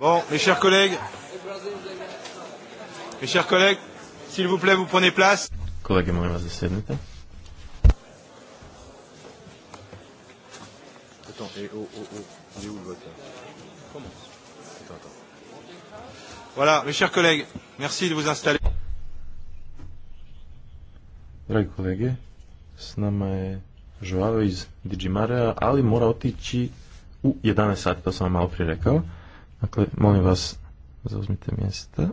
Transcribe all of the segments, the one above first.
Bon, mes chers collègues, mes chers collègues, s'il vous plaît, vous prenez place. Kolege, molim vas da sednete. Attends, et oh, oh, oh, il est où le vote Attends, attends. Voilà, mes chers collègues, merci de vous installer. Dragi kolege, s nama je Joao iz Digimarea, ali mora otići u 11 sati, to sam vam malo prije rekao. Dakle, molim vas, zauzmite mjesta.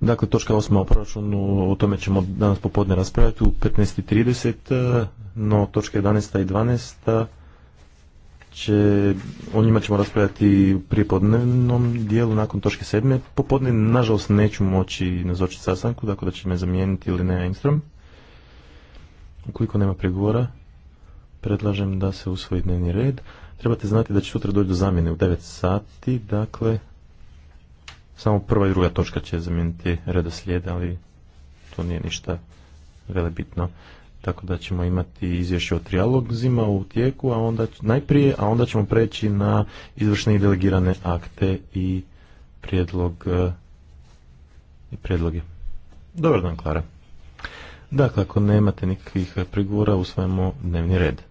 Dakle, točka osma o proračunu, o tome ćemo danas popodne raspraviti, u 15.30, no točka 11. i 12 će, o njima ćemo raspravljati u prijepodnevnom dijelu nakon točke sedme. Popodne, nažalost, neću moći nazočiti sastanku, tako da će me zamijeniti ne instrom. Ukoliko nema pregovora, predlažem da se usvoji dnevni red. Trebate znati da će sutra doći do zamjene u 9 sati, dakle, samo prva i druga točka će zamijeniti redoslijed, ali to nije ništa velebitno tako da ćemo imati izvješće o zima u tijeku, a onda najprije, a onda ćemo preći na izvršne i delegirane akte i prijedlog e, i prijedloge. Dobar dan, Klara. Dakle, ako nemate nikakvih prigovora, usvajamo dnevni red.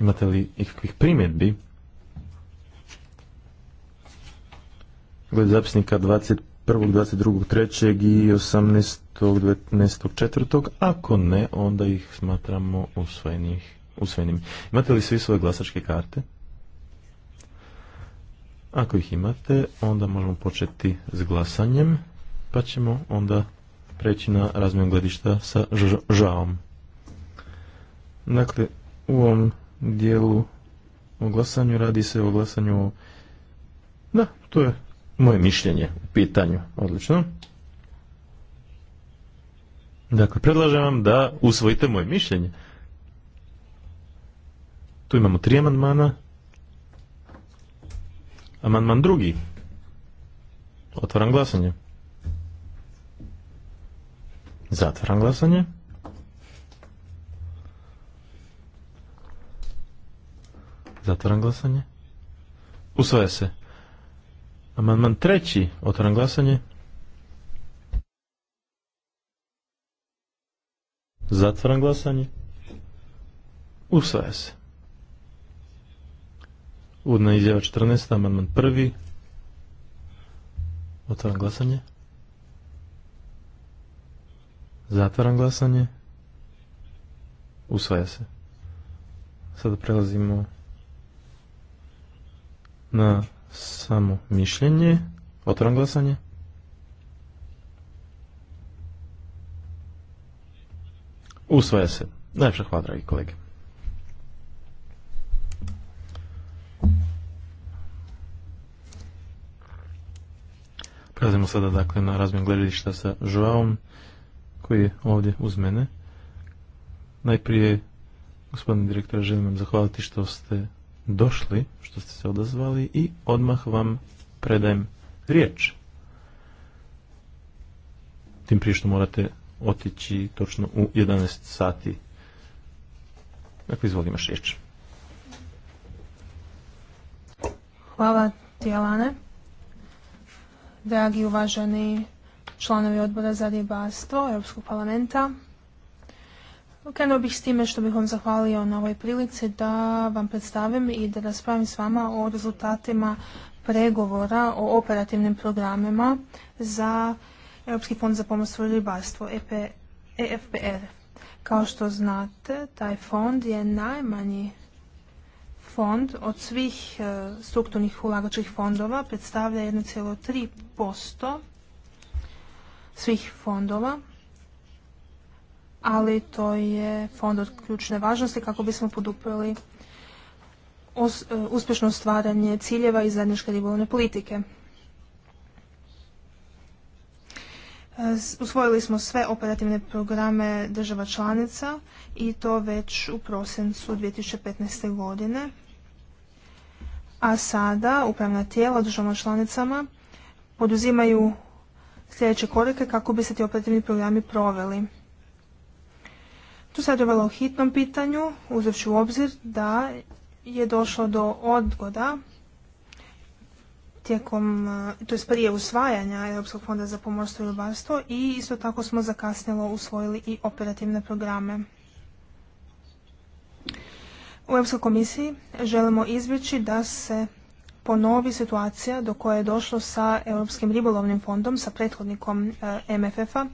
Imate li ikakvih primjedbi? Gled zapisnika 1. 22. 3. i 18. 19. Ako ne, onda ih smatramo usvojenih, usvojenim. Imate li svi svoje glasačke karte? Ako ih imate, onda možemo početi s glasanjem, pa ćemo onda preći na razmjenu gledišta sa žaom. Dakle, u ovom dijelu o glasanju radi se o glasanju... Da, to je moje mišljenje u pitanju. Odlično. Dakle, predlažem vam da usvojite moje mišljenje. Tu imamo tri amandmana. Amandman drugi. Otvaram glasanje. Zatvaram glasanje. Zatvaram glasanje. Usvaja se. Amandman treći, otvaram glasanje. Zatvaram glasanje. Usvaja se. Udna izjava 14. Amandman prvi. Otvaram glasanje. Zatvaram glasanje. Usvaja se. Sada prelazimo na samo mišljenje. Otvoram glasanje. Usvaja se. Najpša hvala, dragi kolege. Prelazimo sada dakle na razmijen gledališta sa Joaom koji je ovdje uz mene. Najprije gospodine direktore želim vam zahvaliti što ste došli, što ste se odazvali i odmah vam predajem riječ. Tim prije što morate otići točno u 11 sati. Dakle, izvoli imaš riječ. Hvala ti, Alane. Dragi uvaženi članovi odbora za ribarstvo Europskog parlamenta, Krenuo bih s time što bih vam zahvalio na ovoj prilici da vam predstavim i da raspravim s vama o rezultatima pregovora o operativnim programima za Europski fond za pomorstvo i ribarstvo, EFPR. E Kao što znate, taj fond je najmanji fond od svih e, strukturnih ulagačkih fondova, predstavlja 1,3% svih fondova ali to je fond od ključne važnosti kako bismo podupili e, uspješno stvaranje ciljeva i zajedničke ribolovne politike. Usvojili smo sve operativne programe država članica i to već u prosincu 2015. godine. A sada upravna tijela državama članicama poduzimaju sljedeće korake kako bi se ti operativni programi proveli. Tu se radovalo o hitnom pitanju, uzevši u obzir da je došlo do odgoda tijekom, eh, to prije usvajanja Europskog fonda za pomorstvo i ribarstvo i isto tako smo zakasnilo usvojili i operativne programe. U Europskoj komisiji želimo izbjeći da se ponovi situacija do koje je došlo sa Europskim ribolovnim fondom, sa prethodnikom eh, MFF-a,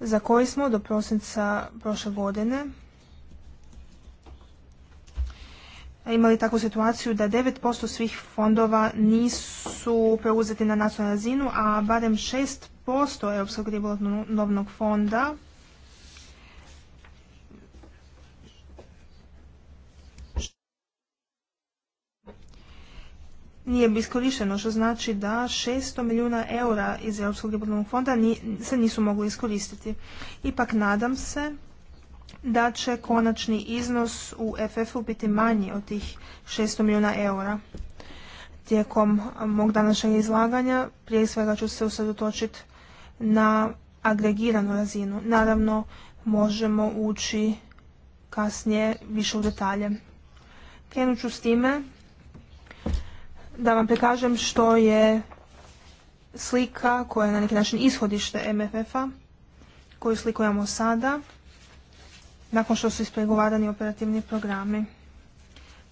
za koji smo do prosinca prošle godine imali takvu situaciju da 9% svih fondova nisu preuzeti na nacionalnu razinu, a barem 6% Europskog ribolovnog fonda nije iskorišteno, što znači da 600 milijuna eura iz Europskog ribolovnog fonda se nisu mogli iskoristiti. Ipak nadam se da će konačni iznos u FF-u biti manji od tih 600 milijuna eura. Tijekom mog današnjeg izlaganja prije svega ću se usredotočiti na agregiranu razinu. Naravno, možemo ući kasnije više u detalje. Krenut ću s time da vam prikažem što je slika koja je na neki način ishodište MFF-a, koju sliku imamo sada, nakon što su ispregovarani operativni programi.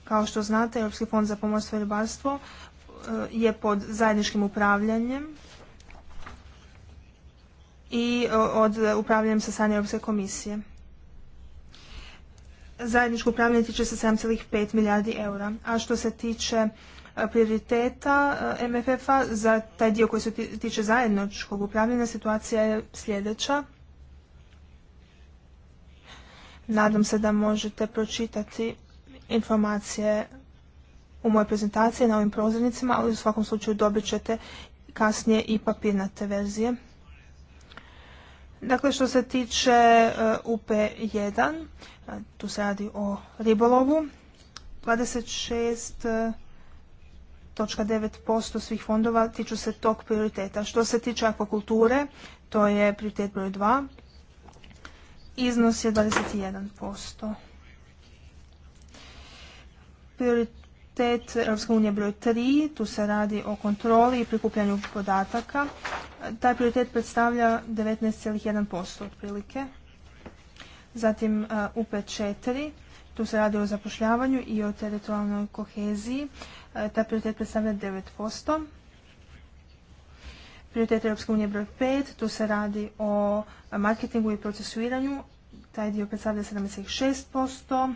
Kao što znate, Europski fond za pomorstvo i ribarstvo eh, je pod zajedničkim upravljanjem i eh, od eh, upravljanjem sa strane Europske komisije. Zajedničko upravljanje tiče se 7,5 milijardi eura. A što se tiče prioriteta eh, MFF-a za taj dio koji se tiče zajedničkog upravljanja situacija je sljedeća. Nadam se da možete pročitati informacije u mojoj prezentaciji na ovim prozirnicima, ali u svakom slučaju dobit ćete kasnije i papirnate verzije. Dakle, što se tiče eh, UP1, eh, tu se radi o ribolovu, 26 posto svih fondova tiču se tog prioriteta. Što se tiče akvakulture, to je prioritet broj 2, iznos je 21%. Prioritet Europske unije broj 3, tu se radi o kontroli i prikupljanju podataka. Taj prioritet predstavlja 19,1% otprilike. Zatim UP4, tu se radi o zapošljavanju i o teritorijalnoj koheziji. E, ta prioritet predstavlja 9%. Prioritet Europske unije broj 5, tu se radi o marketingu i procesuiranju, taj dio predstavlja 76%.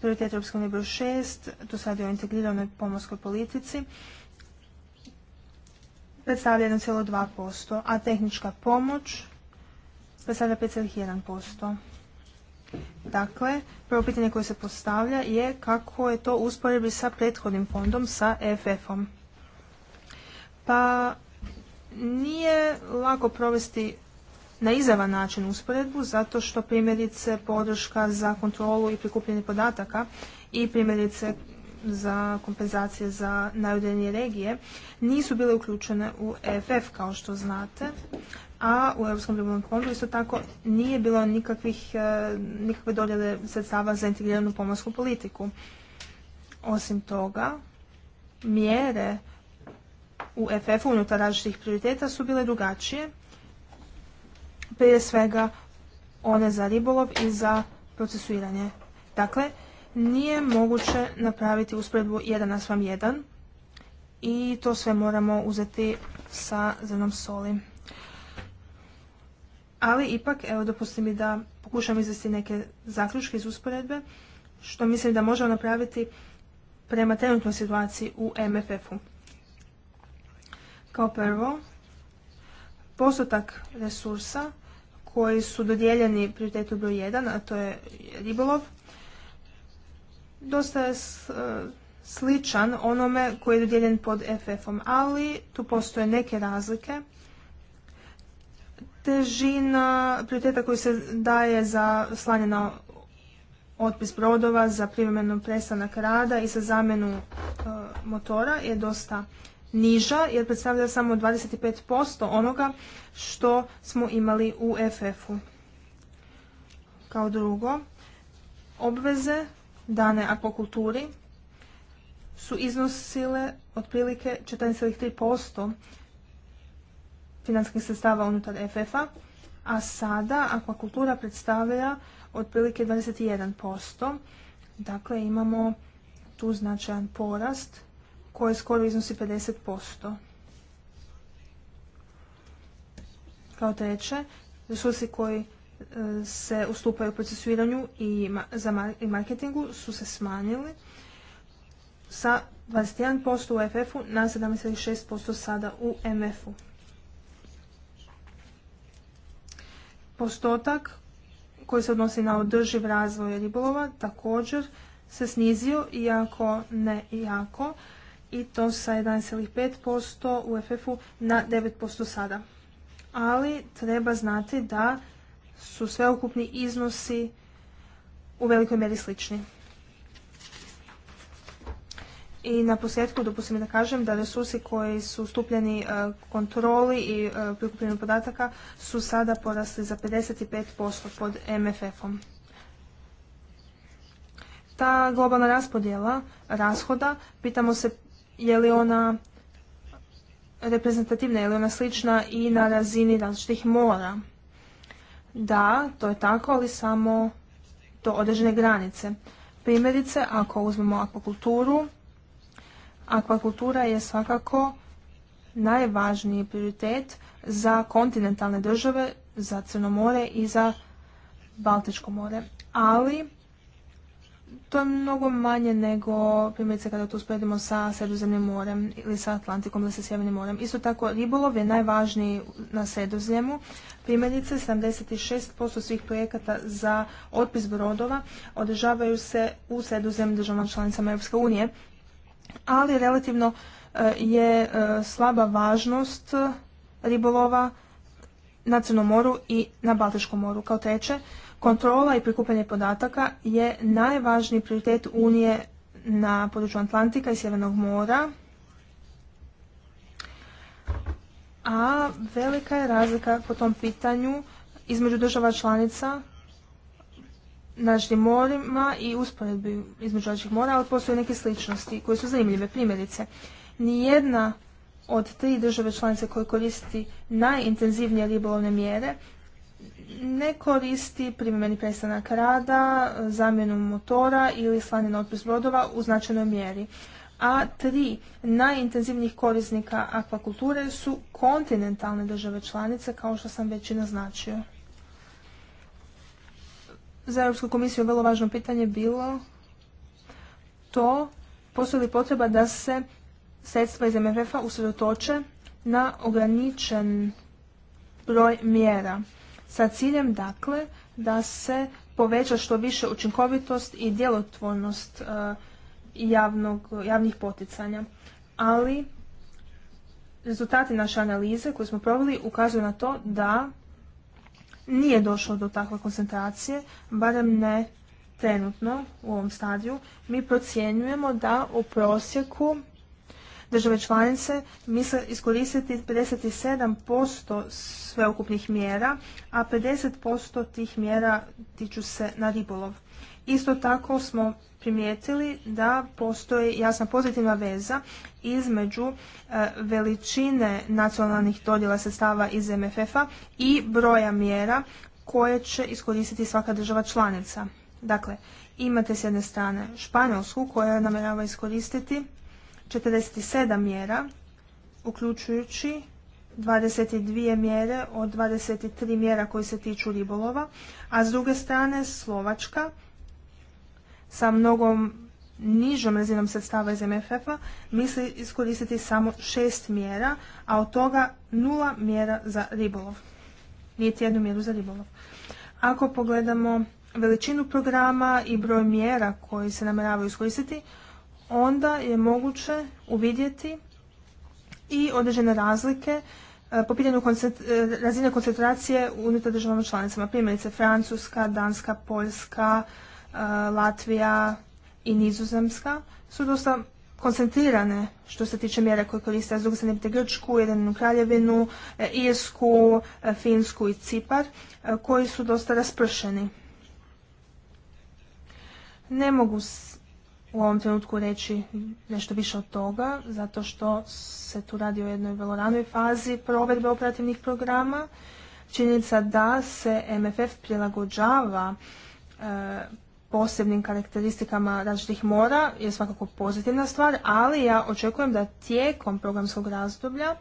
Prioritet Europske unije broj 6, tu se radi o integriranoj pomorskoj politici, predstavlja 1,2%, a tehnička pomoć predstavlja 5,1%. Dakle, prvo pitanje koje se postavlja je kako je to usporedbi sa prethodnim fondom, sa FF-om. Pa nije lako provesti na izavan način usporedbu, zato što primjerice podrška za kontrolu i prikupljanje podataka i primjerice za kompenzacije za najudeljenije regije nisu bile uključene u EFF kao što znate, a u Europskom ribolovnom fondu isto tako nije bilo nikakvih, e, nikakve dodjele sredstava za integriranu pomorsku politiku. Osim toga, mjere u FF-u unutar različitih prioriteta su bile drugačije. Prije svega one za ribolov i za procesuiranje. Dakle, nije moguće napraviti usporedbu jedan na svam jedan i to sve moramo uzeti sa zrnom soli. Ali ipak, evo, dopusti mi da pokušam izvesti neke zaključke iz usporedbe, što mislim da možemo napraviti prema trenutnoj situaciji u MFF-u. Kao prvo, postotak resursa koji su dodijeljeni prioritetu broj 1, a to je ribolov, dosta je e, sličan onome koji je dodijeljen pod FF-om, ali tu postoje neke razlike težina prioriteta koji se daje za slanje na otpis brodova za privremenu prestanak rada i za zamjenu e, motora je dosta niža jer predstavlja samo 25% onoga što smo imali u FF-u. Kao drugo, obveze dane akvakulturi su iznosile otprilike 14,3% financijskih sredstava unutar FF-a, a sada akvakultura predstavlja otprilike 21%. Dakle, imamo tu značajan porast koji skoro iznosi 50%. Kao treće, resursi koji e, se ustupaju u procesuiranju i, i marketingu su se smanjili sa 21% u FF-u na 76% sada u MF-u. postotak koji se odnosi na održiv razvoj ribolova također se snizio, iako ne jako, i to sa 11,5% u FF-u na 9% sada. Ali treba znati da su sveukupni iznosi u velikoj meri slični. I na posljedku dopustim da kažem da resursi koji su stupljeni e, kontroli i e, prikupljenju podataka su sada porasli za 55% pod MFF-om. Ta globalna raspodjela rashoda, pitamo se je li ona reprezentativna, je li ona slična i na razini različitih mora. Da, to je tako, ali samo do određene granice. Primjerice, ako uzmemo akvakulturu, akvakultura je svakako najvažniji prioritet za kontinentalne države, za Crno more i za Baltičko more. Ali to je mnogo manje nego primjerice kada to usporedimo sa Sredozemnim morem ili sa Atlantikom ili sa Sjevernim morem. Isto tako ribolov je najvažniji na Sredozemlju. Primjerice 76% svih projekata za otpis brodova održavaju se u Sredozemlju državama članicama Europske unije ali relativno e, je e, slaba važnost ribolova na Crnom moru i na Baltičkom moru. Kao treće, kontrola i prikupljanje podataka je najvažniji prioritet Unije na području Atlantika i Sjevernog mora, a velika je razlika po tom pitanju između država članica našim morima i usporedbi između naših mora, ali postoje neke sličnosti koje su zanimljive. Primjerice, nijedna od tri države članice koje koristi najintenzivnije ribolovne mjere ne koristi primjeni prestanak rada, zamjenu motora ili slanje na otpis brodova u značajnoj mjeri. A tri najintenzivnijih korisnika akvakulture su kontinentalne države članice, kao što sam već i naznačio za Europsku komisiju vrlo važno pitanje bilo to postoji li potreba da se sredstva iz MFF-a usredotoče na ograničen broj mjera sa ciljem dakle da se poveća što više učinkovitost i djelotvornost e, javnog, javnih poticanja. Ali rezultati naše analize koje smo proveli ukazuju na to da nije došlo do takve koncentracije, barem ne trenutno u ovom stadiju. Mi procjenjujemo da u prosjeku države članice misle iskoristiti 57% sveukupnih mjera, a 50% tih mjera tiču se na ribolov. Isto tako smo primijetili da postoji jasna pozitivna veza između e, veličine nacionalnih dodjela sredstava iz MFF-a i broja mjera koje će iskoristiti svaka država članica. Dakle, imate s jedne strane Španjolsku koja namjerava iskoristiti 47 mjera, uključujući 22 mjere od 23 mjera koji se tiču ribolova, a s druge strane Slovačka sa mnogom nižom razinom sredstava iz MFF-a misli iskoristiti samo šest mjera, a od toga nula mjera za ribolov. Niti jednu mjeru za ribolov. Ako pogledamo veličinu programa i broj mjera koji se namjeravaju iskoristiti, onda je moguće uvidjeti i određene razlike e, po pitanju e, razine koncentracije unutar državama članicama. Primjerice Francuska, Danska, Poljska, E, Latvija i Nizozemska su dosta koncentrirane što se tiče mjera koje koriste, a s druge strane Grčku, Jedinu Kraljevinu, e, Irsku, e, Finsku i Cipar, koji su dosta raspršeni. Ne mogu u ovom trenutku reći nešto više od toga, zato što se tu radi o jednoj vrlo ranoj fazi provedbe operativnih programa. Činjenica da se MFF prilagođava posebnim karakteristikama različitih mora je svakako pozitivna stvar, ali ja očekujem da tijekom programskog razdoblja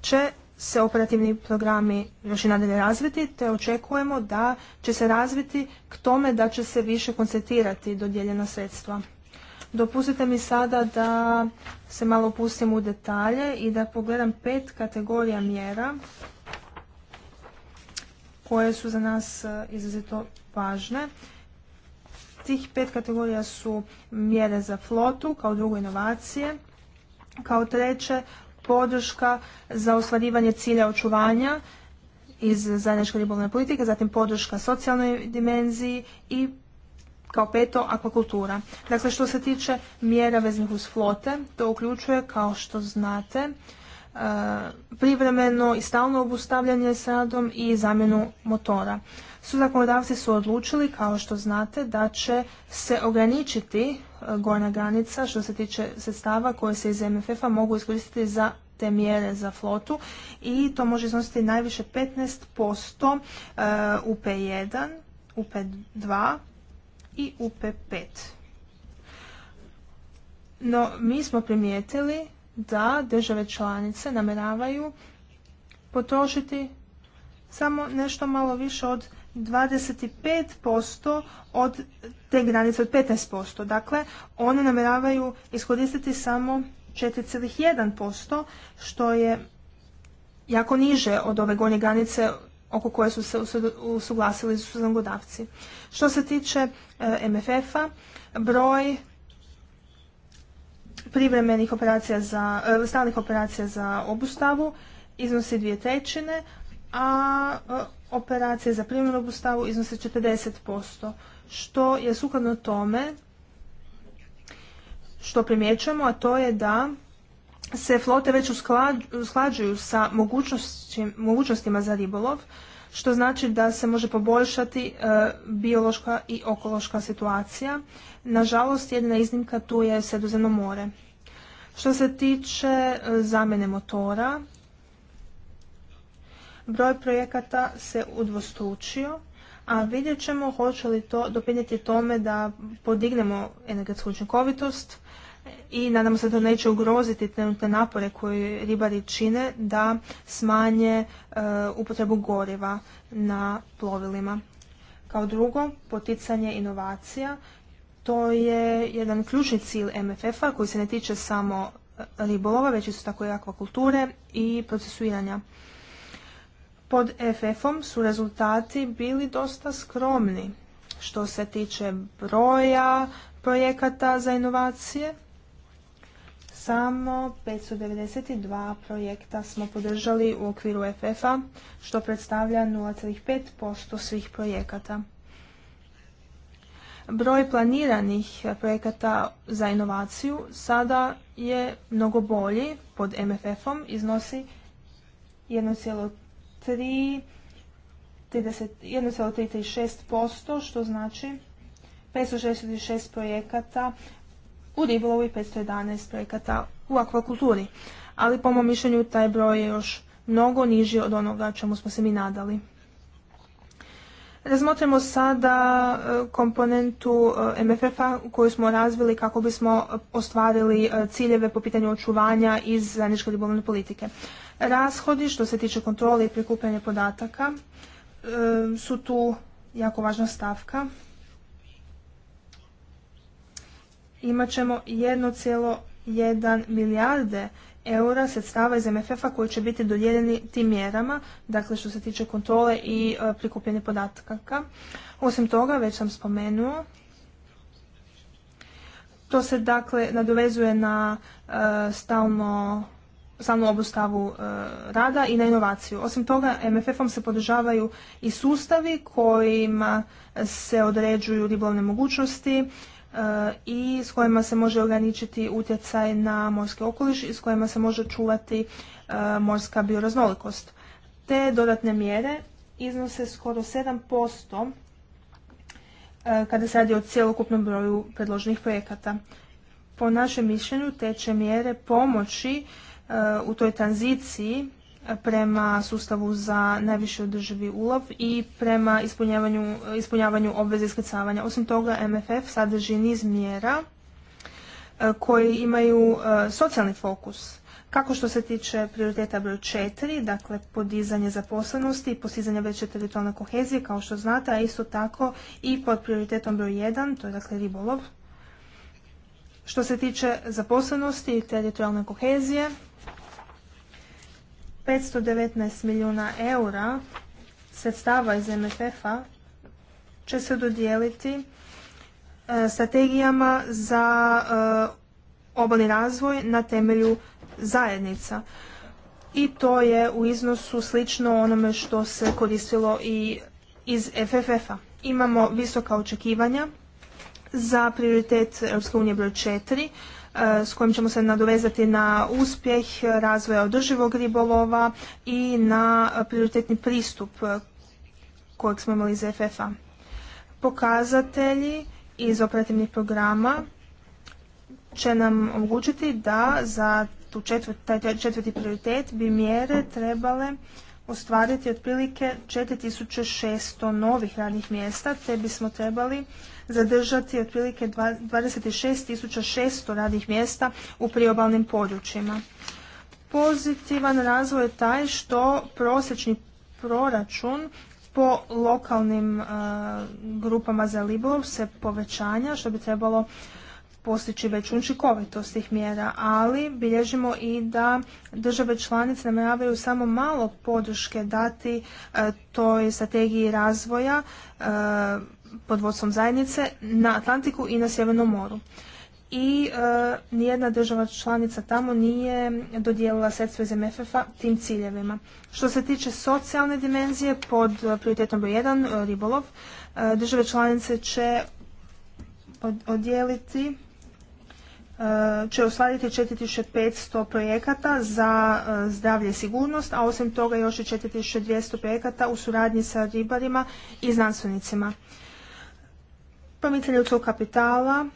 će se operativni programi još i nadalje razviti, te očekujemo da će se razviti k tome da će se više koncentrirati dodijeljena sredstva. Dopustite mi sada da se malo pustim u detalje i da pogledam pet kategorija mjera koje su za nas eh, izuzetno važne Tih pet kategorija su mjere za flotu, kao drugo inovacije, kao treće podrška za ostvarivanje cilja očuvanja iz zajedničke ribolovne politike, zatim podrška socijalnoj dimenziji i kao peto akvakultura. Dakle, što se tiče mjera veznih uz flote, to uključuje, kao što znate, e, privremeno i stalno obustavljanje s radom i zamjenu motora su zakonodavci su odlučili, kao što znate, da će se ograničiti e, gornja granica što se tiče sredstava koje se iz MFF-a mogu iskoristiti za te mjere za flotu i to može iznositi najviše 15% e, u P1, u P2 i u P5. No, mi smo primijetili da države članice namjeravaju potrošiti samo nešto malo više od 25% od te granice od 15%. Dakle, one namjeravaju iskoristiti samo 4,1%, što je jako niže od ove gornje granice oko koje su se usuglasili su zangodavci. Što se tiče e, MFF-a, broj privremenih operacija za, e, stalnih operacija za obustavu iznosi dvije trećine, a e, operacije za primjenu stavu iznose 40%, što je sukladno tome što primjećujemo, a to je da se flote već usklađuju sa mogućnostima za ribolov, što znači da se može poboljšati e, biološka i okološka situacija. Nažalost, jedna iznimka tu je Sredozemno more. Što se tiče e, zamjene motora, broj projekata se udvostručio, a vidjet ćemo hoće li to doprinijeti tome da podignemo energetsku učinkovitost i nadamo se da to neće ugroziti trenutne napore koje ribari čine da smanje e, upotrebu goriva na plovilima. Kao drugo, poticanje inovacija. To je jedan ključni cilj MFF-a koji se ne tiče samo ribolova, već isto tako i akvakulture i procesuiranja pod FF-om su rezultati bili dosta skromni što se tiče broja projekata za inovacije. Samo 592 projekta smo podržali u okviru FF-a, što predstavlja 0,5% svih projekata. Broj planiranih projekata za inovaciju sada je mnogo bolji pod MFF-om, iznosi 1, 1,36%, što znači 566 projekata u ribolovu i 511 projekata u akvakulturi. Ali po mom mišljenju taj broj je još mnogo niži od onoga čemu smo se mi nadali. Razmotrimo sada e, komponentu e, MFF-a koju smo razvili kako bismo ostvarili e, ciljeve po pitanju očuvanja iz zajedničke ribolovne politike. Rashodi što se tiče kontrole i prikupljanja podataka su tu jako važna stavka. Imaćemo 1,1 milijarde eura sredstava iz MFF-a koji će biti dodijeljeni tim mjerama, dakle što se tiče kontrole i e, prikupljenih podataka. Osim toga, već sam spomenuo, to se dakle nadovezuje na e, stalno stalnu obustavu e, rada i na inovaciju. Osim toga, MFF-om se podržavaju i sustavi kojima se određuju ribolovne mogućnosti, E, i s kojima se može ograničiti utjecaj na morski okoliš i s kojima se može čuvati e, morska bioraznolikost. Te dodatne mjere iznose skoro 7% e, kada se radi o cjelokupnom broju predloženih projekata. Po našem mišljenju te će mjere pomoći u toj tranziciji prema sustavu za najviše održivi ulov i prema ispunjavanju, obveze iskrcavanja. Osim toga, MFF sadrži niz mjera e, koji imaju e, socijalni fokus. Kako što se tiče prioriteta broj 4, dakle podizanje zaposlenosti i postizanje veće teritorijalne kohezije, kao što znate, a isto tako i pod prioritetom broj 1, to je dakle ribolov. Što se tiče zaposlenosti i teritorijalne kohezije, 519 milijuna eura sredstava iz MFF-a će se dodijeliti e, strategijama za e, obalni razvoj na temelju zajednica. I to je u iznosu slično onome što se koristilo i iz FFF-a. Imamo visoka očekivanja za prioritet EU broj 4, E, s kojim ćemo se nadovezati na uspjeh razvoja održivog ribolova i na prioritetni pristup kojeg smo imali iz FFA. Pokazatelji iz operativnih programa će nam omogućiti da za taj četvrti prioritet bi mjere trebale ostvariti otprilike 4600 novih radnih mjesta, te bismo trebali zadržati otprilike 26.600 radnih mjesta u priobalnim područjima. Pozitivan razvoj je taj što prosječni proračun po lokalnim e, grupama za Libor se povećanja što bi trebalo postići veću učinkovitost tih mjera, ali bilježimo i da države članice namjeravaju samo malo podrške dati e, toj strategiji razvoja e, pod vodstvom zajednice na Atlantiku i na Sjevernom moru. I e, nijedna država članica tamo nije dodijelila sredstva iz MFF-a tim ciljevima. Što se tiče socijalne dimenzije pod prioritetom broj 1 e, ribolov, e, države članice će će odijeliti e, će ostvariti 4500 projekata za zdravlje i sigurnost, a osim toga još i 4200 projekata u suradnji sa ribarima i znanstvenicima promicanje ljudskog kapitala,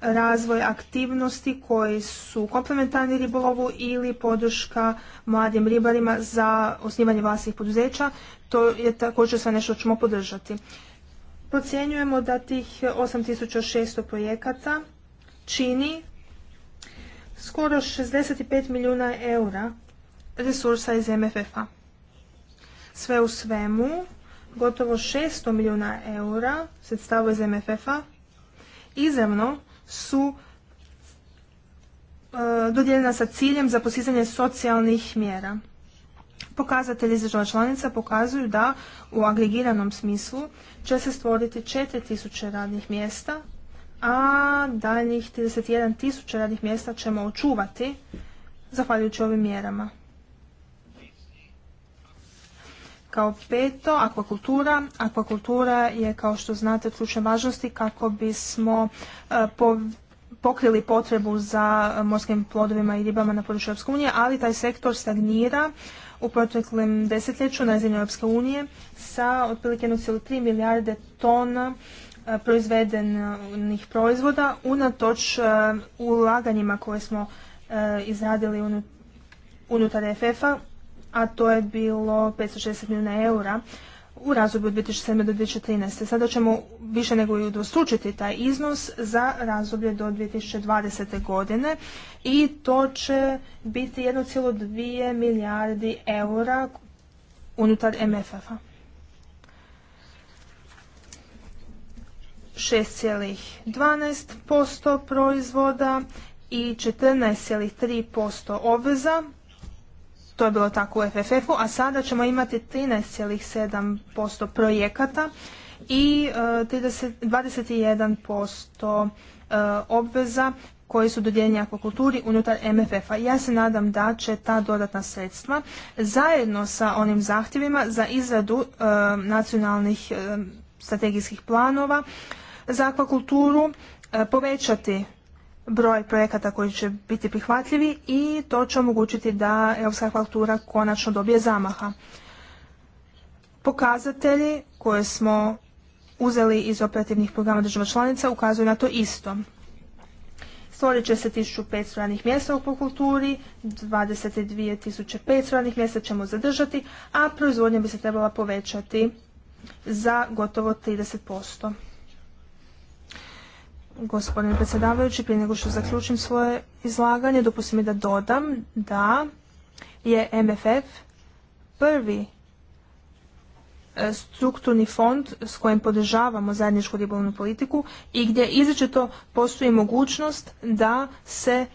razvoj aktivnosti koji su komplementarni ribolovu ili podrška mladim ribarima za osnivanje vlastnih poduzeća, to je također sve nešto ćemo podržati. Procjenjujemo da tih 8600 projekata čini skoro 65 milijuna eura resursa iz MFF-a. Sve u svemu, gotovo 600 milijuna eura sredstava iz MFF-a izravno su e, dodijeljena sa ciljem za posizanje socijalnih mjera. Pokazatelji iz država članica pokazuju da u agregiranom smislu će se stvoriti 4000 radnih mjesta, a daljnjih 31 tisuća radnih mjesta ćemo očuvati zahvaljujući ovim mjerama. Kao peto, akvakultura. Akvakultura je, kao što znate, od ključne važnosti kako bismo e, pokrili potrebu za morskim plodovima i ribama na području Europske unije, ali taj sektor stagnira u proteklom desetljeću na razini Europske unije sa otprilike 1,3 milijarde tona e, proizvedenih proizvoda unatoč e, ulaganjima koje smo izradili unutar FF-a a to je bilo 560 milijuna eura u razdoblju od 2007. do 2013. Sada ćemo više nego i udvostručiti taj iznos za razdoblje do 2020. godine i to će biti 1,2 milijardi eura unutar MFF-a. 6,12% proizvoda i 14,3% obveza to je bilo tako u FFF-u, a sada ćemo imati 13,7% projekata i 30, e, 21% e, obveza koji su dodijeljeni akvakulturi unutar MFF-a. Ja se nadam da će ta dodatna sredstva zajedno sa onim zahtjevima za izradu e, nacionalnih strategijskih planova za akvakulturu povećati broj projekata koji će biti prihvatljivi i to će omogućiti da europska kvalitura konačno dobije zamaha. Pokazatelji koje smo uzeli iz operativnih programa država članica ukazuju na to isto. Stvorit će se 1500 radnih mjesta u akvakulturi, 22.500 radnih mjesta ćemo zadržati, a proizvodnja bi se trebala povećati za gotovo 30%. Gospodine predsjedavajući, prije nego što zaključim svoje izlaganje, dopustim mi da dodam da je MFF prvi e, strukturni fond s kojim podržavamo zajedničku ribolovnu politiku i gdje izričito postoji mogućnost da se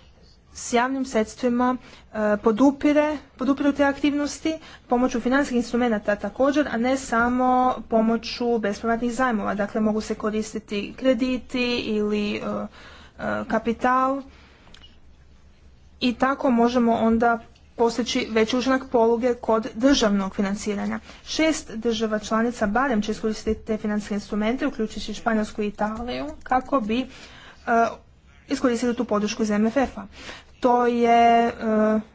s javnim sredstvima e, podupire, podupiru te aktivnosti pomoću financijskih instrumenata također, a ne samo pomoću bespovratnih zajmova. Dakle, mogu se koristiti krediti ili e, e, kapital i tako možemo onda postići veći učinak poluge kod državnog financiranja. Šest država članica barem će iskoristiti te financijske instrumente, uključujući Španjolsku i Italiju, kako bi iskoristili tu podršku iz MFF-a to je eh,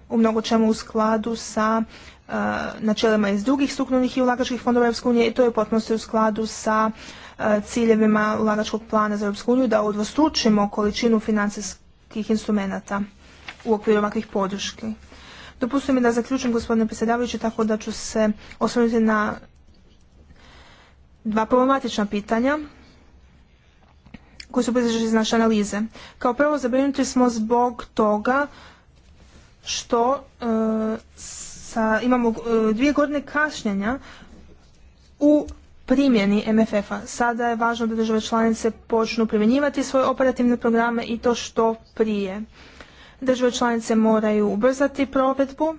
u mnogo čemu u skladu sa eh, načelima iz drugih strukturnih i ulagačkih fondova EU i to je u potpunosti u skladu sa eh, ciljevima ulagačkog plana za EU da udvostručimo količinu financijskih instrumenata u okviru ovakvih podrški. Dopustite mi da zaključim, gospodine predsjedavajući, tako da ću se osvrnuti na dva problematična pitanja koji su proizašli iz naše analize. Kao prvo zabrinuti smo zbog toga što e, sa, imamo e, dvije godine kašnjenja u primjeni MFF-a. Sada je važno da države članice počnu primjenjivati svoje operativne programe i to što prije. Države članice moraju ubrzati provedbu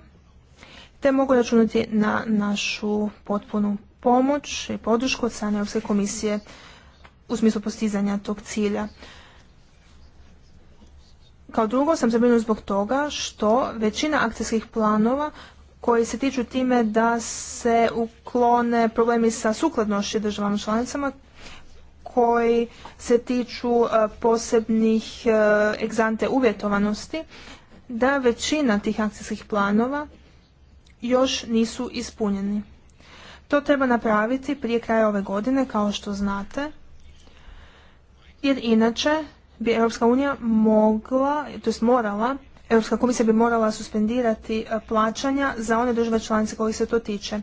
te mogu računati na našu potpunu pomoć i podršku od strane Europske komisije u smislu postizanja tog cilja. Kao drugo sam zabrinut zbog toga što većina akcijskih planova koji se tiču time da se uklone problemi sa sukladnošću državama članicama koji se tiču e, posebnih e, egzante uvjetovanosti, da većina tih akcijskih planova još nisu ispunjeni. To treba napraviti prije kraja ove godine, kao što znate jer inače bi Europska unija mogla, to morala, Europska komisija bi morala suspendirati e, plaćanja za one države članice koji se to tiče.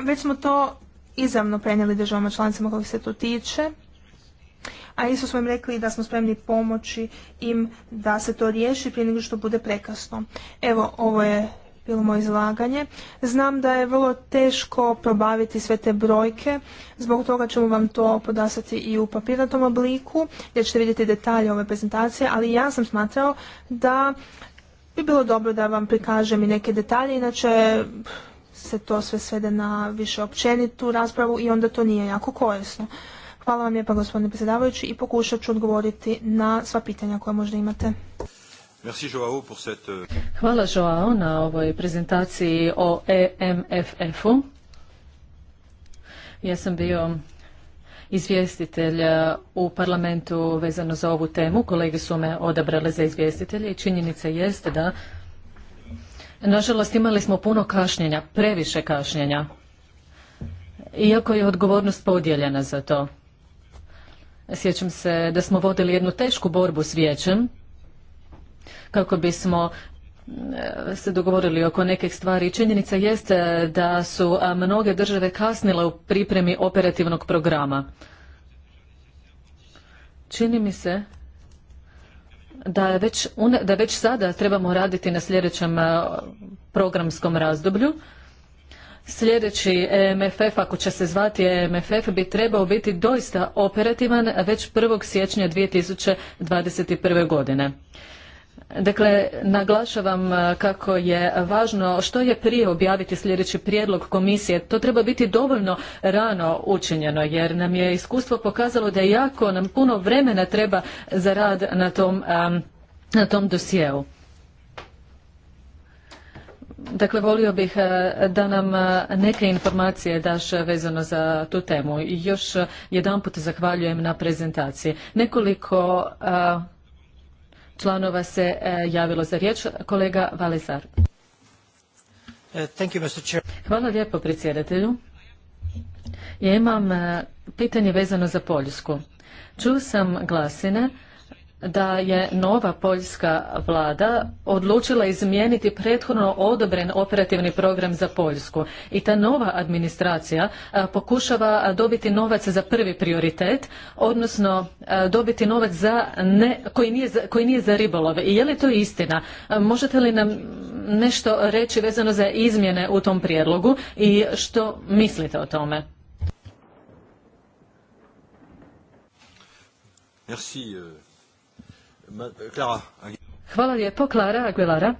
Već smo to izravno prenijeli državama članicama koji se to tiče, a isto smo im rekli da smo spremni pomoći im da se to riješi prije nego što bude prekasno. Evo, ovo je bilo moje izlaganje. Znam da je vrlo teško probaviti sve te brojke, zbog toga ćemo vam to podasati i u papirnatom obliku, jer ćete vidjeti detalje ove prezentacije, ali ja sam smatrao da bi bilo dobro da vam prikažem i neke detalje, inače se to sve svede na više općenitu raspravu i onda to nije jako korisno. Hvala vam lijepa gospodine predsjedavajući i pokušat ću odgovoriti na sva pitanja koja možda imate. Euh, Hvala Joao na ovoj prezentaciji o EMFF-u. Ja sam bio izvjestitelj e, u parlamentu vezano za ovu temu. Kolege su me odabrale za izvjestitelje i činjenica jeste da nažalost imali smo puno kašnjenja, previše kašnjenja. Iako je odgovornost podijeljena za to. Sjećam se da smo vodili jednu tešku borbu s vijećem kako bismo e, se dogovorili oko nekih stvari. Činjenica jest e, da su mnoge države kasnile u pripremi operativnog programa. Čini mi se da već, da već sada trebamo raditi na sljedećem e, programskom razdoblju. Sljedeći MFF, ako će se zvati MFF, bi trebao biti doista operativan već 1. siječnja 2021. godine. Dakle, naglašavam e, kako je važno što je prije objaviti sljedeći prijedlog komisije. To treba biti dovoljno rano učinjeno jer nam je iskustvo pokazalo da jako nam puno vremena treba za rad na tom, na tom dosjeu. Dakle, volio bih e, da nam e, neke informacije daš vezano za tu temu. Još jedanput zahvaljujem na prezentaciji. Nekoliko članova se e, javilo za riječ. Kolega Valesar. E, Hvala lijepo predsjedatelju. Ja imam e, pitanje vezano za Poljsku. Čuo sam glasine da je nova poljska vlada odlučila izmijeniti prethodno odobren operativni program za Poljsku i ta nova administracija pokušava dobiti novac za prvi prioritet, odnosno dobiti novac za ne, koji, nije, koji nije za ribolove. I je li to istina? Možete li nam nešto reći vezano za izmjene u tom prijedlogu i što mislite o tome? Merci. Euh, Hvala lijepo, Klara Aguilara.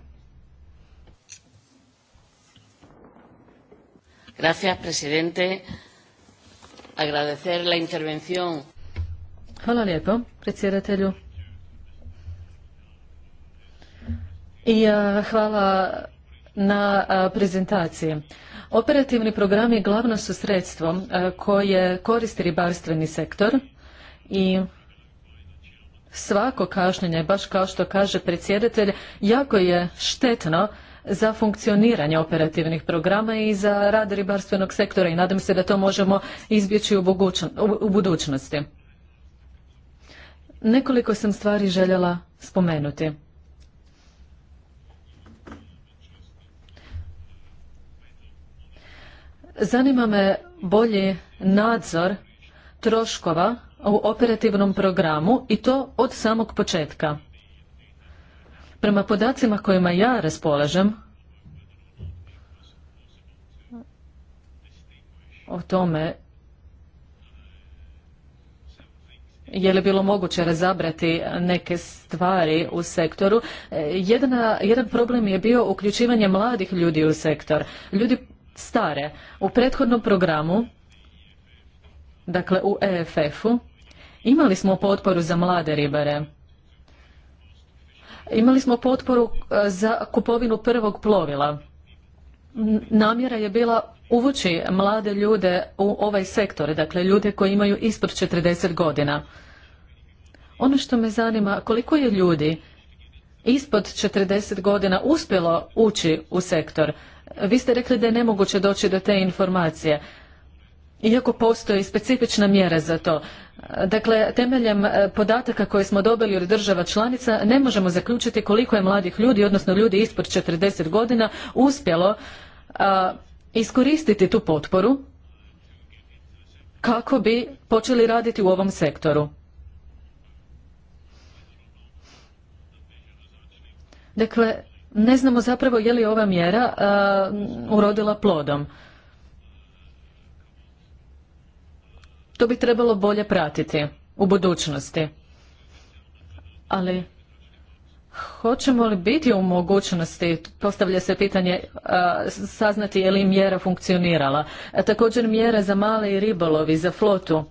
Gracias, presidente. Agradecer la intervención. Hvala lijepo, predsjedatelju. I hvala na prezentaciji. Operativni programi glavno su sredstvo koje koristi ribarstveni sektor i Svako kašnjenje, baš kao što kaže predsjedatelj, jako je štetno za funkcioniranje operativnih programa i za rad ribarstvenog sektora i nadam se da to možemo izbjeći u, u budućnosti. Nekoliko sam stvari željela spomenuti. Zanima me bolji nadzor troškova u operativnom programu i to od samog početka. Prema podacima kojima ja raspolažem, o tome je li bilo moguće razabrati neke stvari u sektoru. jedan problem je bio uključivanje mladih ljudi u sektor. Ljudi stare. U prethodnom programu dakle u EFF-u, imali smo potporu za mlade ribare. Imali smo potporu e, za kupovinu prvog plovila. Namjera je bila uvući mlade ljude u ovaj sektor, dakle ljude koji imaju ispod 40 godina. Ono što me zanima, koliko je ljudi ispod 40 godina uspjelo ući u sektor? Vi ste rekli da je nemoguće doći do te informacije iako postoji specifična mjera za to. Dakle, temeljem e, podataka koje smo dobili od država članica ne možemo zaključiti koliko je mladih ljudi, odnosno ljudi ispod 40 godina, uspjelo iskoristiti tu potporu kako bi počeli raditi u ovom sektoru. Dakle, ne znamo zapravo je li ova mjera urodila plodom. to bi trebalo bolje pratiti u budućnosti. Ali hoćemo li biti u mogućnosti, postavlja se pitanje, e, saznati je li mjera funkcionirala. E, također mjere za male i ribolovi, za flotu.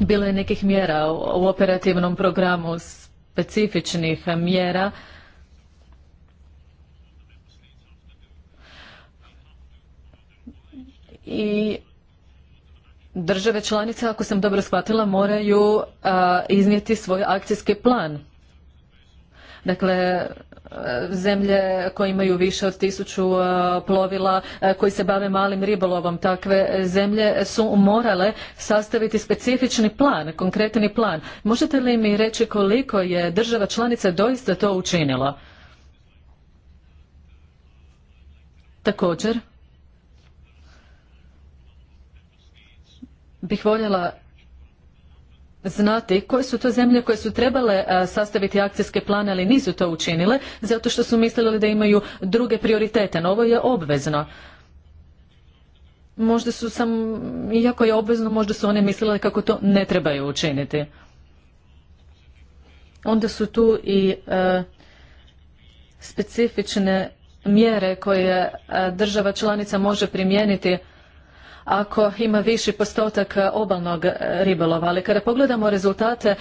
Bilo je nekih mjera u operativnom programu, specifičnih mjera. I države članice, ako sam dobro shvatila, moraju iznijeti svoj akcijski plan. Dakle, zemlje koje imaju više od tisuću plovila koji se bave malim ribolovom. Takve zemlje su morale sastaviti specifični plan, konkretni plan. Možete li mi reći koliko je država članica doista to učinila? Također, bih voljela znati koje su to zemlje koje su trebale e, sastaviti akcijske plane, ali nisu to učinile, zato što su mislili da imaju druge prioritete. No, ovo je obvezno. Možda su sam, iako je obvezno, možda su one mislile kako to ne trebaju učiniti. Onda su tu i e, specifične mjere koje e, država članica može primijeniti ako ima viši postotak e, obalnog e, ribolova, ali kada pogledamo rezultate e,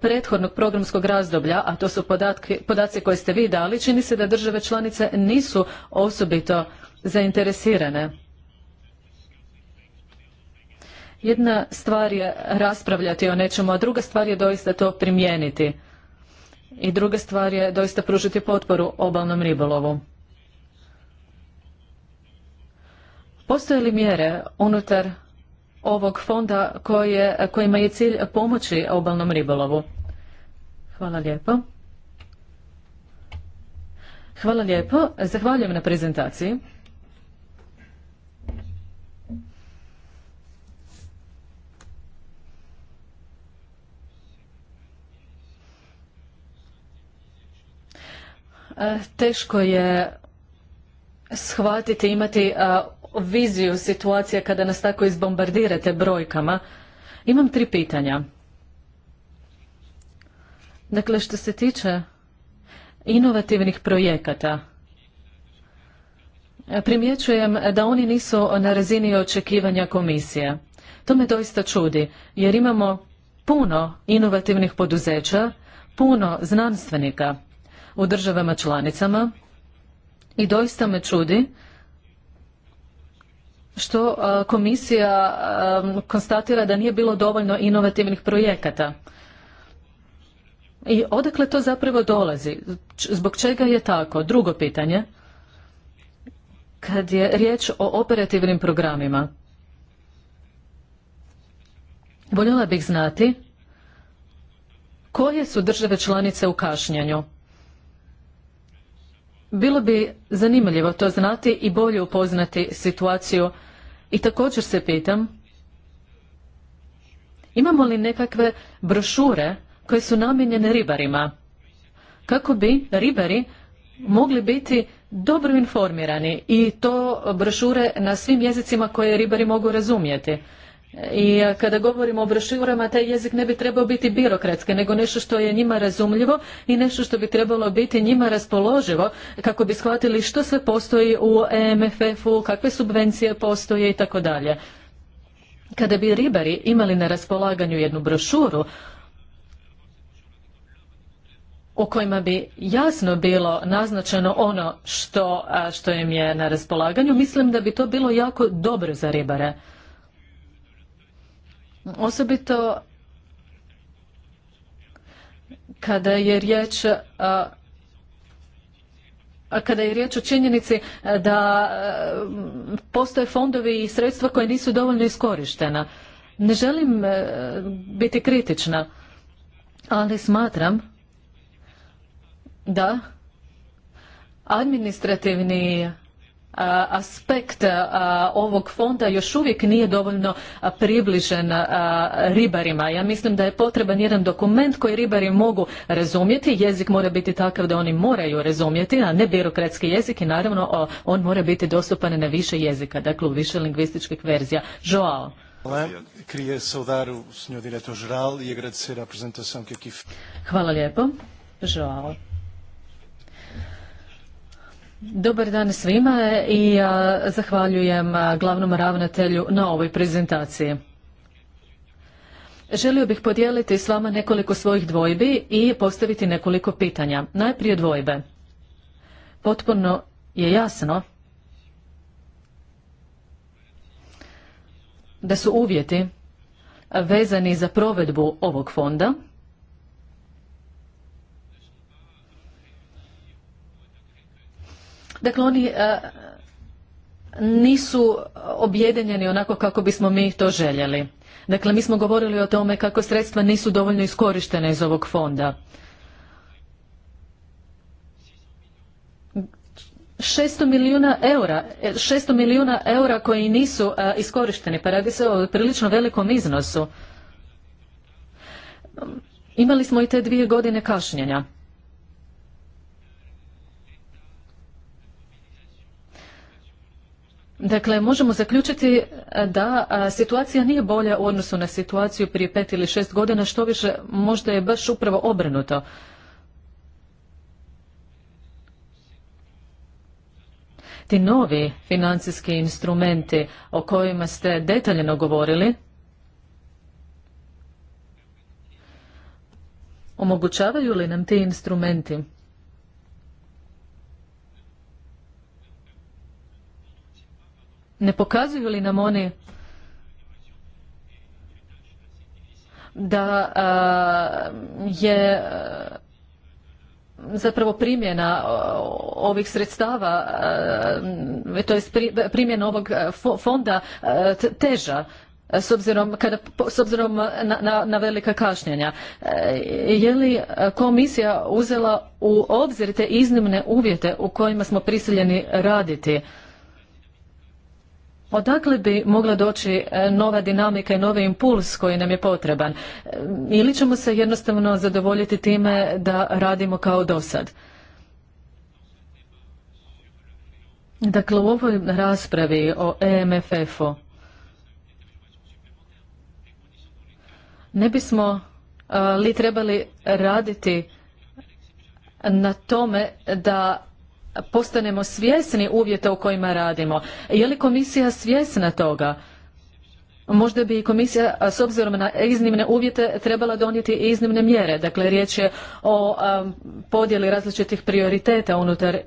prethodnog programskog razdoblja, a to su podatke podaci koje ste vi dali, čini se da države članice nisu osobito zainteresirane. Jedna stvar je raspravljati o nečemu, a druga stvar je doista to primijeniti. I druga stvar je doista pružiti potporu obalnom ribolovu. Postoje li mjere unutar ovog fonda koje, kojima je cilj pomoći obalnom ribolovu? Hvala lijepo. Hvala lijepo. Zahvaljujem na prezentaciji. Teško je shvatiti, imati viziju situacije kada nas tako izbombardirate brojkama. Imam tri pitanja. Dakle, što se tiče inovativnih projekata, primjećujem da oni nisu na razini očekivanja komisije. To me doista čudi, jer imamo puno inovativnih poduzeća, puno znanstvenika u državama članicama i doista me čudi što komisija konstatira da nije bilo dovoljno inovativnih projekata. I odakle to zapravo dolazi? Zbog čega je tako? Drugo pitanje. Kad je riječ o operativnim programima, voljela bih znati koje su države članice u kašnjanju. Bilo bi zanimljivo to znati i bolje upoznati situaciju i također se pitam, imamo li nekakve brošure koje su namijenjene ribarima? Kako bi ribari mogli biti dobro informirani i to brošure na svim jezicima koje ribari mogu razumjeti. I e, kada govorimo o brošurama, taj jezik ne bi trebao biti birokratski, nego nešto što je njima razumljivo i nešto što bi trebalo biti njima raspoloživo kako bi shvatili što sve postoji u e MFF-u, kakve subvencije postoje i tako dalje. Kada bi ribari imali na raspolaganju jednu brošuru u kojima bi jasno bilo naznačeno ono što, što im je na raspolaganju, mislim da bi to bilo jako dobro za ribare osobito kada je riječ kada je riječ o činjenici da postoje fondovi i sredstva koja nisu dovoljno iskorištena. Ne želim biti kritična, ali smatram da administrativni aspekt ovog fonda još uvijek nije dovoljno približen ribarima. Ja mislim da je potreban jedan dokument koji ribari mogu razumjeti. Jezik mora biti takav da oni moraju razumjeti, a ne birokratski jezik i naravno on mora biti dostupan na više jezika, dakle u više lingvističkih verzija. Joao. Hvala lijepo. Joao. Dobar dan svima i zahvaljujem glavnom ravnatelju na ovoj prezentaciji. Želio bih podijeliti s vama nekoliko svojih dvojbi i postaviti nekoliko pitanja. Najprije dvojbe. Potpuno je jasno da su uvjeti vezani za provedbu ovog fonda Dakle, oni e, nisu objedinjeni onako kako bismo mi to željeli. Dakle, mi smo govorili o tome kako sredstva nisu dovoljno iskorištena iz ovog fonda. 600 milijuna eura, 600 e, milijuna eura koji nisu e, iskorišteni, pa radi se o prilično velikom iznosu. Imali smo i te dvije godine kašnjenja. Dakle, možemo zaključiti e, da situacija nije bolja u odnosu na situaciju prije pet ili šest godina, što više možda je baš upravo obrnuto. Ti novi financijski instrumenti o kojima ste detaljno govorili, omogućavaju li nam ti instrumenti Ne pokazuju li nam oni da je zapravo primjena ovih sredstava, to je primjena ovog fonda teža s obzirom, kada, s obzirom na, na, na velika kašnjenja. Je li komisija uzela u obzir te iznimne uvjete u kojima smo prisiljeni raditi? Odakle bi mogla doći e, nova dinamika i novi impuls koji nam je potreban? E, ili ćemo se jednostavno zadovoljiti time da radimo kao dosad? Dakle, u ovoj raspravi o EMFF-u ne bismo e, li trebali raditi na tome da postanemo svjesni uvjeta u kojima radimo. Je li komisija svjesna toga? Možda bi komisija s obzirom na iznimne uvjete trebala donijeti iznimne mjere. Dakle, riječ je o podjeli različitih prioriteta unutar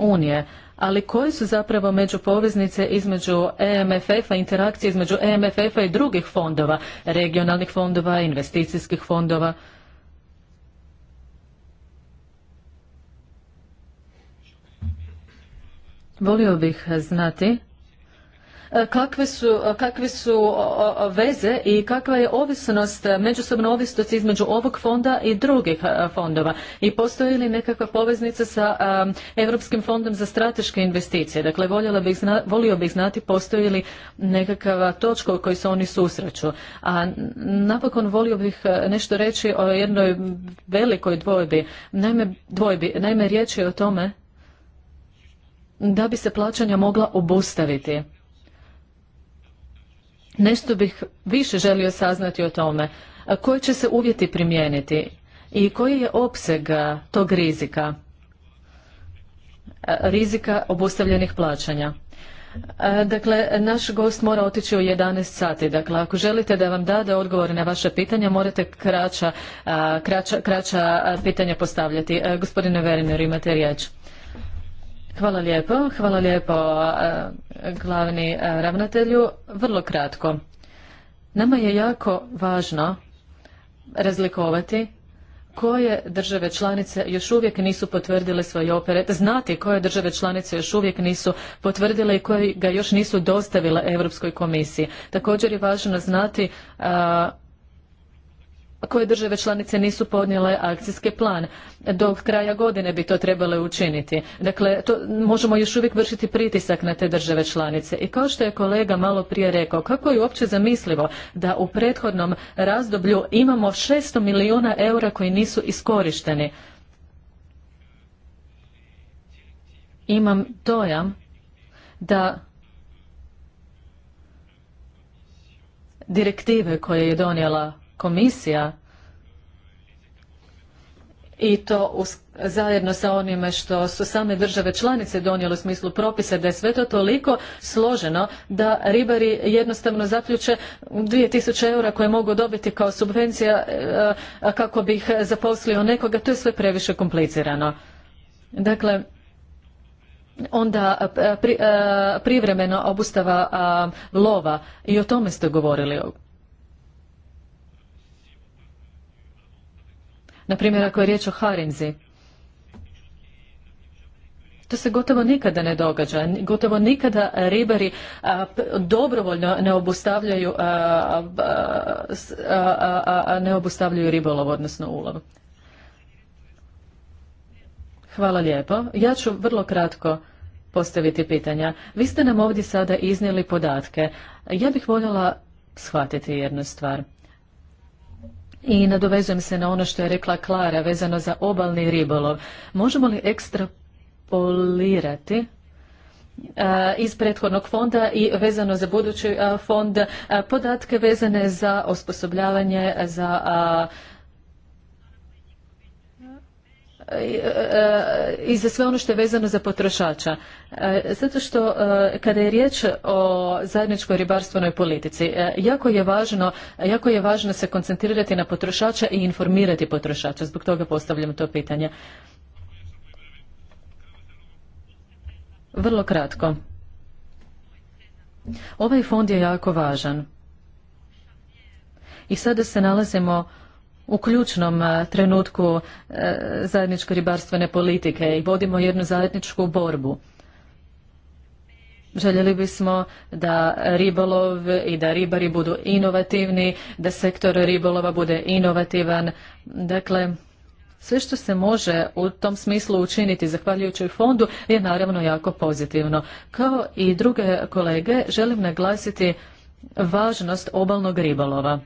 Unije. Ali koje su zapravo međupoveznice između EMFF-a, interakcije između EMFF-a i drugih fondova, regionalnih fondova, investicijskih fondova? Volio bih znati e, kakve su, kakve su veze i kakva je ovisnost, međusobna ovisnost između ovog fonda i drugih e, fondova i postoji li nekakva poveznica sa e, Europskim fondom za strateške investicije. Dakle, bih volio bih znati postoji li nekakva točka u kojoj se oni susreću. A napokon volio bih nešto reći o jednoj velikoj dvojbi. Naime, dvojbi, naime riječ je o tome da bi se plaćanja mogla obustaviti. Nešto bih više želio saznati o tome. Koji će se uvjeti primijeniti i koji je opseg tog rizika? Rizika obustavljenih plaćanja. Dakle, naš gost mora otići u 11 sati. Dakle, ako želite da vam dade odgovore na vaše pitanja, morate kraća, kraća pitanja postavljati. Gospodine Verimer, imate riječ. Hvala lijepo. Hvala lijepo e, glavni e, ravnatelju. Vrlo kratko. Nama je jako važno razlikovati koje države članice još uvijek nisu potvrdile svoje opere, znati koje države članice još uvijek nisu potvrdile i koje ga još nisu dostavile Europskoj komisiji. Također je važno znati e, koje države članice nisu podnijele akcijski plan. Do kraja godine bi to trebale učiniti. Dakle, to, možemo još uvijek vršiti pritisak na te države članice. I kao što je kolega malo prije rekao, kako je uopće zamislivo da u prethodnom razdoblju imamo 600 milijuna eura koji nisu iskorišteni? Imam dojam da direktive koje je donijela komisija i to zajedno sa onime što su same države članice donijele u smislu propisa da je sve to toliko složeno da ribari jednostavno zaključe 2000 eura koje mogu dobiti kao subvencija e, kako bi zaposlio nekoga, to je sve previše komplicirano. Dakle, onda privremeno obustava lova i o tome ste govorili Naprimjer, ako je riječ o Harinzi, to se gotovo nikada ne događa. Gotovo nikada ribari a, dobrovoljno ne obustavljaju a, a, ne obustavljaju ribolov, odnosno ulov. Hvala lijepo. Ja ću vrlo kratko postaviti pitanja. Vi ste nam ovdje sada iznijeli podatke. Ja bih voljela shvatiti jednu stvar. I nadovezujem se na ono što je rekla Klara vezano za obalni ribolov. Možemo li ekstrapolirati iz prethodnog fonda i vezano za budući fond podatke vezane za osposobljavanje za E, e, e, i za sve ono što je vezano za potrošača. Zato što kada je riječ o zajedničkoj ribarstvenoj politici, jako je važno, jako je važno se koncentrirati na potrošača i informirati potrošača. Zbog toga postavljam to pitanje. Vrlo kratko. Ovaj fond je jako važan. I sada se nalazimo u ključnom e, trenutku e, zajedničke ribarstvene politike i vodimo jednu zajedničku borbu. Željeli bismo da ribolov i da ribari budu inovativni, da sektor ribolova bude inovativan. Dakle, sve što se može u tom smislu učiniti zahvaljujući fondu je naravno jako pozitivno. Kao i druge kolege želim naglasiti važnost obalnog ribolova.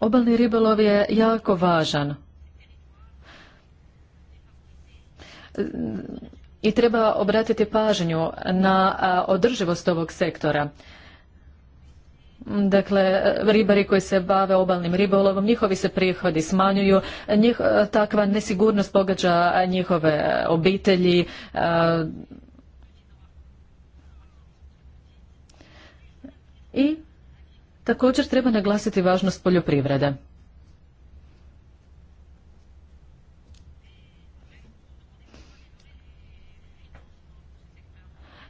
Obalni ribolov je jako važan. I treba obratiti pažnju na održivost ovog sektora. Dakle, ribari koji se bave obalnim ribolovom, njihovi se prihodi smanjuju, njih, takva nesigurnost pogađa njihove obitelji. I Također treba naglasiti važnost poljoprivrede.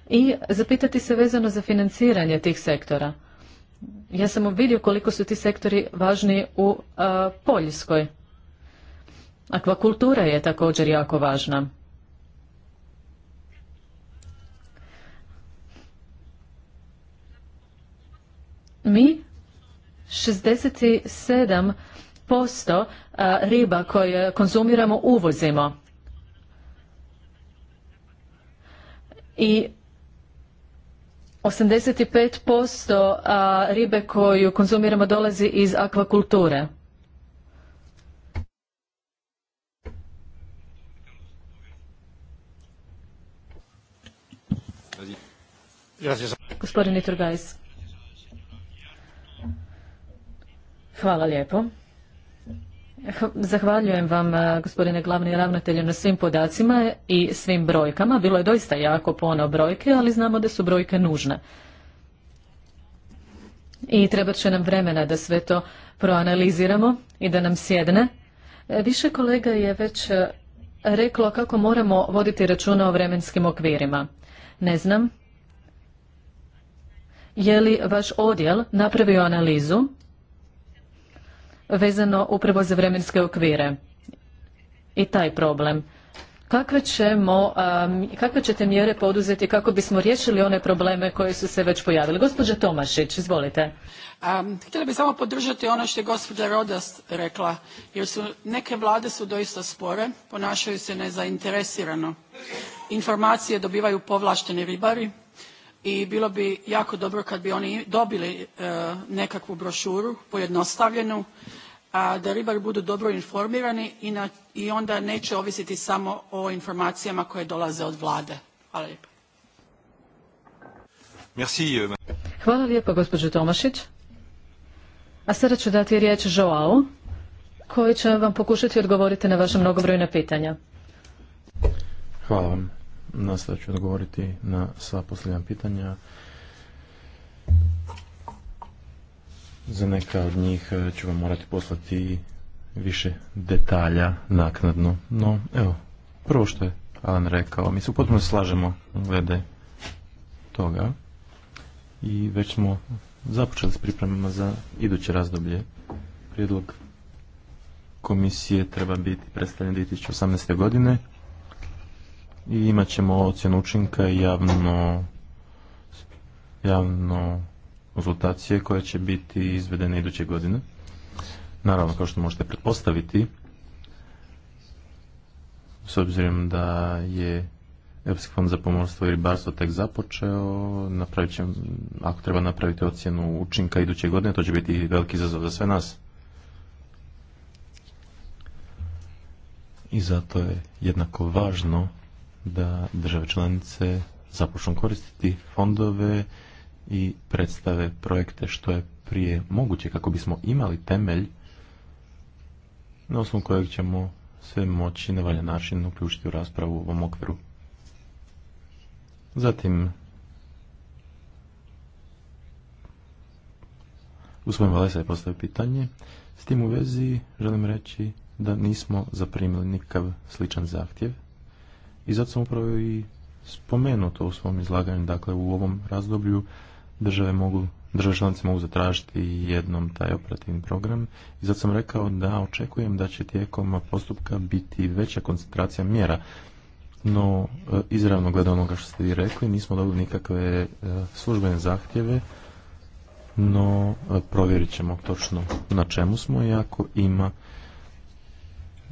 I zapitati se vezano za financiranje tih sektora. Ja sam vidio koliko su ti sektori važni u Poljskoj. Akvakultura je također jako važna. Mi 67% riba koje konzumiramo uvozimo. I 85% ribe koju konzumiramo dolazi iz akvakulture. Gospodin Iturgajs. Hvala lijepo. Zahvaljujem vam, e, gospodine glavni ravnatelju, na svim podacima i svim brojkama. Bilo je doista jako puno brojke, ali znamo da su brojke nužne. I trebat će nam vremena da sve to proanaliziramo i da nam sjedne. E, više kolega je već e, reklo kako moramo voditi računa o vremenskim okvirima. Ne znam, je li vaš odjel napravio analizu vezano upravo za vremenske okvire i taj problem. Kakve, ćemo, kakve ćete mjere poduzeti kako bismo riješili one probleme koje su se već pojavili? Gospođa Tomašić, izvolite. Um, htjela bih samo podržati ono što je gospođa Rodas rekla, jer su neke vlade su doista spore, ponašaju se nezainteresirano. Informacije dobivaju povlašteni ribari i bilo bi jako dobro kad bi oni dobili eh, nekakvu brošuru pojednostavljenu a da ribari budu dobro informirani i, onda neće ovisiti samo o informacijama koje dolaze od vlade. Hvala lijepo. Euh, Hvala lijepo, gospođo Tomašić. A sada ću dati riječ Joao, koji će vam pokušati odgovoriti na vaše mnogobrojna pitanja. Hvala vam. Nastavit ću odgovoriti na sva posljednja pitanja. Za neka od njih e, ću vam morati poslati više detalja naknadno. No, evo, prvo što je Alan rekao, mi se potpuno slažemo glede toga i već smo započeli s pripremama za iduće razdoblje. Prijedlog komisije treba biti predstavljen 2018. godine i imat ćemo ocjenu učinka i javno javno konzultacije koje će biti izvedene iduće godine. Naravno, kao što možete pretpostaviti, s obzirom da je Europski fond za pomorstvo i ribarstvo tek započeo, napravit će, ako treba napraviti ocjenu učinka iduće godine, to će biti veliki izazov za sve nas. I zato je jednako važno da države članice započnu koristiti fondove i predstave projekte što je prije moguće kako bismo imali temelj na osnovu kojeg ćemo sve moći na valjan način uključiti u raspravu u ovom okviru. Zatim, Gospodin Valesa je postavio pitanje. S tim u vezi želim reći da nismo zaprimili nikakav sličan zahtjev i zato sam upravo i spomenuo to u svom izlaganju. Dakle, u ovom razdoblju države mogu države članice mogu zatražiti jednom taj operativni program i zato sam rekao da očekujem da će tijekom postupka biti veća koncentracija mjera no e, izravno glede onoga što ste vi rekli nismo dobili nikakve e, službene zahtjeve no e, provjerit ćemo točno na čemu smo i ako ima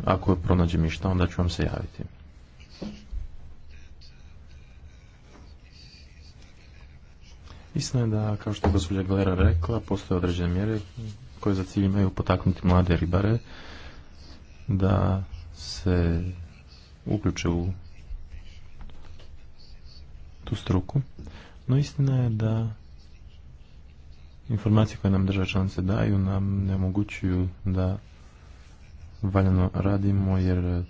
ako pronađem išta onda ću vam se javiti Istina je da, kao što je gospođa Galera rekla, postoje određene mjere koje za cilj imaju potaknuti mlade ribare da se uključe u tu struku. No istina je da informacije koje nam države članice daju nam ne omogućuju da valjano radimo jer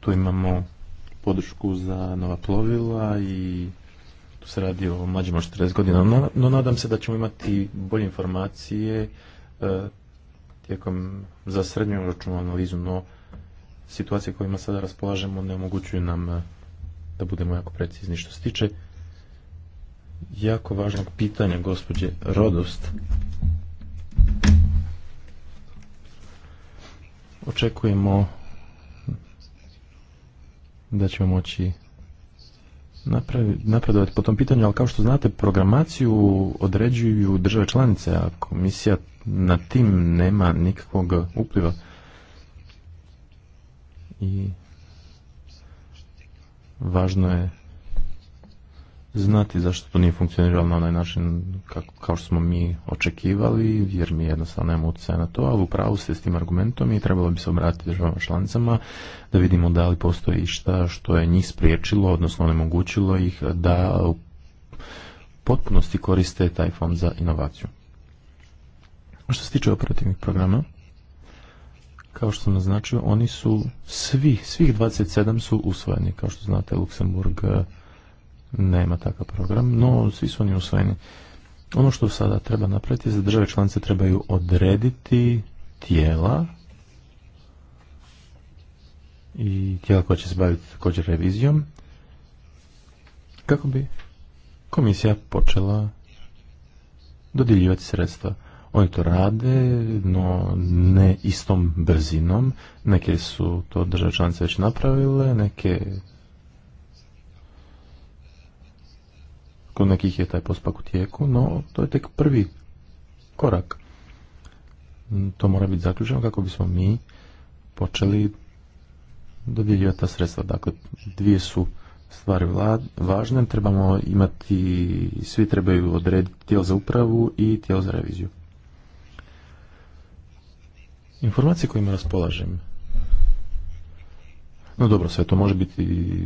tu imamo podršku za nova plovila i se radi o mlađima od 40 godina, no, nadam se da ćemo imati bolje informacije e, tijekom za računu analizu, no situacije kojima sada raspolažemo ne omogućuju nam e, da budemo jako precizni što se tiče jako važnog pitanja gospođe Rodost. Očekujemo da ćemo moći napravi, napredovati po tom pitanju, ali kao što znate, programaciju određuju države članice, a komisija na tim nema nikakvog upliva. I važno je znati zašto to nije funkcioniralo na onaj način kao što smo mi očekivali, jer mi jednostavno nemamo utjecaja na to, ali u pravu s tim argumentom i trebalo bi se obratiti državama članicama da vidimo da li postoji išta što je njih spriječilo, odnosno onemogućilo ih da u potpunosti koriste taj fond za inovaciju. Što se tiče operativnih programa, kao što sam naznačio, oni su svi, svih 27 su usvojeni. Kao što znate, Luksemburg nema takav program, no svi su oni usvojeni. Ono što sada treba napraviti je da države članice trebaju odrediti tijela i tijela koja će se baviti također revizijom kako bi komisija počela dodjeljivati sredstva. Oni to rade, no ne istom brzinom. Neke su to države članice već napravile, neke kod nekih je taj postupak u tijeku, no to je tek prvi korak. To mora biti zaključeno kako bismo mi počeli dodjeljivati ta sredstva. Dakle, dvije su stvari važne, trebamo imati, svi trebaju odrediti tijelo za upravu i tijelo za reviziju. Informacije kojima raspolažem no dobro, sve to može biti,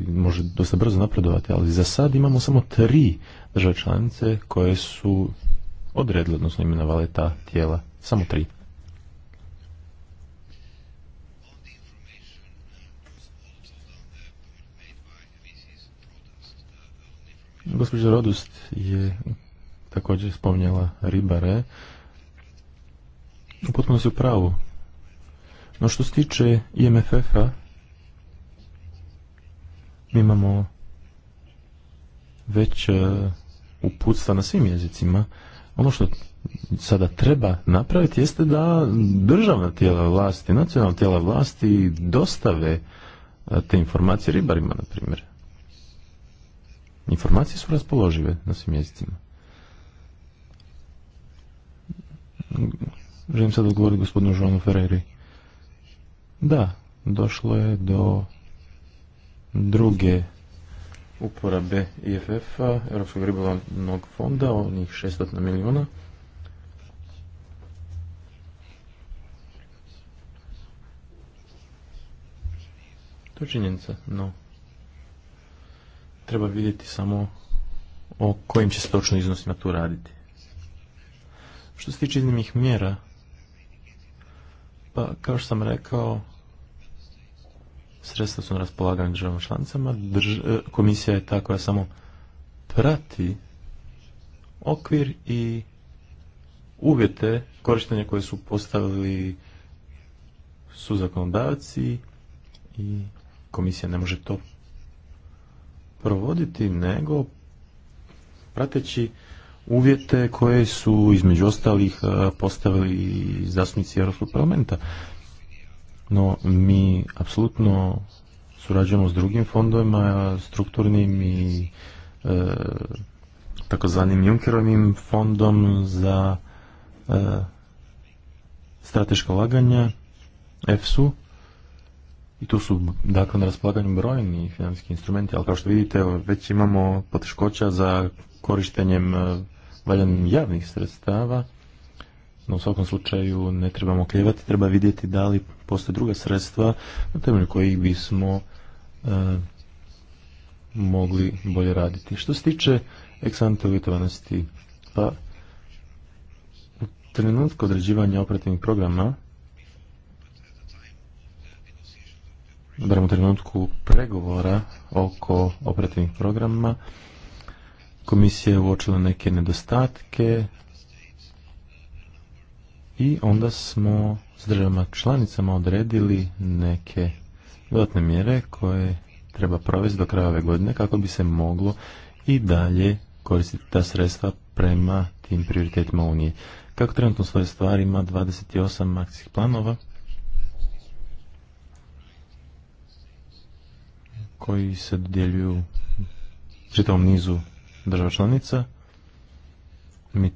može dosta brzo napredovati, ali za sad imamo samo tri države članice koje su odredile, odnosno imenovale ta tijela. Samo tri. Gospođa Rodust je također spominjala ribare. Potpuno se u pravu. No što se tiče IMFF-a, mi imamo već e, uputstva na svim jezicima. Ono što sada treba napraviti jeste da državna tijela vlasti, nacionalna tijela vlasti dostave e, te informacije ribarima, na primjer. Informacije su raspoložive na svim jezicima. Želim sad odgovoriti gospodinu Žonu Ferreri. Da, došlo je do druge uporabe IFF-a, Europskog ribolovnog fonda, onih 600 milijuna. To činjenica, no treba vidjeti samo o kojim će se točno iznosima tu raditi. Što se tiče iznimnih mjera, pa kao što sam rekao, sredstva su na raspolaganju državama članicama, e, komisija je ta koja samo prati okvir i uvjete korištenja koje su postavili su zakonodavci i komisija ne može to provoditi, nego prateći uvjete koje su između ostalih e, postavili zastupnici Europskog parlamenta. No, mi apsolutno surađujemo s drugim fondovima, strukturnim i e, takozvanim Junkerovim fondom za e, strateška laganja, EFSU, i tu su dakle na raspolaganju brojni financijski instrumenti, ali kao što vidite već imamo poteškoća za korištenjem e, valjanim javnih sredstava no u svakom slučaju ne trebamo kljevati, treba vidjeti da li postoje druga sredstva na temelju kojih bismo e, mogli bolje raditi. Što se tiče eksante uvjetovanosti, pa u trenutku određivanja operativnih programa, barem u trenutku pregovora oko operativnih programa, komisija je uočila neke nedostatke, i onda smo s državama članicama odredili neke dodatne mjere koje treba provesti do kraja ove godine kako bi se moglo i dalje koristiti ta sredstva prema tim prioritetima Unije. Kako trenutno svoje stvari ima 28 akcijskih planova koji se dodjeljuju čitavom nizu država članica. Mi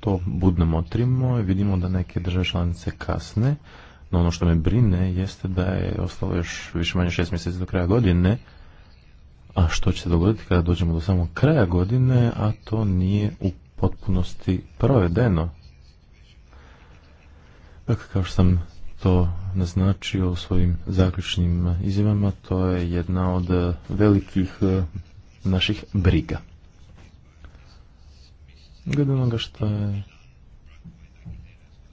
to budno motrimo i vidimo da neke države članice kasne, no ono što me brine jeste da je ostalo još više manje šest mjeseci do kraja godine, a što će se dogoditi kada dođemo do samog kraja godine, a to nije u potpunosti provedeno. Dakle, kao što sam to naznačio u svojim zaključnim izjavama, to je jedna od velikih eh, naših briga. Glede onoga što je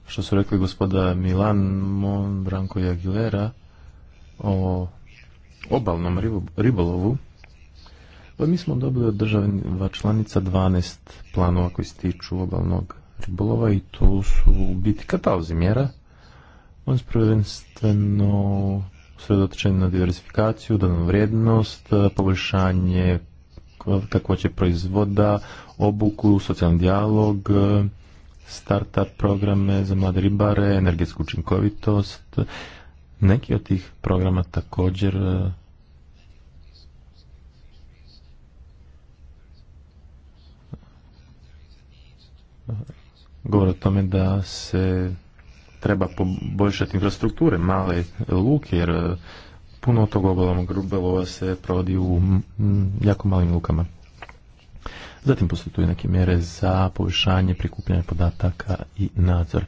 što su rekli gospoda Milan Mon, Branko i Aguilera o obalnom ribolovu, pa mi smo dobili od država članica 12 planova koji se tiču obalnog ribolova i to su u biti katalozi mjera. On su prvenstveno sredotečen na diversifikaciju, danu vrijednost, poboljšanje kakvoće proizvoda, obuku, socijalni dijalog, e, startup programe za mlade ribare, energetsku učinkovitost. Neki od tih programa također e, govore o tome da se treba poboljšati infrastrukture male luke jer e, puno tog obalnog ribolova se provodi u jako malim lukama. Zatim postoje tu neke mjere za poboljšanje prikupljanja podataka i nadzor.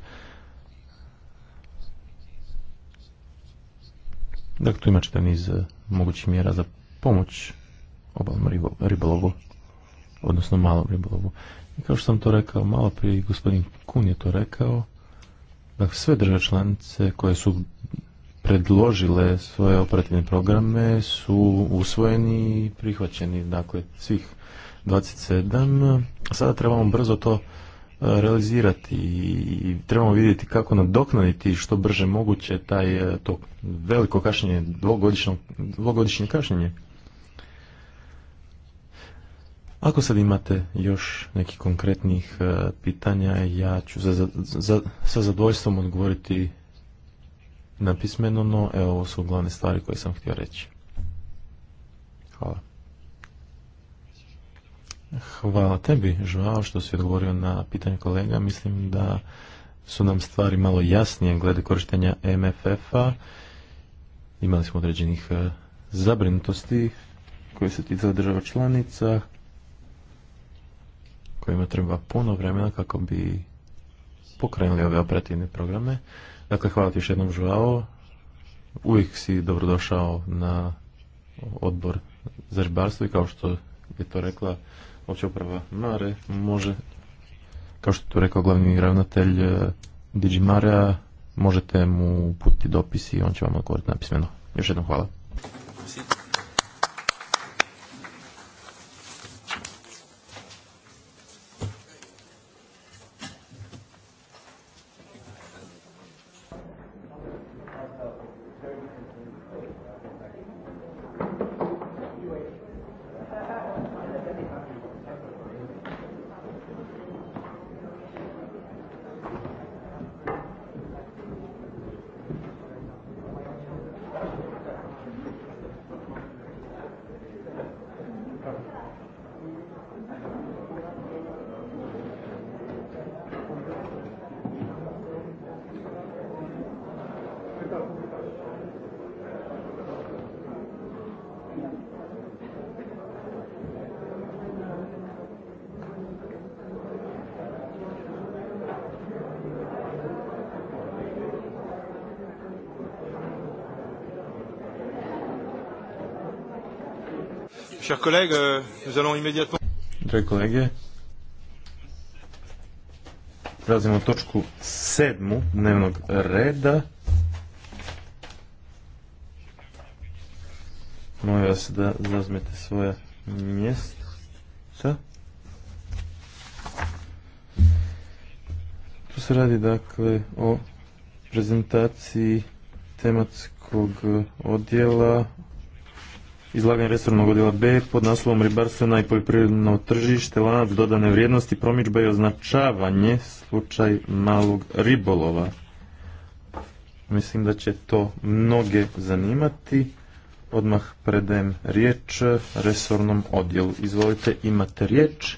Dakle, tu ima čitav niz e, mogućih mjera za pomoć obalnom ribolovu, odnosno malom ribolovu. I kao što sam to rekao malo prije, gospodin Kun je to rekao, dakle, sve države članice koje su predložile svoje operativne programe su usvojeni i prihvaćeni, dakle svih 27. Sada trebamo brzo to e, realizirati i trebamo vidjeti kako nadoknaditi što brže moguće taj, e, to veliko kašnjenje, dvogodišnje, dvogodišnje kašnjenje. Ako sad imate još nekih konkretnih e, pitanja, ja ću sa zadovoljstvom odgovoriti napismeno, no evo, ovo su glavne stvari koje sam htio reći. Hvala. Hvala tebi, žao što si odgovorio na pitanje kolega. Mislim da su nam stvari malo jasnije glede korištenja MFF-a. Imali smo određenih e, zabrinutosti koje se tiče država članica, kojima treba puno vremena kako bi pokrenuli ove operativne programe. Dakle, hvala ti još jednom, Žao. Uvijek si dobrodošao na odbor za žbarstvo i kao što je to rekla opća uprava Mare, može, kao što je to rekao glavni ravnatelj eh, Digimarea, možete mu putiti dopis i on će vam odgovoriti napismeno. Još jednom hvala. Chers collègues, euh, Dragi kolege, prelazimo točku sedmu dnevnog reda. Molim vas da zazmete svoja mjesta. Tu se radi dakle o prezentaciji tematskog odjela izlaganje resornog odjela B pod naslovom ribarstvena i poljoprivredno tržište, lanac dodane vrijednosti, promičba i označavanje, slučaj malog ribolova. Mislim da će to mnoge zanimati. Odmah predajem riječ resornom odjelu. Izvolite, imate riječ.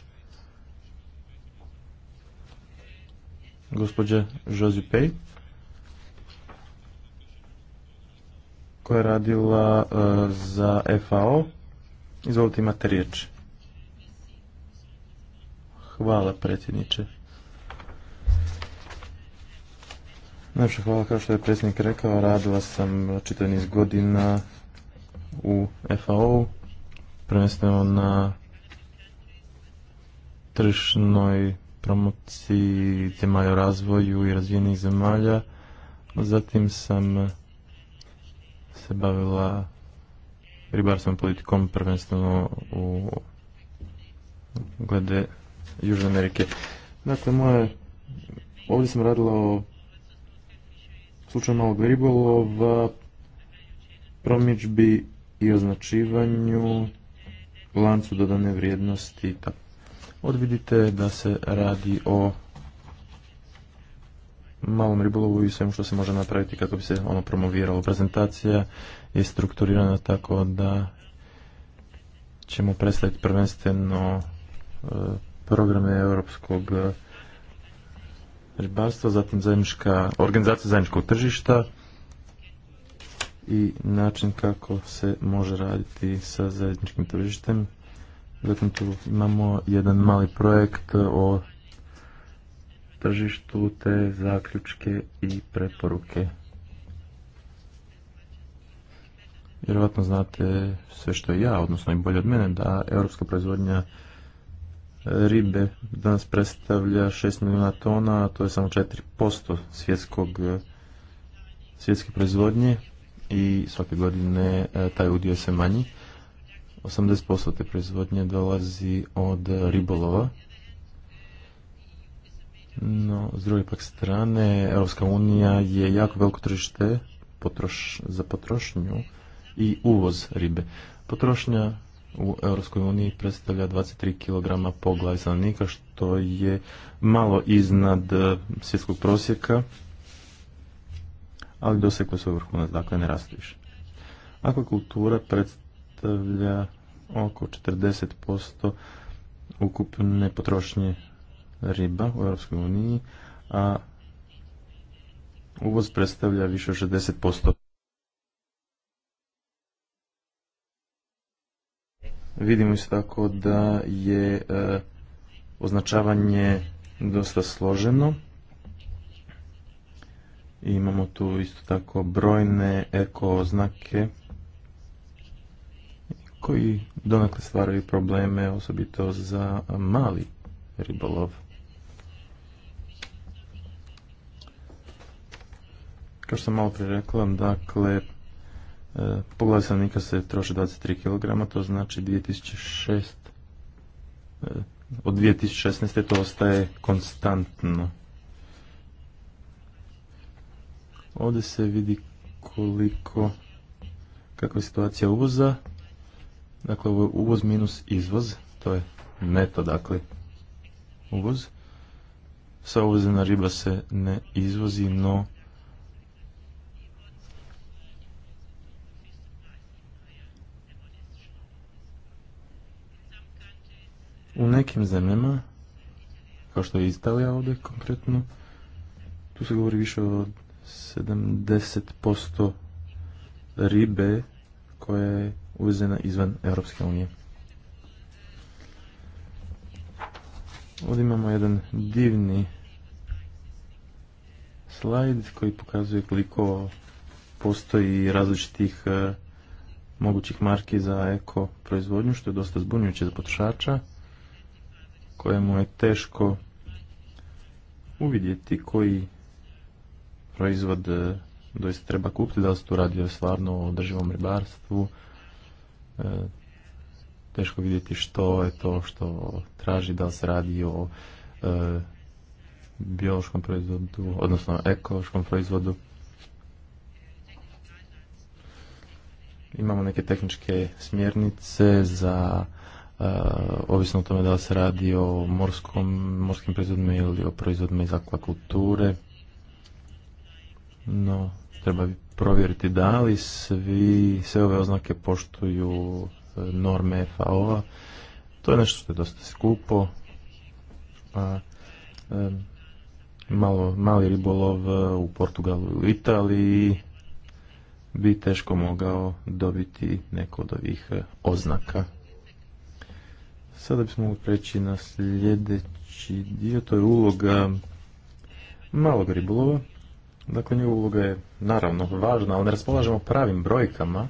Gospodje Josipej. koja je radila e, za FAO. Izvolite, imate riječ. Hvala, predsjedniče. Najviše hvala, kao što je predsjednik rekao, radila sam čitav niz godina u FAO, prvenstveno na tržišnoj promociji zemalja razvoju i razvijenih zemalja. Zatim sam se bavila ribarskom politikom prvenstveno u glede Južne Amerike. Dakle, moje, ovdje sam radila o slučaju malog ribolova, promičbi i označivanju, lancu dodane vrijednosti. Odvidite da se radi o malom ribolovu i svemu što se može napraviti kako bi se ono promoviralo. Prezentacija je strukturirana tako da ćemo predstaviti prvenstveno e, programe europskog e, ribarstva, zatim zajednička, organizacija zajedničkog tržišta i način kako se može raditi sa zajedničkim tržištem. Zatim tu imamo jedan mali projekt o tržištu te zaključke i preporuke. Vjerovatno znate sve što ja, odnosno i bolje od mene, da europska proizvodnja e, ribe danas predstavlja 6 milijuna tona, a to je samo 4% svjetskog, e, svjetske proizvodnje i svake godine e, taj udio se manji. 80% te proizvodnje dolazi od ribolova no, s druge pak strane, Europska unija je jako veliko tržište za potrošnju i uvoz ribe. Potrošnja u Europskoj uniji predstavlja 23 kg po glavi stanovnika, što je malo iznad e, svjetskog prosjeka, ali doseklo svoj vrhunac, dakle ne raste više. Akvakultura predstavlja oko 40% ukupne potrošnje riba u Europskoj uniji, a uvoz predstavlja više od 60%. Vidimo isto tako da je e, označavanje dosta složeno. I imamo tu isto tako brojne eko oznake koji donekle stvaraju probleme osobito za mali ribolov. Kao što sam malo prije rekla, dakle, e, po glavi stanovnika se troši 23 kg, to znači 2006, e, od 2016. to ostaje konstantno. Ovdje se vidi koliko, kakva je situacija uvoza. Dakle, ovo je uvoz minus izvoz, to je neto, dakle, uvoz. Sva uvozena riba se ne izvozi, no U nekim zemljama, kao što je Italija ovdje konkretno, tu se govori više o 70% ribe koja je uvezena izvan Europske unije. Ovdje imamo jedan divni slajd koji pokazuje koliko postoji različitih eh, mogućih marki za eko proizvodnju, što je dosta zbunjujuće za potrošača kojemu je teško uvidjeti koji proizvod e, doista treba kupiti, da li se tu radi stvarno o održivom ribarstvu, e, teško vidjeti što je to što traži, da li se radi o e, biološkom proizvodu, odnosno ekološkom proizvodu. Imamo neke tehničke smjernice za E, ovisno o tome da se radi o morskom, morskim proizvodima ili o proizvodima iz akvakulture. No, treba provjeriti da li svi, sve ove oznake poštuju e, norme FAO-a. To je nešto što je dosta skupo. A, pa, e, malo, mali ribolov u Portugalu u Italiji bi teško mogao dobiti neko od ovih oznaka. Sada bismo preći na sljedeći dio, to je uloga malog ribolova. Dakle, njegova uloga je naravno važna, ali ne raspolažemo pravim brojkama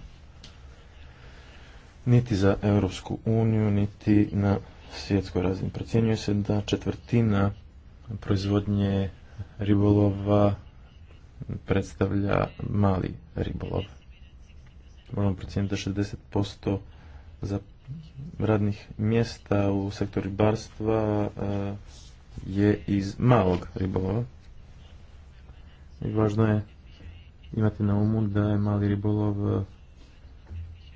niti za Europsku uniju, niti na svjetskoj razini. Procjenjuje se da četvrtina proizvodnje ribolova predstavlja mali ribolov. Možemo procijeniti da 60% za radnih mjesta u sektoru ribarstva e, je iz malog ribolova. I važno je imati na umu da je mali ribolov e,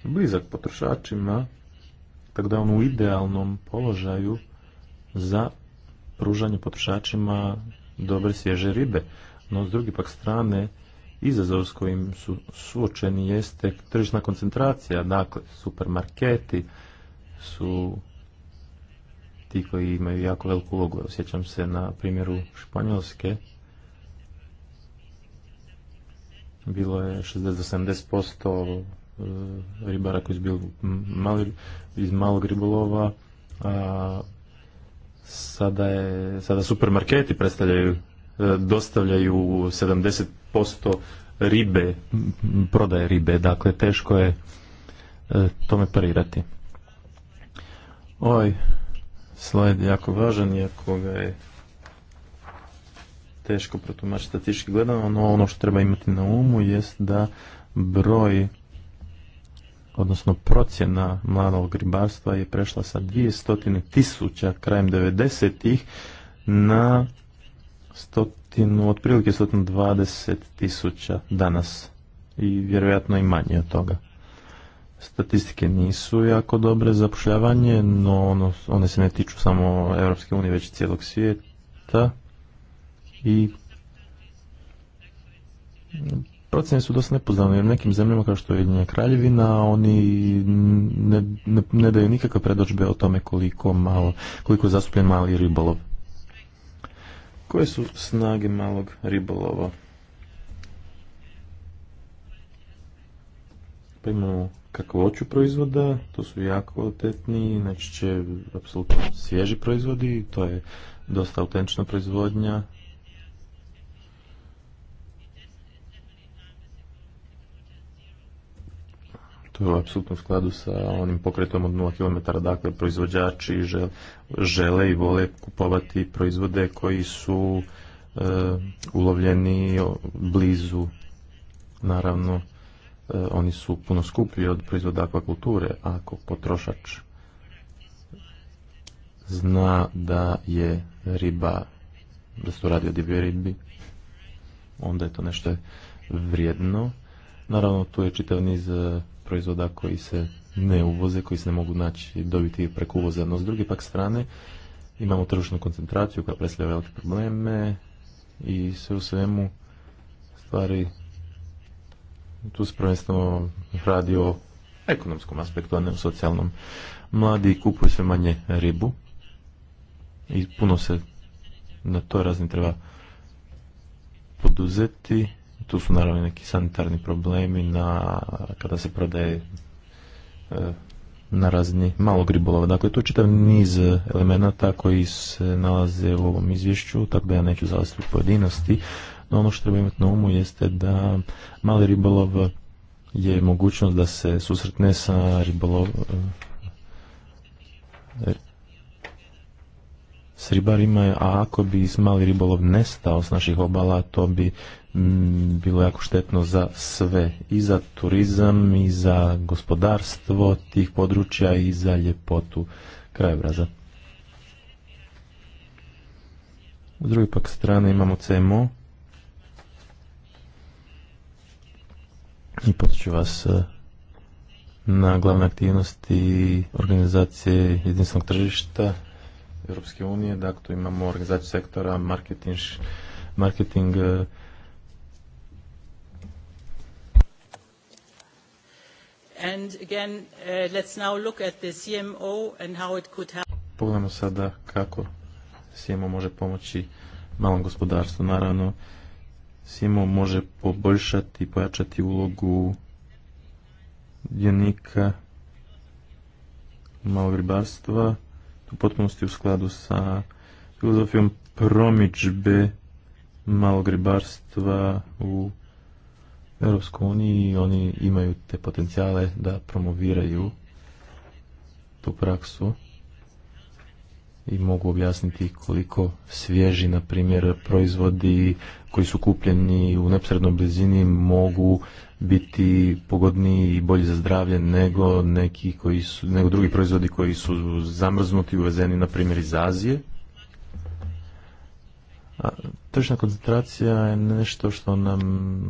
blizak potrošačima, tako da on u idealnom položaju za pružanje potrošačima dobre svježe ribe. No, s druge pak strane, izazov s kojim su suočeni jeste tržišna koncentracija, dakle, supermarketi, su ti koji imaju jako veliku ulogu. Osjećam se na primjeru Španjolske. Bilo je 60-70% eh, ribara koji su bili iz malog ribolova, a sada, je, sada supermarketi predstavljaju, eh, dostavljaju 70% ribe, prodaje ribe, dakle teško je eh, tome parirati. Ovaj slajd je jako važan, iako ga je teško protumačiti statistički gledano, no ono što treba imati na umu jest da broj odnosno procjena mladog ribarstva je prešla sa 200 tisuća krajem 90-ih na stotinu, otprilike 120 tisuća danas i vjerojatno i manje od toga statistike nisu jako dobre za zapošljavanje, no ono, one se ne tiču samo Europske unije, već cijelog svijeta. I procjene su dosta nepoznane, jer u nekim zemljama kao što je jedinja Kraljevina, oni ne, ne, daju nikakve predođbe o tome koliko, malo, koliko je zastupljen mali ribolov. Koje su snage malog ribolova? Pa imamo kakvoću proizvoda, to su jako kvalitetni, znači će apsolutno svježi proizvodi, to je dosta autentična proizvodnja. To je apsolutno u skladu sa onim pokretom od 0 km, dakle proizvođači žele, i vole kupovati proizvode koji su e, ulovljeni blizu, naravno E, oni su puno skuplji od proizvoda akvakulture, ako potrošač zna da je riba, da se tu radi o divljoj ribi, onda je to nešto vrijedno. Naravno, tu je čitav niz e, proizvoda koji se ne uvoze, koji se ne mogu naći dobiti preko uvoza. No, s druge pak strane, imamo tržišnu koncentraciju koja predstavlja velike probleme i sve u svemu stvari tu se prvenstveno radi o ekonomskom aspektu, a ne o socijalnom. Mladi kupuju sve manje ribu i puno se na toj razni treba poduzeti. Tu su naravno neki sanitarni problemi na, kada se prodaje e, na razini malog ribolova. Dakle, tu čitav niz elemenata koji se nalaze u ovom izvješću, tako da ja neću zalaziti u pojedinosti, no ono što treba imati na umu jeste da mali ribolov je mogućnost da se susretne sa ribolov s ribarima, a ako bi mali ribolov nestao s naših obala, to bi mm, bilo jako štetno za sve, i za turizam, i za gospodarstvo tih područja, i za ljepotu krajobraza. U drugoj pak strane imamo CMO, i potiču vas e, na glavne aktivnosti organizacije jedinstvenog tržišta Europske unije. Dakle, tu imamo organizaciju sektora, marketing, marketing e, And again, e, let's now look at the CMO and how it could help. Pogledamo sada kako CMO može pomoći malom gospodarstvu. Naravno, SIMO može poboljšati i pojačati ulogu djenika malog ribarstva u potpunosti u skladu sa filozofijom promičbe malog ribarstva u Europskoj uniji i oni imaju te potencijale da promoviraju tu praksu i mogu objasniti koliko svježi, na primjer, proizvodi koji su kupljeni u neposrednoj blizini mogu biti pogodniji i bolji za zdravlje nego neki koji su, nego drugi proizvodi koji su zamrznuti i uvezeni, na primjer, iz Azije. A, koncentracija je nešto što nam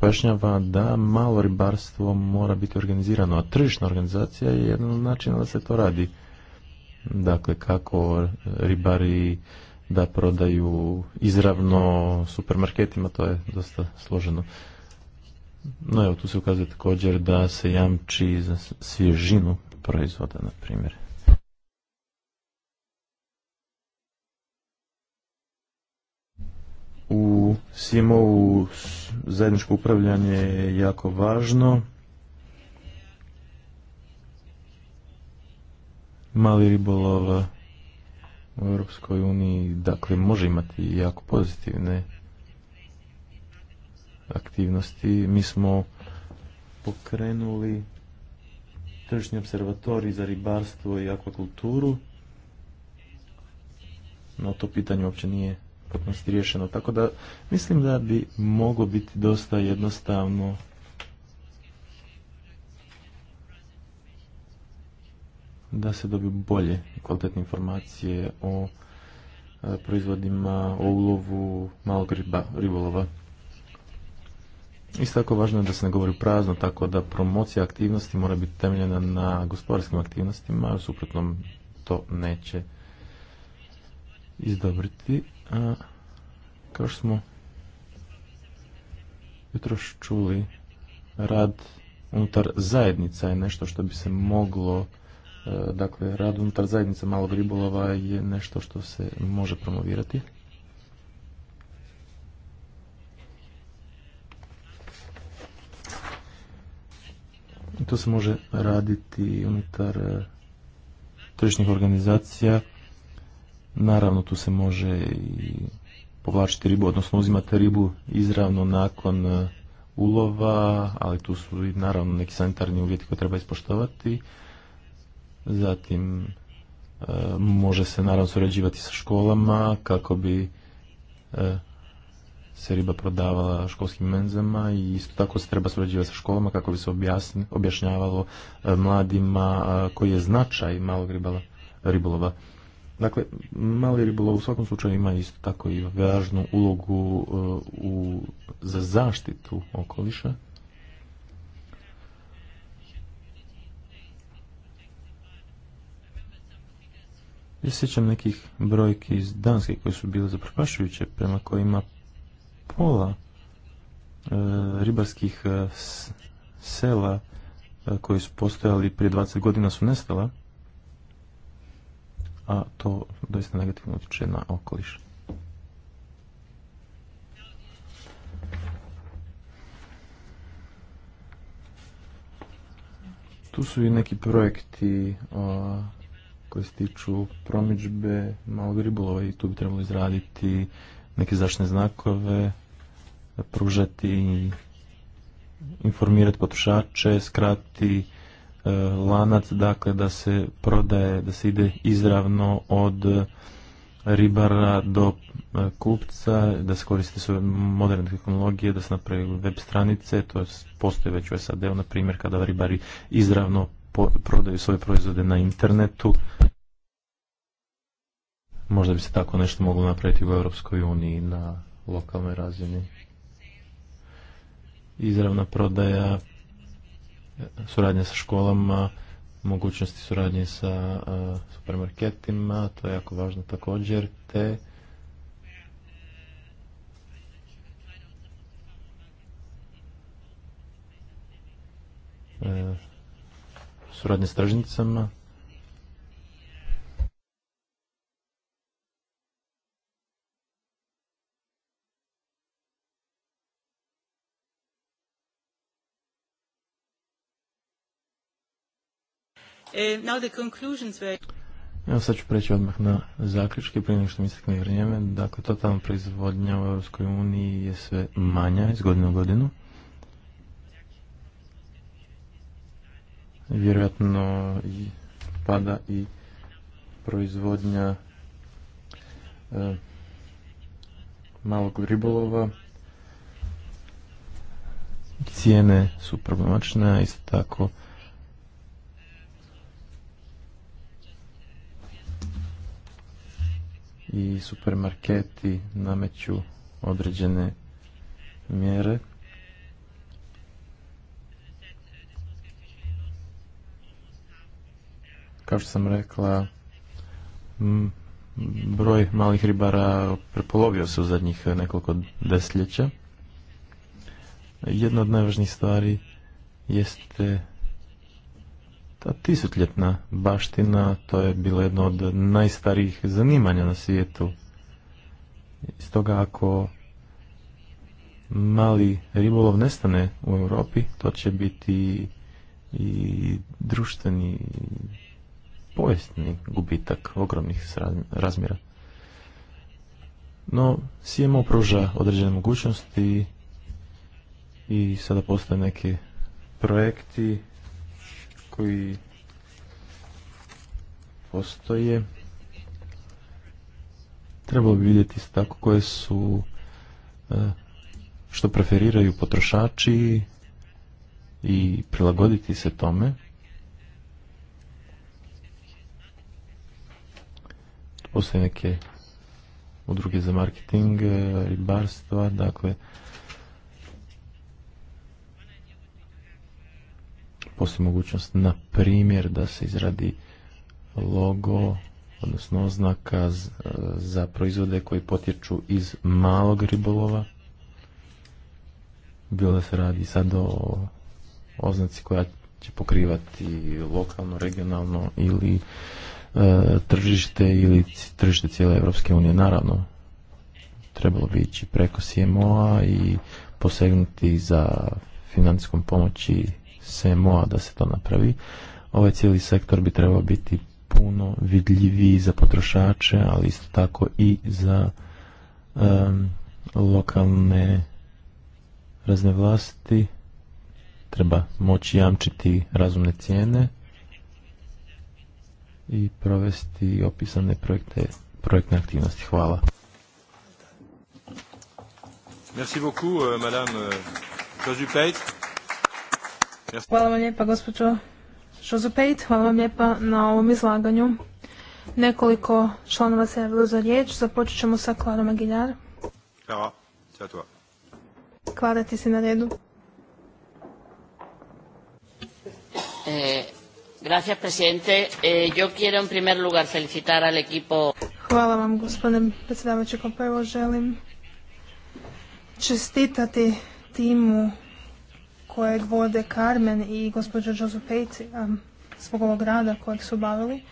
pojašnjava da malo ribarstvo mora biti organizirano, a tržišna organizacija je jedan načina da se to radi dakle kako ribari da prodaju izravno supermarketima, to je dosta složeno. No evo, tu se ukazuje također da se jamči za svježinu proizvoda, na primjer. U simovu zajedničko upravljanje je jako važno. mali ribolov u Europskoj uniji dakle može imati jako pozitivne aktivnosti. Mi smo pokrenuli tržišni observatori za ribarstvo i akvakulturu no to pitanje uopće nije potpuno riješeno. Tako da mislim da bi moglo biti dosta jednostavno da se dobiju bolje kvalitetne informacije o e, proizvodima, o ulovu malog ribolova. Isto tako važno je da se ne govori prazno, tako da promocija aktivnosti mora biti temeljena na gospodarskim aktivnostima, u suprotnom to neće izdobriti. A, kao što smo jutro čuli, rad unutar zajednica je nešto što bi se moglo E, dakle, rad unutar zajednice malog ribolova je nešto što se može promovirati. I to se može raditi unutar e, tržišnih organizacija. Naravno, tu se može i povlačiti ribu, odnosno uzimati ribu izravno nakon e, ulova, ali tu su i naravno neki sanitarni uvjeti koje treba ispoštovati. Zatim e, može se naravno surađivati sa školama kako bi e, se riba prodavala školskim menzama i isto tako se treba surađivati sa školama kako bi se objašnjavalo e, mladima koji je značaj malog ribala, ribolova. Dakle, mali ribolov u svakom slučaju ima isto tako i važnu ulogu u, za zaštitu okoliša Ja sjećam nekih brojki iz Danske koje su bile zaprepašujuće prema kojima pola e, ribarskih e, sela e, koji su postojali prije 20 godina su nestala, a to doista negativno utječe na okoliš. Tu su i neki projekti o koje se tiču promičbe malog ribolova i tu bi trebalo izraditi neke zaštne znakove, pružati, informirati potrošače, skrati e, lanac, dakle da se prodaje, da se ide izravno od ribara do e, kupca, da se koriste sve moderne tehnologije, da se napravi web stranice, to postoje već u SAD-u, na primjer, kada ribari izravno prodaju svoje proizvode na internetu. Možda bi se tako nešto moglo napraviti u Europskoj uniji na lokalnoj razini. Izravna prodaja, suradnja sa školama, mogućnosti suradnje sa supermarketima, to je jako važno također, te suradnje s tržnicama. Uh, Evo sad ću preći odmah na zaključke prije nego što mi istekne vrijeme. Dakle, totalna proizvodnja u EU je sve manja iz godine u godinu. vjerojatno pada i proizvodnja e, malog ribolova. Cijene su problemačne, a isto tako i supermarketi nameću određene mjere. Kao što sam rekla, broj malih ribara prepolovio se u zadnjih nekoliko desetljeća. Jedna od najvažnijih stvari jeste ta tisutljetna baština, to je bilo jedno od najstarijih zanimanja na svijetu. Stoga ako mali ribolov nestane u Europi, to će biti i društveni povijesni gubitak ogromnih razmjera. No, CMO pruža određene mogućnosti i sada postoje neki projekti koji postoje. Trebalo bi vidjeti tako koje su e, što preferiraju potrošači i prilagoditi se tome. Postoje neke udruge za marketing, e, ribarstva, dakle, postoji mogućnost, na primjer, da se izradi logo, odnosno oznaka e, za proizvode koji potječu iz malog ribolova. Bilo da se radi sad o oznaci koja će pokrivati lokalno, regionalno ili E, tržište ili tržište cijele Europske unije. Naravno, trebalo bi ići preko CMO-a i posegnuti za financijskom pomoći CMO-a da se to napravi. Ovaj cijeli sektor bi trebao biti puno vidljiviji za potrošače, ali isto tako i za lokalne razne vlasti. Treba moći jamčiti razumne cijene i provesti opisane projekte, projektne aktivnosti. Hvala. Merci beaucoup, euh, madame euh, Hvala vam lijepa, gospođo Šozupejt. Hvala vam lijepa na ovom izlaganju. Nekoliko članova se javilo za riječ. Započet ćemo sa Klarom Magiljar. Klara, sve to. Klara, ti si na redu. E, Gracias, presidente. Eh, yo quiero en primer lugar felicitar al equipo. Hvala vam, gospodine predsjedavajući. Kao prvo želim čestitati timu kojeg vode Carmen i gospođa Joseph zbog ovog rada kojeg su bavili.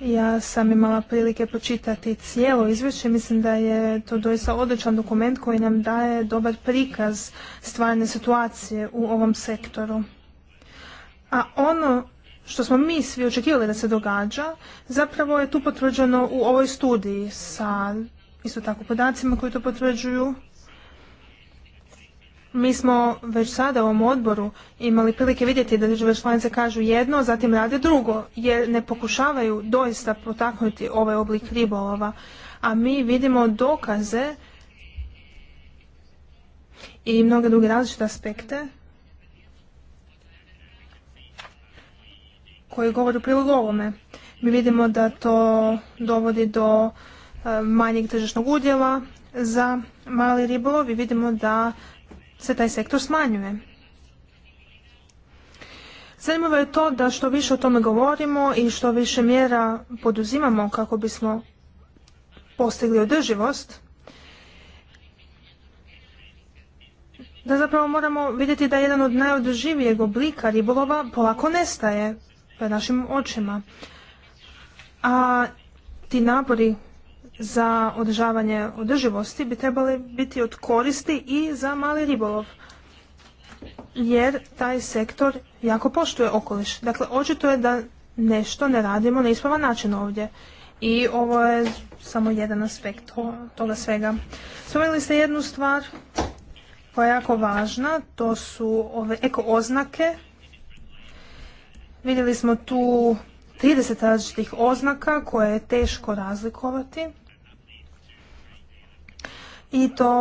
Ja sam imala prilike pročitati cijelo izvješće. Mislim da je to doista odličan dokument koji nam daje dobar prikaz stvarne situacije u ovom sektoru. A ono što smo mi svi očekivali da se događa, zapravo je tu potvrđeno u ovoj studiji sa isto tako podacima koji to potvrđuju. Mi smo već sada u ovom odboru imali prilike vidjeti da države članice kažu jedno, zatim rade drugo, jer ne pokušavaju doista potaknuti ovaj oblik ribolova. A mi vidimo dokaze i mnoge druge različite aspekte koji govori u prilog ovome. Mi vidimo da to dovodi do e, manjeg tržišnog udjela za mali ribolov i vidimo da se taj sektor smanjuje. Zanimljivo je to da što više o tome govorimo i što više mjera poduzimamo kako bismo postigli održivost, da zapravo moramo vidjeti da jedan od najodrživijeg oblika ribolova polako nestaje pred našim očima. A ti napori za održavanje održivosti bi trebali biti od koristi i za mali ribolov jer taj sektor jako poštuje okoliš. Dakle, očito je da nešto ne radimo na ispravan način ovdje. I ovo je samo jedan aspekt toga svega. Spomenuli ste jednu stvar koja je jako važna, to su ove eko oznake Vidjeli smo tu 30 različitih oznaka koje je teško razlikovati. I to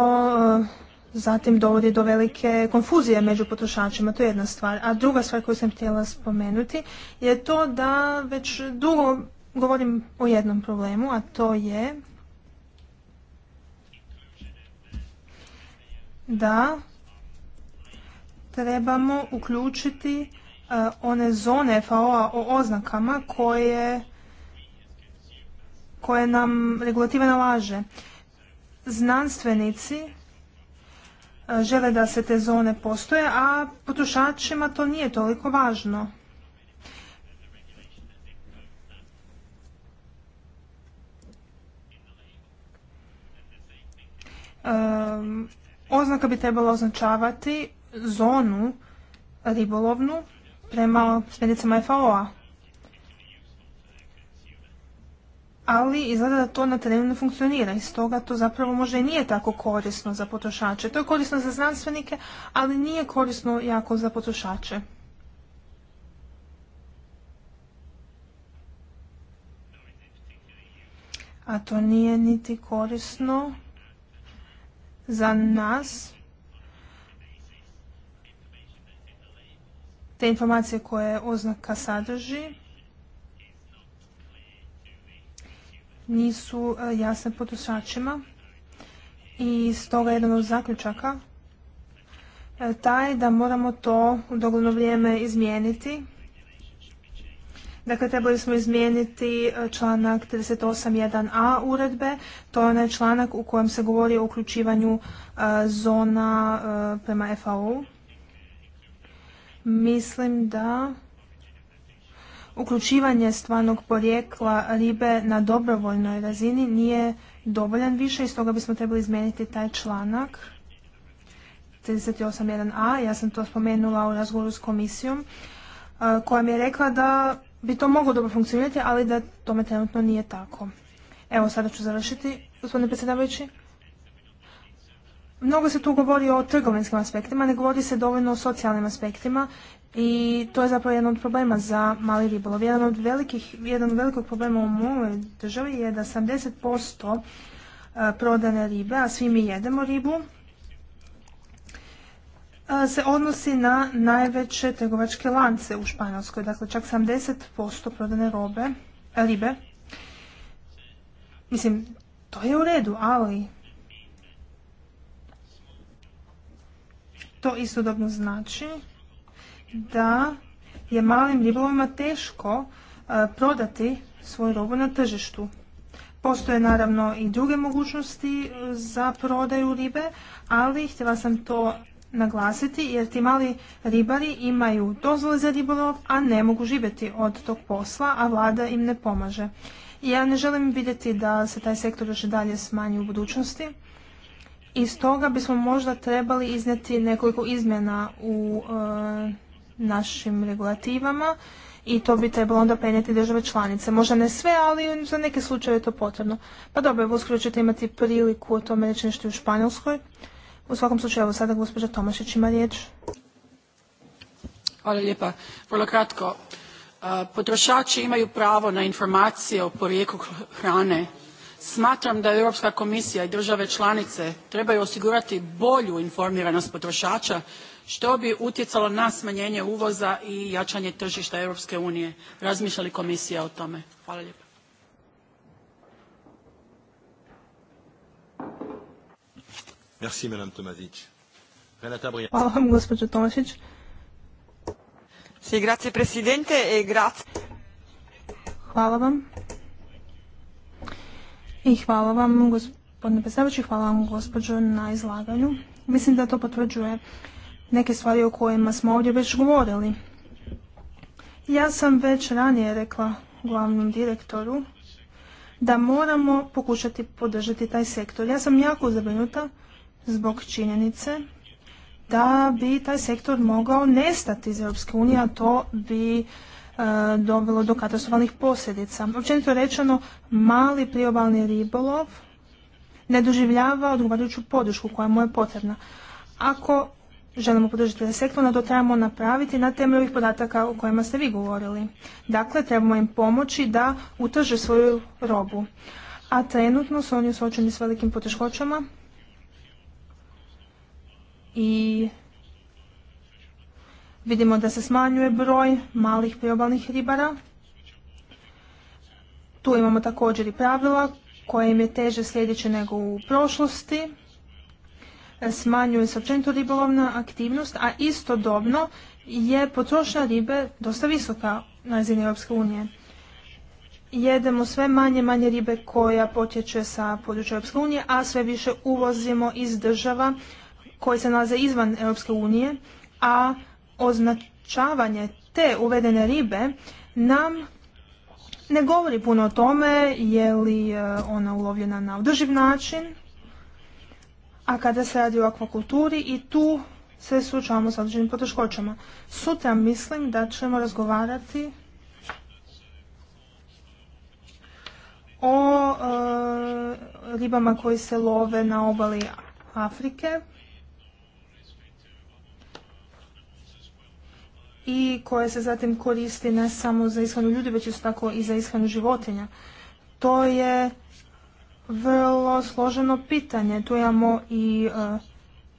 e, zatim dovodi do velike konfuzije među potrošačima, to je jedna stvar. A druga stvar koju sam htjela spomenuti je to da već dugo govorim o jednom problemu, a to je da trebamo uključiti E, one zone FAO-a o oznakama koje, koje nam regulativa nalaže. Znanstvenici e, žele da se te zone postoje, a potrošačima to nije toliko važno. oznaka bi trebala označavati zonu ribolovnu prema smjernicama FAO-a. Ali izgleda da to na terenu ne funkcionira i stoga to zapravo možda i nije tako korisno za potrošače. To je korisno za znanstvenike, ali nije korisno jako za potrošače. A to nije niti korisno za nas te informacije koje oznaka sadrži nisu e, jasne potrošačima i stoga jedan od zaključaka e, taj da moramo to u dogledno vrijeme izmijeniti. Dakle, trebali smo izmijeniti e, članak 38.1a uredbe. To je onaj članak u kojem se govori o uključivanju zona prema FAO mislim da uključivanje stvarnog porijekla ribe na dobrovoljnoj razini nije dovoljan više i stoga bismo trebali izmijeniti taj članak 38.1a. Ja sam to spomenula u razgovoru s komisijom e, koja mi je rekla da bi to moglo dobro funkcionirati, ali da tome trenutno nije tako. Evo, sada ću završiti, gospodine predsjedavajući. Mnogo se tu govori o trgovinskim aspektima, ne govori se dovoljno o socijalnim aspektima i to je zapravo jedan od problema za mali ribolov. Jedan od velikih, jedan od velikog problema u mojoj državi je da 70% e, prodane ribe, a svi mi jedemo ribu, e, se odnosi na najveće trgovačke lance u Španjolskoj. Dakle, čak 70% prodane robe, ribe. Mislim, to je u redu, ali To istodobno znači da je malim ribolovima teško e, prodati svoju robu na tržištu. Postoje naravno i druge mogućnosti e, za prodaju ribe, ali htjela sam to naglasiti jer ti mali ribari imaju dozvole za ribolov, a ne mogu živjeti od tog posla, a vlada im ne pomaže. Ja ne želim vidjeti da se taj sektor još dalje smanji u budućnosti i stoga bismo možda trebali iznijeti nekoliko izmjena u e, našim regulativama i to bi trebalo onda prenijeti države članice. Možda ne sve, ali za neke slučaje je to potrebno. Pa dobro, evo uskoro ćete imati priliku o tome reći nešto u Španjolskoj. U svakom slučaju, evo sada gospođa Tomašić ima riječ. Hvala lijepa. Vrlo kratko. E, potrošači imaju pravo na informacije o porijeklu hrane smatram da europska komisija i države članice trebaju osigurati bolju informiranost potrošača što bi utjecalo na smanjenje uvoza i jačanje tržišta europske unije razmišlja li komisija o tome? hvala Hvala vam. I hvala vam, gospodine predsjedavajući, hvala vam gospođo na izlaganju. Mislim da to potvrđuje neke stvari o kojima smo ovdje već govorili. Ja sam već ranije rekla glavnom direktoru da moramo pokušati podržati taj sektor. Ja sam jako zabrinuta zbog činjenice da bi taj sektor mogao nestati iz EU, unije, a to bi E, dovelo do katastrofalnih posljedica. Općenito rečeno, mali priobalni ribolov ne doživljava odgovarajuću podršku koja mu je potrebna. Ako želimo podržati taj ovaj sektor, to trebamo napraviti na temelju ovih podataka o kojima ste vi govorili. Dakle, trebamo im pomoći da utrže svoju robu. A trenutno su oni suočeni s velikim poteškoćama i Vidimo da se smanjuje broj malih priobalnih ribara. Tu imamo također i pravila koje im je teže sljedeće nego u prošlosti. Smanjuje se općenito ribolovna aktivnost, a istodobno je potrošnja ribe dosta visoka na razini Europske unije. Jedemo sve manje manje ribe koja potječe sa područja Europske unije, a sve više uvozimo iz država koje se nalaze izvan Europske unije, a označavanje te uvedene ribe nam ne govori puno o tome je li e, ona ulovljena na održiv način, a kada se radi o akvakulturi i tu se suočavamo s određenim poteškoćama. Sutra mislim da ćemo razgovarati o e, ribama koji se love na obali Afrike i koje se zatim koristi ne samo za ishranu ljudi, već isto tako i za ishranu životinja. To je vrlo složeno pitanje. Tu imamo i e,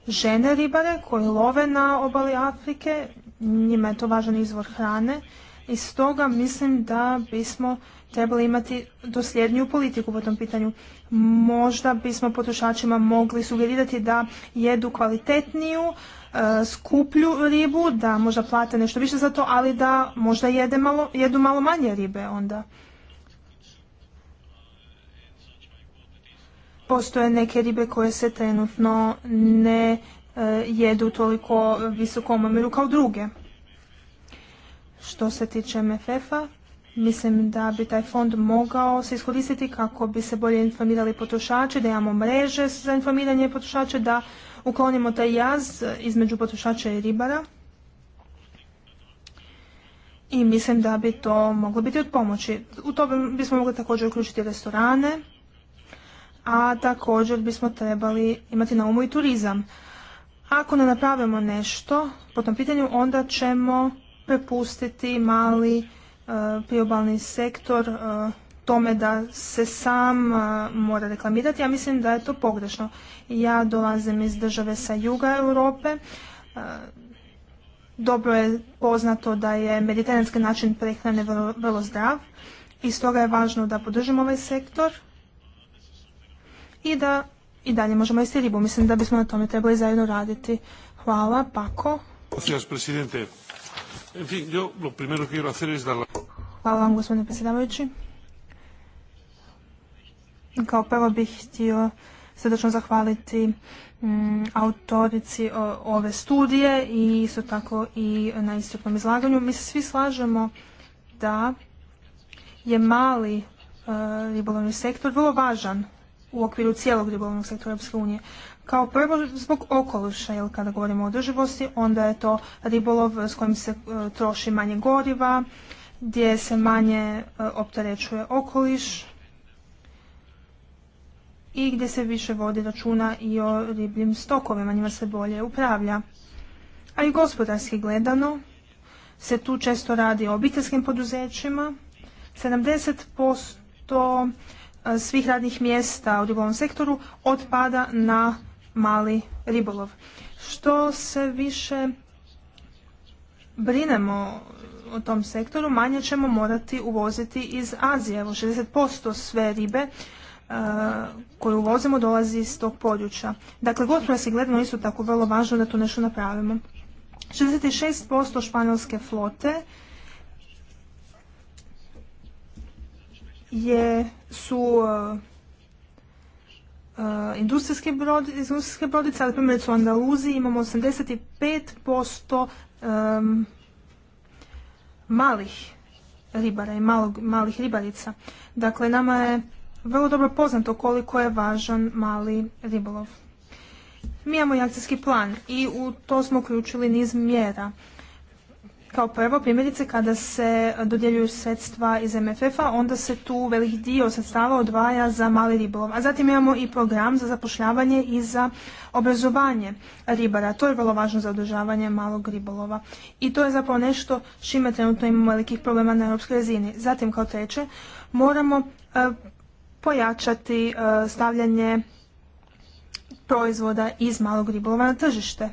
žene ribare koje love na obali Afrike, njima je to važan izvor hrane i stoga mislim da bismo trebali imati dosljedniju politiku po tom pitanju. Možda bismo potrošačima mogli sugerirati da jedu kvalitetniju E, skuplju ribu, da možda plate nešto više za to, ali da možda jede malo, jedu malo manje ribe onda. Postoje neke ribe koje se trenutno ne e, jedu toliko visokom omiru kao druge. Što se tiče MFF-a, mislim da bi taj fond mogao se iskoristiti kako bi se bolje informirali potrošači, da imamo mreže za informiranje potrošača, da uklonimo taj jaz između potrošača i ribara i mislim da bi to moglo biti od pomoći. U to bismo mogli također uključiti restorane, a također bismo trebali imati na umu i turizam. Ako ne napravimo nešto po tom pitanju, onda ćemo prepustiti mali eh, priobalni sektor eh, tome da se sam mora reklamirati. Ja mislim da je to pogrešno. Ja dolazim iz države sa juga Europe. dobro je poznato da je mediteranski način prehrane vrlo, zdrav i stoga je važno da podržimo ovaj sektor i da i dalje možemo jesti ribu. Mislim da bismo na tome trebali zajedno raditi. Hvala, Pako. Hvala vam, gospodine predsjedavajući. Kao prvo bih htio srdečno zahvaliti mm, autorici ove studije i isto tako i na istupnom izlaganju. Mi se svi slažemo da je mali e, ribolovni sektor vrlo važan u okviru cijelog ribolovnog sektora Europske unije. Kao prvo zbog okoliša, jer kada govorimo o održivosti, onda je to ribolov s kojim se e, troši manje goriva, gdje se manje e, opterećuje okoliš, i gdje se više vodi računa i o ribljim stokovima, njima se bolje upravlja. A i gospodarski gledano se tu često radi o obiteljskim poduzećima. 70% e, svih radnih mjesta u ribolovnom sektoru otpada na mali ribolov. Što se više brinemo o tom sektoru, manje ćemo morati uvoziti iz Azije. Evo 60% sve ribe koju uvozimo dolazi iz tog područja. Dakle, se gledano isto tako vrlo važno da tu nešto napravimo. 66% španjolske flote je, su industrijske, brod, brodice, ali primjerice u Andaluziji imamo 85% malih ribara i malih ribarica. Dakle, nama je vrlo dobro poznato koliko je važan mali ribolov. Mi imamo i akcijski plan i u to smo uključili niz mjera. Kao prvo, primjerice, kada se dodjeljuju sredstva iz MFF-a, onda se tu velik dio sredstava odvaja za mali ribolov. A zatim imamo i program za zapošljavanje i za obrazovanje ribara. To je vrlo važno za održavanje malog ribolova. I to je zapravo nešto čime trenutno imamo velikih problema na europskoj razini. Zatim, kao treće, moramo e, pojačati e, stavljanje proizvoda iz malog ribolova na tržište.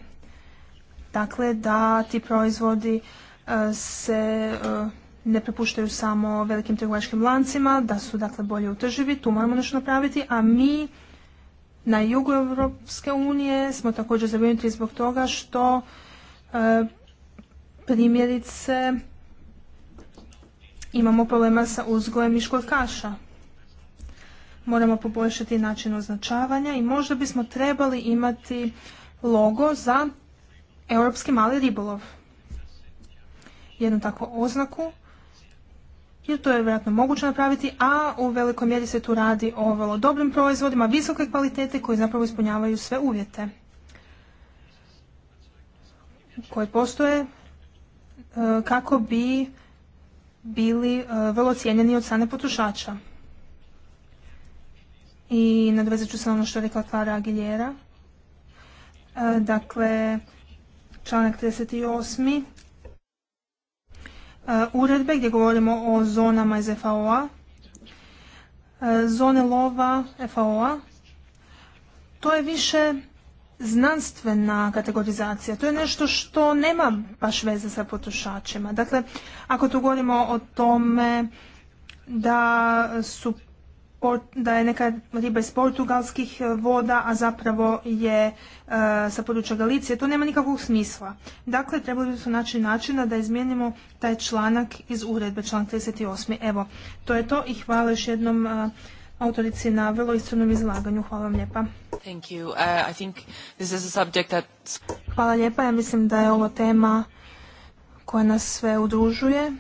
Dakle, da ti proizvodi e, se e, ne prepuštaju samo velikim trgovačkim lancima, da su dakle bolje utrživi, tu moramo nešto napraviti, a mi na jugu Europske unije smo također zabrinuti zbog toga što primjerice imamo problema sa uzgojem i kaša moramo poboljšati način označavanja i možda bismo trebali imati logo za europski mali ribolov. Jednu takvu oznaku, jer to je vjerojatno moguće napraviti, a u velikoj mjeri se tu radi o vrlo dobrim proizvodima, visoke kvalitete koji zapravo ispunjavaju sve uvjete koje postoje e, kako bi bili e, vrlo cijenjeni od strane potrošača i nadvezat ću se ono što je rekla Klara Aguilera. E, dakle, članak 38. E, uredbe gdje govorimo o zonama iz FAO-a. E, zone lova FAO-a. To je više znanstvena kategorizacija. To je nešto što nema baš veze sa potrošačima. Dakle, ako tu govorimo o tome da su da je neka riba iz portugalskih eh, voda, a zapravo je eh, sa područja Galicije. To nema nikakvog smisla. Dakle, trebali bi su naći načina da izmijenimo taj članak iz uredbe, članak 38. Evo, to je to i hvala još jednom eh, autorici na vrlo istornom izlaganju. Hvala vam lijepa. Hvala lijepa. Ja mislim da je ovo tema koja nas sve udružuje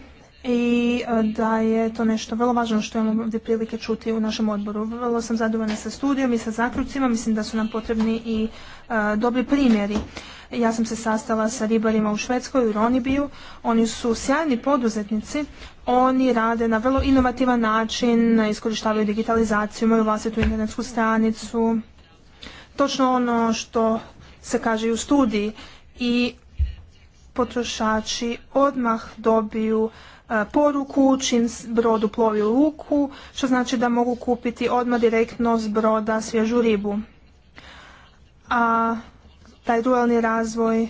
i e, da je to nešto vrlo važno što imamo ovdje prilike čuti u našem odboru. Vrlo sam zadovoljna sa studijom i sa zaključcima, mislim da su nam potrebni i e, dobri primjeri. Ja sam se sastala sa ribarima u Švedskoj, u Ronibiju, oni su sjajni poduzetnici, oni rade na vrlo inovativan način, iskorištavaju digitalizaciju, imaju vlastitu internetsku stranicu, točno ono što se kaže i u studiji i potrošači odmah dobiju poruku čim brodu plovi u luku, što znači da mogu kupiti odmah direktno s broda svježu ribu. A taj ruralni razvoj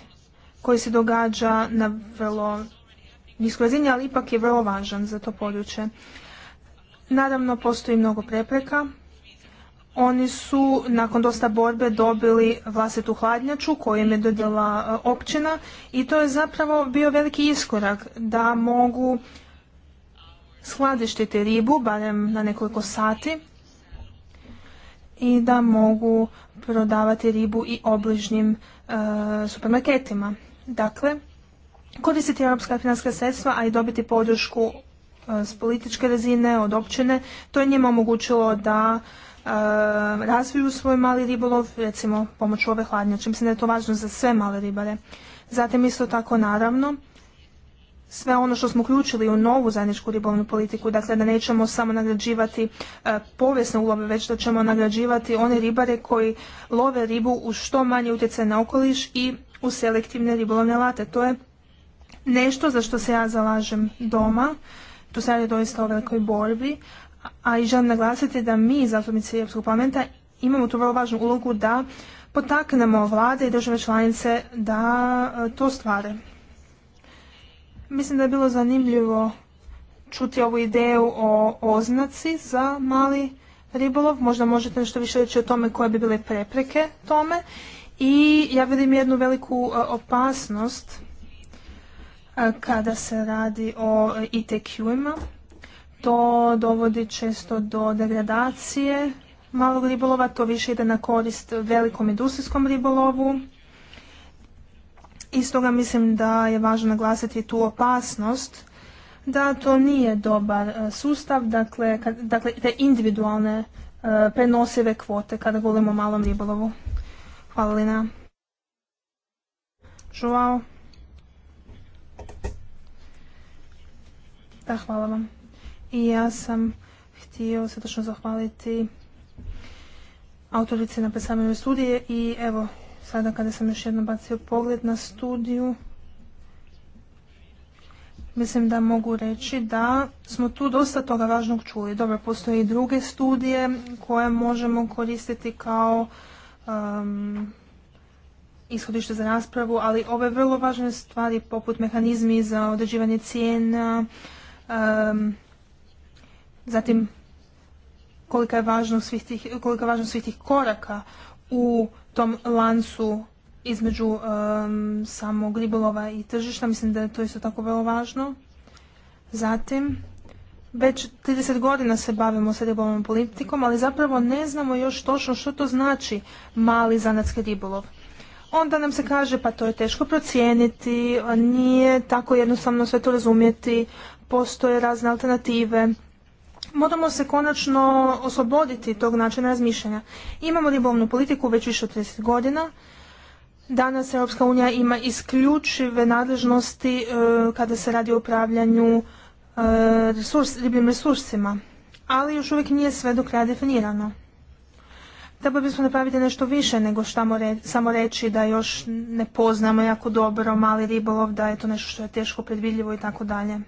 koji se događa na vrlo niskoj razini, ali ipak je vrlo važan za to područje. Naravno, postoji mnogo prepreka oni su nakon dosta borbe dobili vlastitu hladnjaču koju im je dodjela e, općina i to je zapravo bio veliki iskorak da mogu skladištiti ribu, barem na nekoliko sati, i da mogu prodavati ribu i obližnjim e, supermarketima. Dakle, koristiti europska financijska sredstva, a i dobiti podršku e, s političke razine, od općine, to je njima omogućilo da Eh, razviju svoj mali ribolov, recimo pomoću ove hladnjače. Znači, se da je to važno za sve male ribare. Zatim isto tako naravno, sve ono što smo uključili u novu zajedničku ribolovnu politiku, dakle da nećemo samo nagrađivati eh, povijesne ulove, već da ćemo nagrađivati one ribare koji love ribu u što manje utjecaj na okoliš i u selektivne ribolovne late. To je nešto za što se ja zalažem doma, tu se radi doista o velikoj borbi, a i želim naglasiti da mi, zastupnici Europskog parlamenta, imamo tu vrlo važnu ulogu da potaknemo vlade i države članice da e, to stvare. Mislim da je bilo zanimljivo čuti ovu ideju o oznaci za mali ribolov. Možda možete nešto više reći o tome koje bi bile prepreke tome. I ja vidim jednu veliku e, opasnost e, kada se radi o ITQ-ima to dovodi često do degradacije malog ribolova, to više ide na korist velikom industrijskom ribolovu. I stoga mislim da je važno naglasiti tu opasnost da to nije dobar e, sustav, dakle, kad, dakle te individualne e, prenosive kvote kada govorimo o malom ribolovu. Hvala Lina. Da, hvala vam. I ja sam htio srdečno zahvaliti autorici na predstavljanju studije i evo, sada kada sam još jednom bacio pogled na studiju, mislim da mogu reći da smo tu dosta toga važnog čuli. Dobro, postoje i druge studije koje možemo koristiti kao um, ishodište za raspravu, ali ove vrlo važne stvari poput mehanizmi za određivanje cijena, um, Zatim, kolika je važnost svih tih, kolika je važnost svih tih koraka u tom lancu između samog ribolova i tržišta. Mislim da je to isto tako vrlo važno. Zatim, već 30 godina se bavimo sa ribolovnom politikom, ali zapravo ne znamo još točno što to znači mali zanatski ribolov. Onda nam se kaže pa to je teško procijeniti, nije tako jednostavno sve to razumjeti, postoje razne alternative, moramo se konačno osloboditi tog načina razmišljanja. Imamo ribolovnu politiku već više od 30 godina. Danas Europska unija ima isključive nadležnosti e, kada se radi o upravljanju e, resursima, ali još uvijek nije sve do kraja definirano. Trebali bismo napraviti nešto više nego štamo samo reći da još ne poznamo jako dobro mali ribolov, da je to nešto što je teško predvidljivo i tako dalje.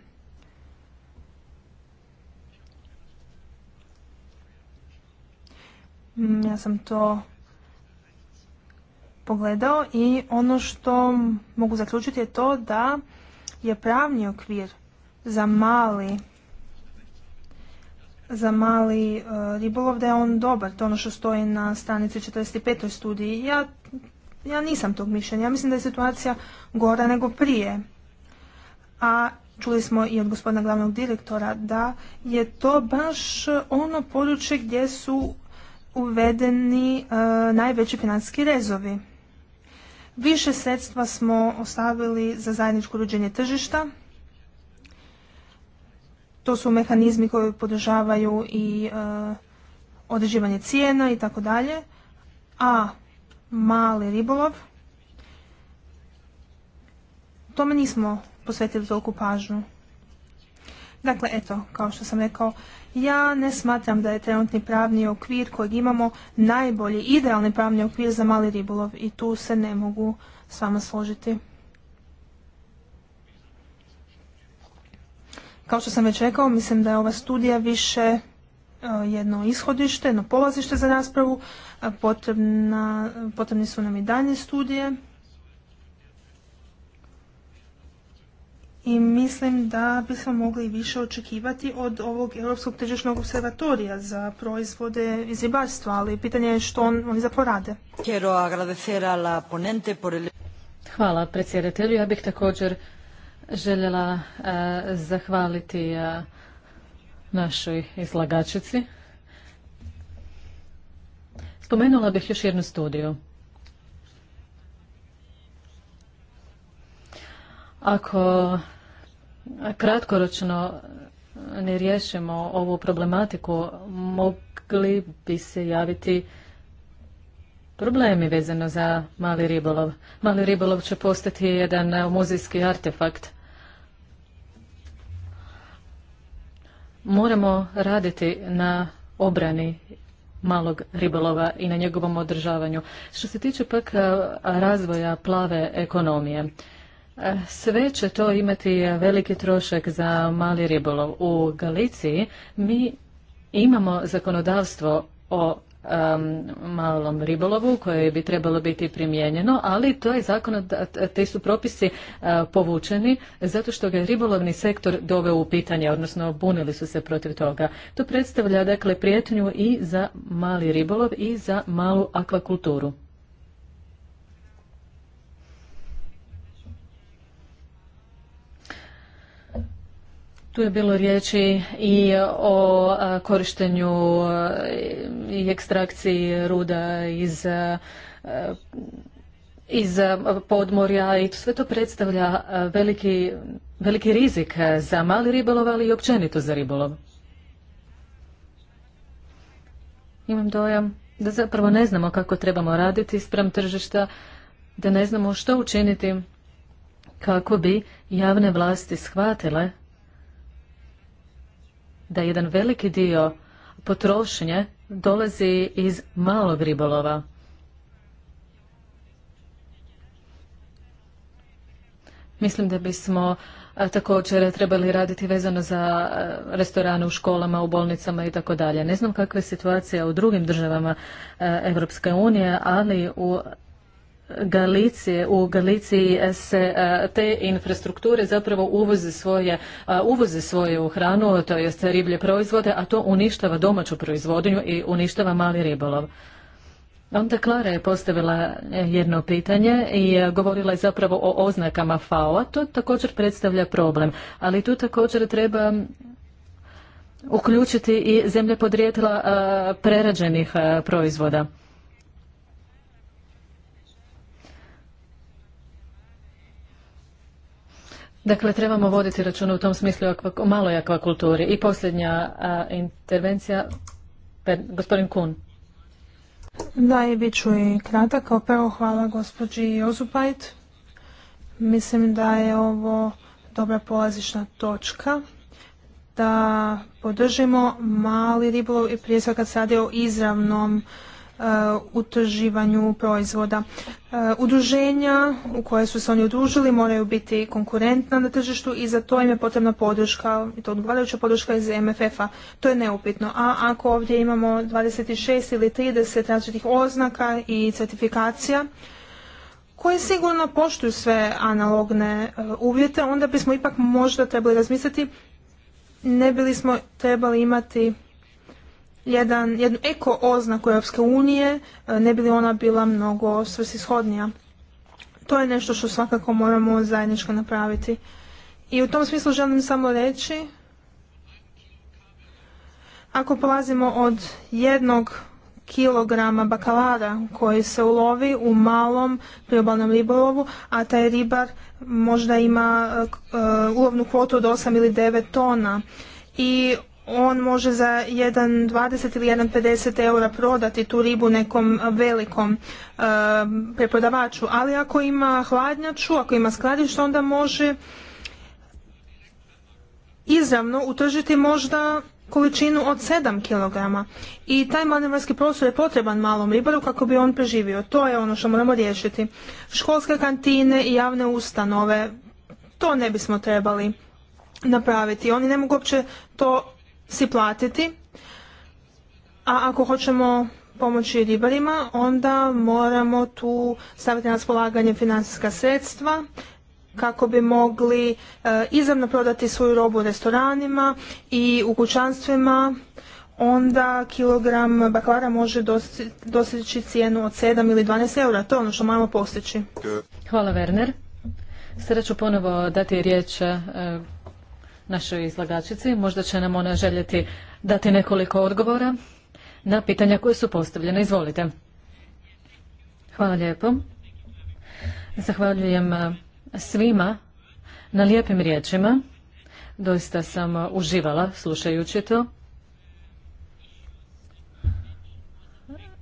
Mm, ja sam to pogledao i ono što mogu zaključiti je to da je pravni okvir za mali za mali e, ribolov da je on dobar. To je ono što stoji na stranici 45. studiji. Ja, ja nisam tog mišljenja. Ja mislim da je situacija gora nego prije. A čuli smo i od gospodina glavnog direktora da je to baš ono područje gdje su uvedeni e, najveći financijski rezovi. Više sredstva smo ostavili za zajedničko uređenje tržišta. To su mehanizmi koji podržavaju i e, određivanje cijena i tako dalje. A mali ribolov, tome nismo posvetili toliku pažnju. Dakle, eto, kao što sam rekao, ja ne smatram da je trenutni pravni okvir kojeg imamo najbolji, idealni pravni okvir za mali ribolov i tu se ne mogu s vama složiti. Kao što sam već rekao, mislim da je ova studija više e, jedno ishodište, jedno polazište za raspravu. Potrebna, potrebni su nam i dalje studije. i mislim da bismo mogli više očekivati od ovog Europskog tržišnog observatorija za proizvode iz ali pitanje je što on, oni zapravo rade. Hvala predsjedatelju. Ja bih također željela e, zahvaliti e, našoj izlagačici. Spomenula bih još jednu studiju. Ako kratkoročno eh, ne riješimo ovu problematiku, mogli bi se javiti problemi vezano za mali ribolov. Mali ribolov će postati jedan eh, muzejski artefakt. Moramo raditi na obrani malog ribolova i na njegovom održavanju. Što se tiče pak eh, razvoja plave ekonomije, sve će to imati veliki trošak za mali ribolov. U Galiciji mi imamo zakonodavstvo o malom ribolovu koje bi trebalo biti primijenjeno, ali to je zakon, te su propisi e, povučeni zato što ga je ribolovni sektor doveo u pitanje, odnosno bunili su se protiv toga. To predstavlja dakle prijetnju i za mali ribolov i za malu akvakulturu. Tu je bilo riječi i o e, korištenju e, i ekstrakciji ruda iz e, iz podmorja i sve to predstavlja veliki, veliki rizik za mali ribolov, ali i općenito za ribolov. Imam dojam da zapravo ne znamo kako trebamo raditi sprem tržišta, da ne znamo što učiniti kako bi javne vlasti shvatile da jedan veliki dio potrošnje dolazi iz malog ribolova. Mislim da bismo također trebali raditi vezano za restorane u školama, u bolnicama i tako dalje. Ne znam kakva je situacija u drugim državama Europske unije, ali u Galicije, u Galiciji se e, te infrastrukture zapravo uvoze svoje, e, uvoze svoju hranu, to jest riblje proizvode, a to uništava domaću proizvodnju i uništava mali ribolov. Onda Klara je postavila jedno pitanje i e, govorila je zapravo o oznakama FAO-a. To također predstavlja problem, ali tu također treba uključiti i zemlje podrijetla prerađenih proizvoda. Dakle, trebamo voditi računa u tom smislu o maloj akvakulturi. I posljednja intervencija, gospodin Kun. Da, i bit ću i kratak. Kao prvo hvala gospođi Jozupajt. Mislim da je ovo dobra polazišna točka da podržimo mali ribolov i prije svega kad se radi o izravnom Uh, utrživanju proizvoda. Uh, udruženja u koje su se oni udružili moraju biti konkurentna na tržištu i za to im je potrebna podrška, i to odgovarajuća podrška iz MFF-a. To je neupitno. A ako ovdje imamo 26 ili 30 različitih oznaka i certifikacija, koje sigurno poštuju sve analogne uh, uvjete, onda bismo ipak možda trebali razmisliti ne bili smo trebali imati jedan, jednu eko oznaku Europske unije, e, ne bi li ona bila mnogo svrsishodnija. To je nešto što svakako moramo zajednički napraviti. I u tom smislu želim samo reći, ako polazimo od jednog kilograma bakalara koji se ulovi u malom priobalnom ribolovu, a taj ribar možda ima e, e, ulovnu kvotu od 8 ili 9 tona. I on može za 1,20 ili 1,50 eura prodati tu ribu nekom velikom e, prepodavaču. Ali ako ima hladnjaču, ako ima skladište, onda može izravno utržiti možda količinu od 7 kg. I taj manevarski prostor je potreban malom ribaru kako bi on preživio. To je ono što moramo riješiti. Školske kantine i javne ustanove, to ne bismo trebali napraviti. Oni ne mogu uopće to si platiti, a ako hoćemo pomoći ribarima, onda moramo tu staviti na raspolaganje financijska sredstva kako bi mogli e, izravno prodati svoju robu u restoranima i u kućanstvima, onda kilogram baklara može dosjeći cijenu od 7 ili 12 eura. To je ono što moramo postići. Hvala Werner. Sada ću ponovo dati riječ e, našoj izlagačici. Možda će nam ona željeti dati nekoliko odgovora na pitanja koje su postavljene. Izvolite. Hvala lijepo. Zahvaljujem e, svima na lijepim riječima. Doista sam e, uživala slušajući to.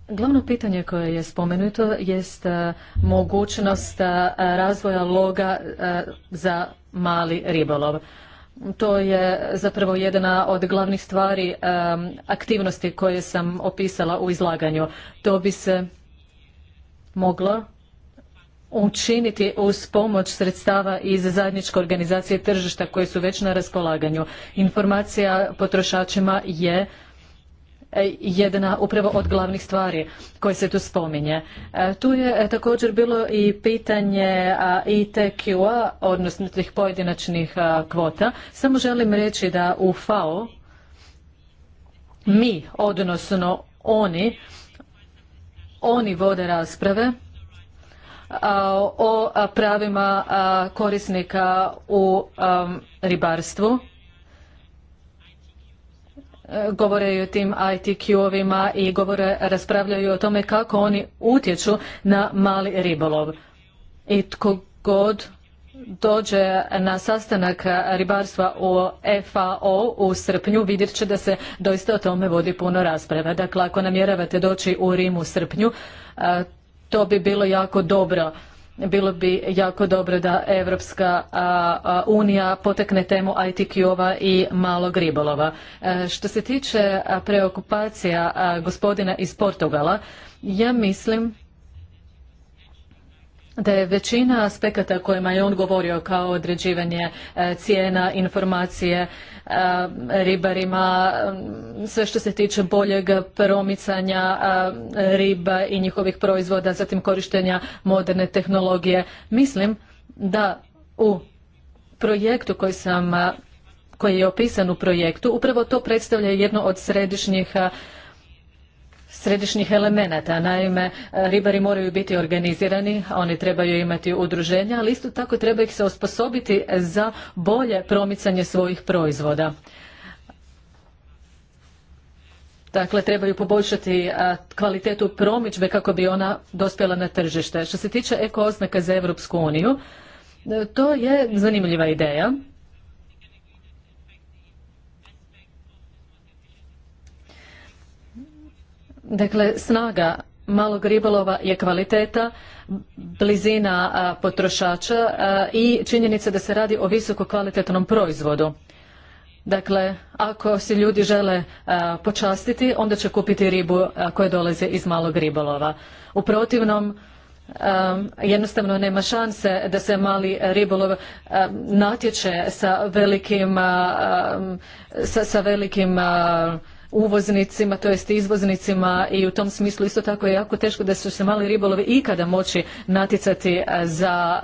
Glavno pitanje koje je spomenuto jest e, mogućnost razvoja loga za mali ribolov. To je zapravo jedna od glavnih stvari aktivnosti koje sam opisala u izlaganju. To bi se moglo učiniti uz pomoć sredstava iz zajedničke organizacije tržišta koje su već na raspolaganju. Informacija potrošačima je jedna upravo od glavnih stvari koje se tu spominje. E, tu je e, također bilo i pitanje ITQ-a, odnosno tih pojedinačnih kvota. Samo želim reći da u FAO mi, odnosno oni, oni vode rasprave o pravima korisnika u ribarstvu govore o tim ITQ-ovima i govore, raspravljaju o tome kako oni utječu na mali ribolov. I tko god dođe na sastanak ribarstva u FAO u srpnju vidjet će da se doista o tome vodi puno rasprava. Dakle, ako namjeravate doći u Rim u srpnju, to bi bilo jako dobro bilo bi jako dobro da Evropska unija potekne temu ITQ-ova i malog ribolova. E, što se tiče preokupacija gospodina iz Portugala, ja mislim da je većina aspekata kojima je on govorio kao određivanje e, cijena, informacije, Eh, ribarima, mm, sve što se tiče boljeg promicanja eh, riba i njihovih proizvoda, zatim korištenja moderne tehnologije. Mislim da u projektu koji sam eh, koji je opisan u projektu, upravo to predstavlja jedno od središnjih središnjih elemenata. Naime, ribari moraju biti organizirani, oni trebaju imati udruženja, ali isto tako treba ih se osposobiti za bolje promicanje svojih proizvoda. Dakle, trebaju poboljšati kvalitetu promičbe kako bi ona dospjela na tržište. Što se tiče eko oznaka za Europsku uniju, to je zanimljiva ideja. Dakle, snaga malog ribolova je kvaliteta, blizina potrošača i činjenica da se radi o visoko kvalitetnom proizvodu. Dakle, ako se ljudi žele počastiti, onda će kupiti ribu koja dolaze iz malog ribolova. U protivnom, jednostavno nema šanse da se mali ribolov natječe sa velikim sa, sa velikim uvoznicima, to jest izvoznicima i u tom smislu isto tako je jako teško da su se mali ribolovi ikada moći natjecati e, za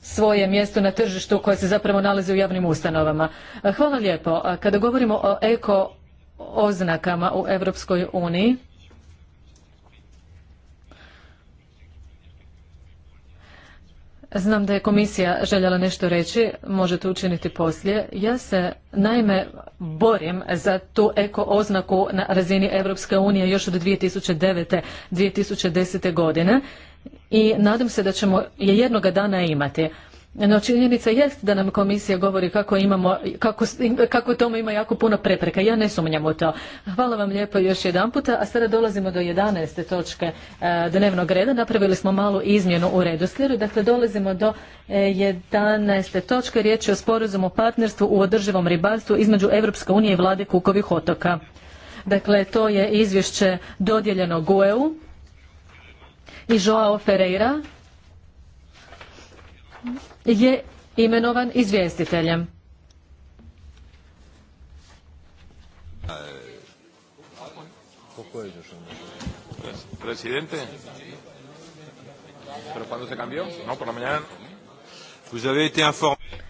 svoje mjesto na tržištu koje se zapravo nalazi u javnim ustanovama. E, hvala lijepo. E, kada govorimo o eko oznakama u Europskoj uniji, Znam da je komisija željela nešto reći, možete učiniti poslije. Ja se naime borim za tu eko oznaku na razini Europske unije još od 2009. 2010. godine i nadam se da ćemo je jednoga dana imati. No činjenica jest da nam komisija govori kako imamo, kako, tome ima jako puno prepreka. Ja ne sumnjam u to. Hvala vam lijepo još jedan puta. A sada dolazimo do 11. točke e, dnevnog reda. Napravili smo malu izmjenu u redoslijedu. Dakle, dolazimo do 11. E, točke. Riječ je o sporazumu o partnerstvu u održivom ribarstvu između Europske unije i vlade Kukovih otoka. Dakle, to je izvješće dodijeljeno gue i Joao Ferreira je imenovan izvjestiteljem.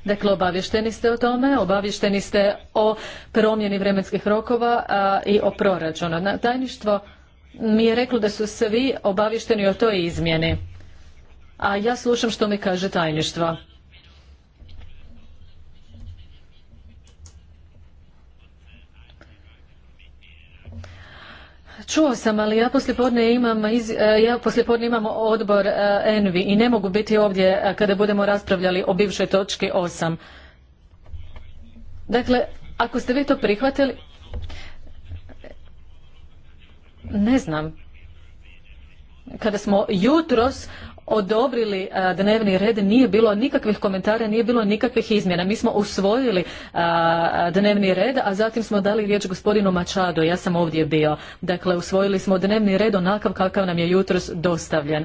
Dakle, obavješteni ste o tome, obavješteni ste o promjeni vremenskih rokova i o proračunu. tajništvo mi je reklo da su svi obavješteni o toj izmjeni a ja slušam što mi kaže tajništvo. Čuo sam, ali ja poslijepodne imam, e, ja poslijepodne imam odbor e, Envi i ne mogu biti ovdje e, kada budemo raspravljali o bivšoj točki 8. Dakle, ako ste vi to prihvatili, ne znam, kada smo jutros odobrili e, dnevni red nije bilo nikakvih komentara, nije bilo nikakvih izmjena. Mi smo usvojili e, dnevni red, a zatim smo dali riječ gospodinu Mačadu, ja sam ovdje bio. Dakle, usvojili smo dnevni red onakav kakav nam je jutros dostavljen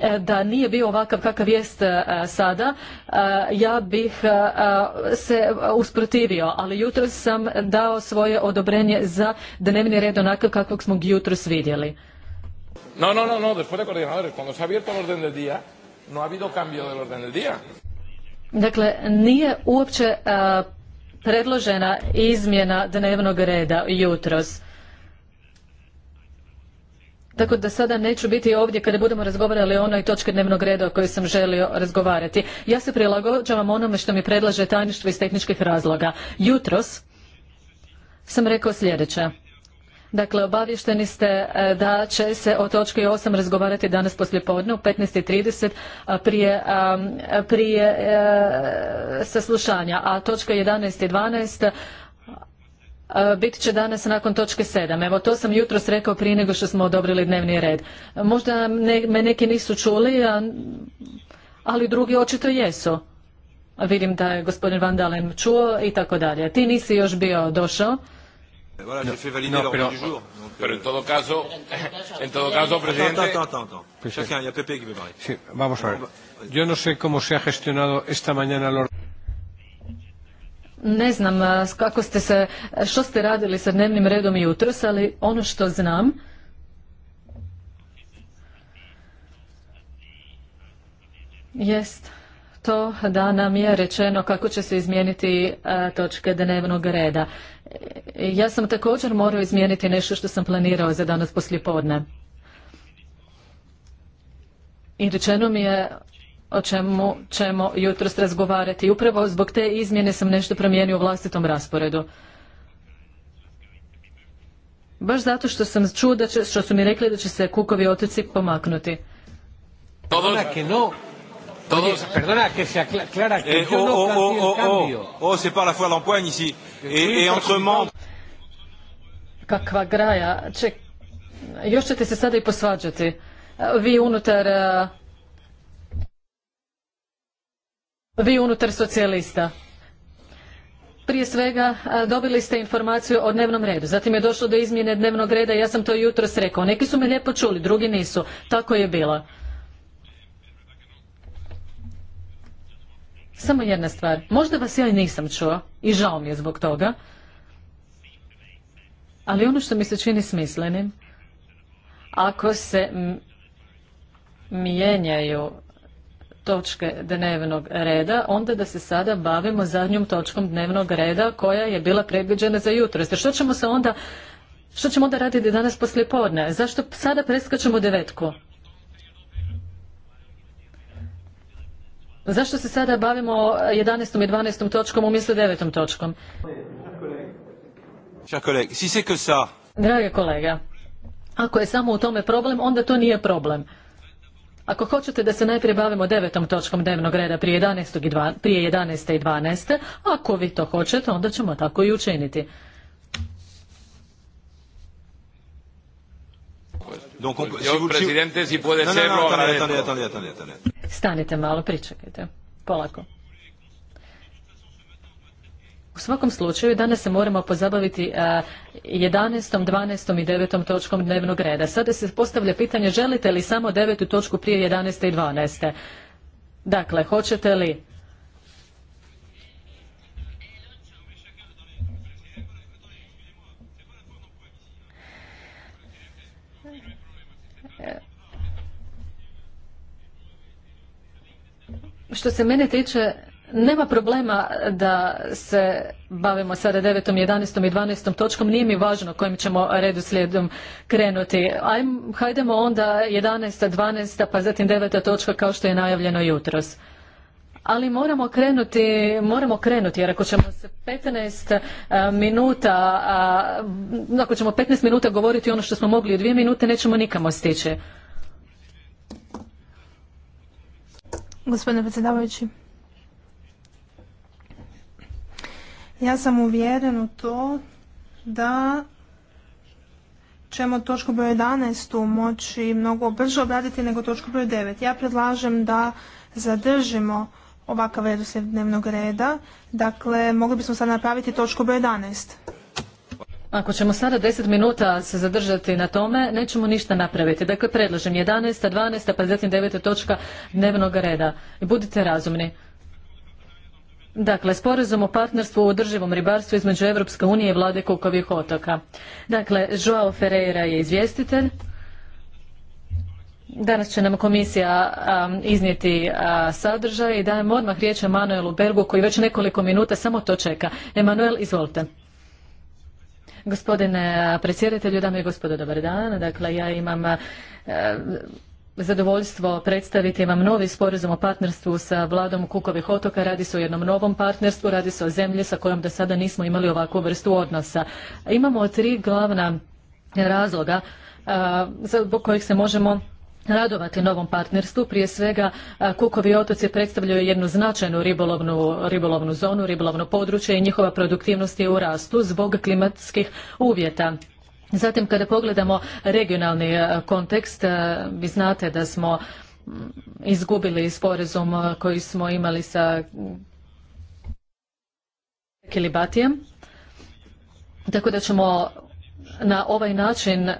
e, da nije bio ovakav kakav jest sada, ja bih se usprotivio, ali jutros sam dao svoje odobrenje za dnevni red onakav kakvog smo jutros vidjeli. No, no, no, no, después de coordinadores. Cuando se ha abierto el orden del día, no ha habido cambio del orden del día. Dakle, nije uopće eh, predložena izmjena dnevnog reda jutros. Tako da sada neću biti ovdje kada budemo razgovarali o onoj točki dnevnog reda o kojoj sam želio razgovarati. Ja se prilagođavam onome što mi predlaže tajništvo iz tehničkih razloga. Jutros sam rekao sljedeće. Dakle, obavješteni ste e, da će se o točki 8 razgovarati danas poslijepodne u 15.30 prije, prije e, saslušanja, a točka 11 i 12 e, bit će danas nakon točke 7. Evo, to sam jutros rekao prije nego što smo odobrili dnevni red. Možda me neki nisu čuli, ali drugi očito jesu. Vidim da je gospodin Van čuo i tako dalje. Ti nisi još bio došao. Voilà, j'ai fait valider l'ordre du jour. Donc, pero euh, en todo caso, en todo caso, presidente. Attends, attends, attends. Chacun, il y a Pepe qui veut parler. Sí, vamos a ver. Yo no sé cómo se ha gestionado esta mañana el orden. Ne znam kako ste se, što ste radili sa dnevnim redom jutros, ali ono što znam jest to da nam je rečeno kako će se izmijeniti e, točke dnevnog reda. Ja sam također morao izmijeniti nešto što sam planirao za danas poslijepodne. I rečeno mi je o čemu ćemo jutros razgovarati. Upravo zbog te izmjene sam nešto promijenio u vlastitom rasporedu. Baš zato što sam čuo da što su mi rekli da će se kukovi otoci pomaknuti. Todos, Oye, perdona, que se aclara que eh, yo oh, no oh, oh, el oh, oh, cambio. Oh, oh, c'est la l'empoigne ici. Et, et entre membres... Kakva graja. Ček, još ćete se sada i posvađati. Vi unutar... Eh, vi unutar socijalista. Prije svega eh, dobili ste informaciju o dnevnom redu, zatim je došlo do izmjene dnevnog reda i ja sam to jutros rekao. Neki su me lijepo čuli, drugi nisu. Tako je bilo. Samo jedna stvar. Možda vas ja i nisam čuo i žao mi je zbog toga, ali ono što mi se čini smislenim, ako se mijenjaju točke dnevnog reda, onda da se sada bavimo zadnjom točkom dnevnog reda koja je bila predviđena za jutro. Što ćemo se onda, što ćemo onda raditi danas podne Zašto sada preskačemo devetku? Zašto se sada bavimo 11. i 12. točkom umjesto 9. točkom? Drage kolega, ako je samo u tome problem, onda to nije problem. Ako hoćete da se najprije bavimo 9. točkom dnevnog reda prije prije 11. i 12. Ako vi to hoćete, onda ćemo tako i učiniti. Donc si vous, si puede no, no, no, no, Stanite malo, pričekajte. Polako. U svakom slučaju danas se moramo pozabaviti 11., e, 12. i 9. točkom dnevnog reda. Sada se postavlja pitanje želite li samo 9. točku prije 11. i 12. Dakle, hoćete li Što se mene tiče, nema problema da se bavimo sada 9., 11. i 12. točkom. Nije mi važno kojim ćemo redu slijedom krenuti. hajdemo onda 11., 12. pa zatim 9. točka kao što je najavljeno jutros. Ali moramo krenuti, moramo krenuti jer ako ćemo se 15 eh, minuta, eh, ako ćemo 15 minuta govoriti ono što smo mogli u dvije minute, nećemo nikamo stići. Gospodine predsjedavajući, ja sam uvjeren u to da ćemo točku broj 11 moći mnogo brže obraditi nego točku broj 9. Ja predlažem da zadržimo ovakav redoslijed dnevnog reda. Dakle, mogli bismo sad napraviti točku broj 11. Ako ćemo sada deset minuta se zadržati na tome, nećemo ništa napraviti. Dakle, predlažem 11. 12. pa zatim 9. točka dnevnog reda. Budite razumni. Dakle, sporazum o partnerstvu u održivom ribarstvu između Evropske unije i vlade Kukovih otoka. Dakle, Joao Ferreira je izvjestitelj. Danas će nam komisija iznijeti sadržaj i dajem odmah riječ Emanuelu Bergu koji već nekoliko minuta samo to čeka. Emanuel, izvolite. Gospodine predsjedatelju, dame i gospodo, dobar dan. Dakle, ja imam e, zadovoljstvo predstaviti vam novi sporazum o partnerstvu sa vladom Kukovih otoka. Radi se o jednom novom partnerstvu, radi se o zemlji sa kojom do sada nismo imali ovakvu vrstu odnosa. Imamo tri glavna razloga e, zbog kojih se možemo radovati novom partnerstvu. Prije svega Kukovi otoci predstavljaju jednu značajnu ribolovnu, ribolovnu zonu, ribolovno područje i njihova produktivnost je u rastu zbog klimatskih uvjeta. Zatim kada pogledamo regionalni kontekst, vi znate da smo izgubili sporazum koji smo imali sa Kilibatijem, tako da ćemo na ovaj način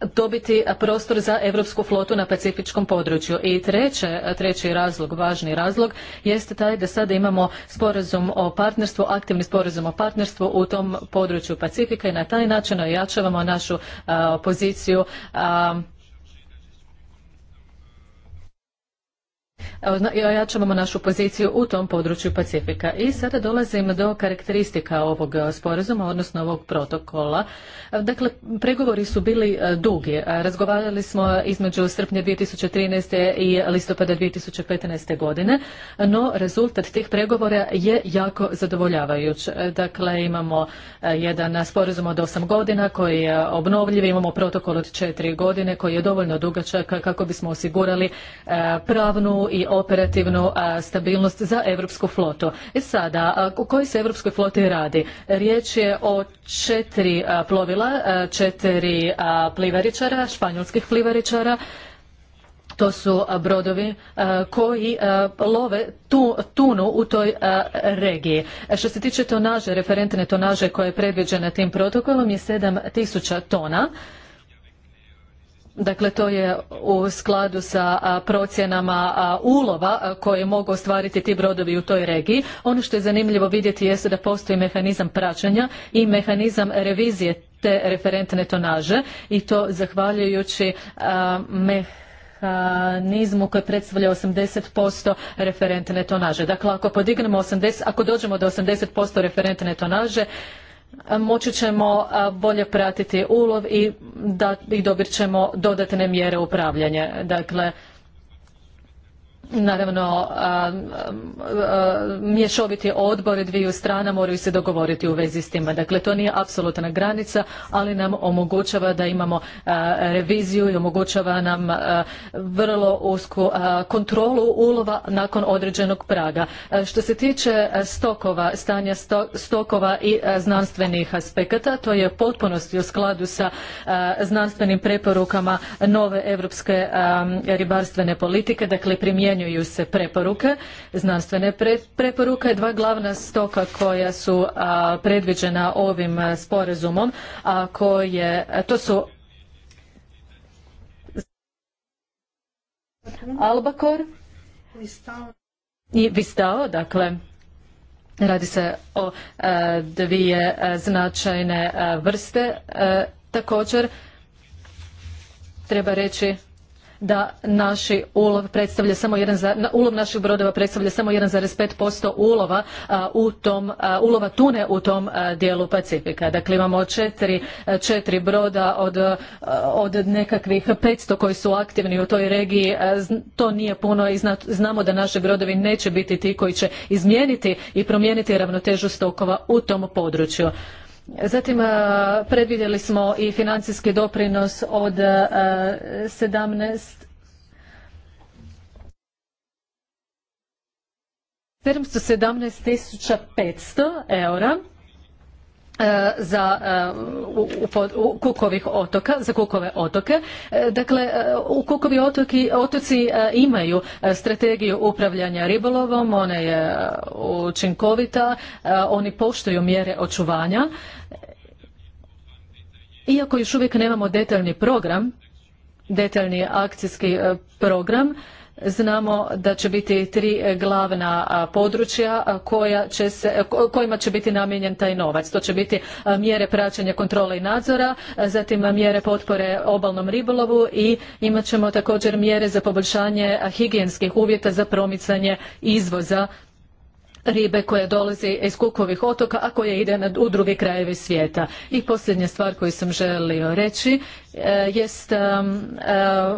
dobiti prostor za europsku flotu na pacifičkom području. I treće, treći razlog, važni razlog, jeste taj da sada imamo sporazum o partnerstvu, aktivni sporazum o partnerstvu u tom području Pacifika i na taj način ojačavamo našu poziciju ojačavamo našu poziciju u tom području Pacifika. I sada dolazim do karakteristika ovog e, sporazuma, odnosno ovog protokola. E, dakle, pregovori su bili e, dugi. Razgovarali smo između srpnja 2013. i listopada 2015. godine, no rezultat tih pregovora je jako zadovoljavajuć. Dakle, imamo jedan sporazum od 8 godina koji je obnovljiv, imamo protokol od 4 godine koji je dovoljno dugačak kako bismo osigurali pravnu i operativnu stabilnost za europsku flotu. I e sada, o kojoj se europskoj floti radi? Riječ je o četiri plovila, četiri plivaričara, španjolskih plivaričara, to su brodovi koji love tunu u toj regiji. E, što se tiče tonaže, referentne tonaže koja je predviđena tim protokolom je 7000 tona. Dakle, to je u skladu sa procjenama ulova koje mogu ostvariti ti brodovi u toj regiji. Ono što je zanimljivo vidjeti jeste da postoji mehanizam praćenja i mehanizam revizije te referentne tonaže i to zahvaljujući mehanizmu koji predstavlja 80% referentne tonaže. Dakle, ako podignemo ako dođemo do 80% referentne tonaže, moći ćemo bolje pratiti ulov i, dobit ćemo dodatne mjere upravljanja. Dakle, Naravno, um, um, mješoviti odbore dviju strana moraju se dogovoriti u vezi s time. Dakle, to nije apsolutna granica, ali nam omogućava da imamo uh, reviziju i omogućava nam uh, vrlo usku uh, kontrolu ulova nakon određenog praga. Što se tiče stokova, stanja stokova i znanstvenih aspekata, to je potpunosti u skladu sa znanstvenim preporukama nove europske um, ribarstvene politike, dakle primjenjuje primjenjuju se preporuke, znanstvene preporuke, dva glavna stoka koja su predviđena ovim sporazumom, a koje, to su Albakor i Vistao, dakle, radi se o dvije značajne vrste. Također, treba reći da naši ulov predstavlja samo jedan za, ulov naših brodova predstavlja samo 1,5% ulova u tom ulova tune u tom dijelu Pacifika. Dakle imamo četiri, četiri broda od, od nekakvih 500 koji su aktivni u toj regiji. To nije puno i znamo da naši brodovi neće biti ti koji će izmijeniti i promijeniti ravnotežu stokova u tom području. Zatim predvidjeli smo i financijski doprinos od 17 717.500 eura E, za e, Kukovih otoka, za Kukove otoke. E, dakle, u Kukovi otoci imaju strategiju upravljanja ribolovom, ona je učinkovita, oni poštuju mjere očuvanja. Iako još uvijek nemamo detaljni program, detaljni akcijski program, Znamo da će biti tri glavna područja kojima će biti namijenjen taj novac. To će biti mjere praćenja kontrole i nadzora, zatim mjere potpore obalnom ribolovu i imat ćemo također mjere za poboljšanje higijenskih uvjeta za promicanje izvoza ribe koja dolazi iz Kukovih otoka, a koja ide u druge krajeve svijeta. I posljednja stvar koju sam želio reći e, jest e,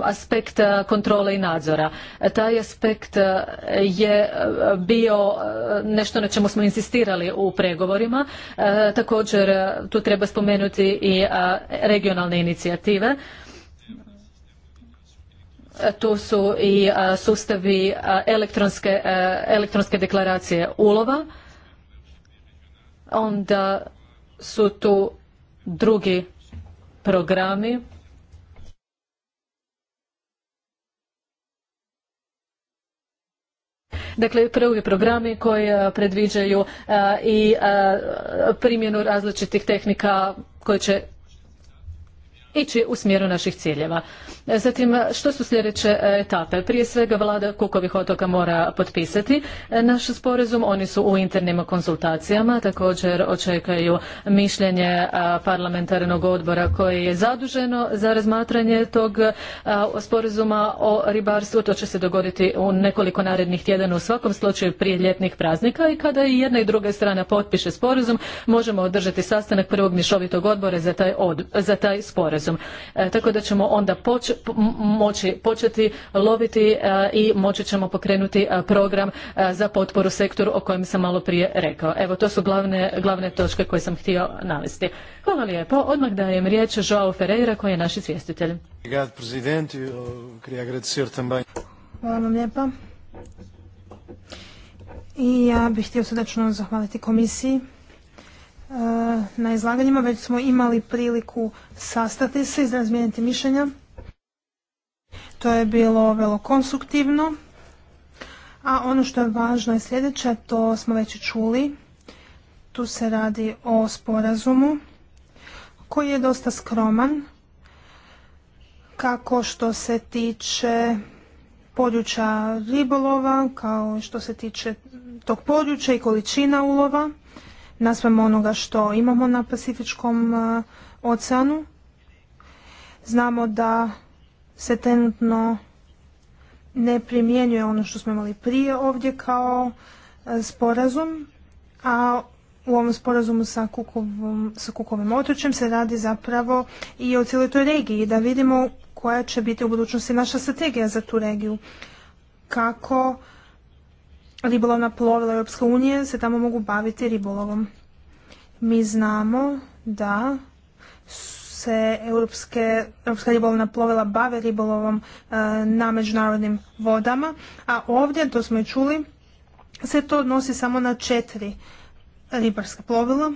aspekt e, kontrole i nadzora. Taj aspekt je bio nešto na čemu smo insistirali u pregovorima. Također tu treba spomenuti i regionalne inicijative tu su i sustavi elektronske, elektronske deklaracije ulova, onda su tu drugi programi Dakle, prvi programi koji predviđaju i primjenu različitih tehnika koje će ići u smjeru naših ciljeva. E, zatim, što su sljedeće e, etape? Prije svega vlada Kukovih otoka mora potpisati e, naš sporazum. Oni su u internim konsultacijama. Također očekaju mišljenje parlamentarnog odbora koje je zaduženo za razmatranje tog sporazuma o ribarstvu. To će se dogoditi u nekoliko narednih tjedana u svakom slučaju prije ljetnih praznika i kada i jedna i druga strana potpiše sporazum možemo održati sastanak prvog mješovitog odbora za taj, za taj sporazum. tako da ćemo onda poč, moći početi loviti e, i moći ćemo pokrenuti e, program e, za potporu sektoru o kojem sam malo prije rekao. Evo, to su glavne, glavne točke koje sam htio navesti. Hvala lijepo. Odmah dajem riječ Joao Ferreira koji je naš izvjestitelj. Hvala vam lijepa. I ja bih htio srdačno zahvaliti komisiji na izlaganjima. Već smo imali priliku sastati se i razmijeniti mišljenja. To je bilo vrlo konstruktivno. A ono što je važno je sljedeće, to smo već čuli. Tu se radi o sporazumu koji je dosta skroman kako što se tiče područja ribolova, kao što se tiče tog područja i količina ulova, naspram onoga što imamo na Pacifičkom eh, oceanu. Znamo da se trenutno ne primjenjuje ono što smo imali prije ovdje kao e, sporazum, a u ovom sporazumu sa, Kukovom, sa Kukovim otočjem se radi zapravo i o cijeloj toj regiji, da vidimo koja će biti u budućnosti naša strategija za tu regiju. Kako ribolovna plovila Europske unije se tamo mogu baviti ribolovom. Mi znamo da se europska ribolovna plovila bave ribolovom e, na međunarodnim vodama, a ovdje, to smo i čuli, se to odnosi samo na četiri ribarska plovila.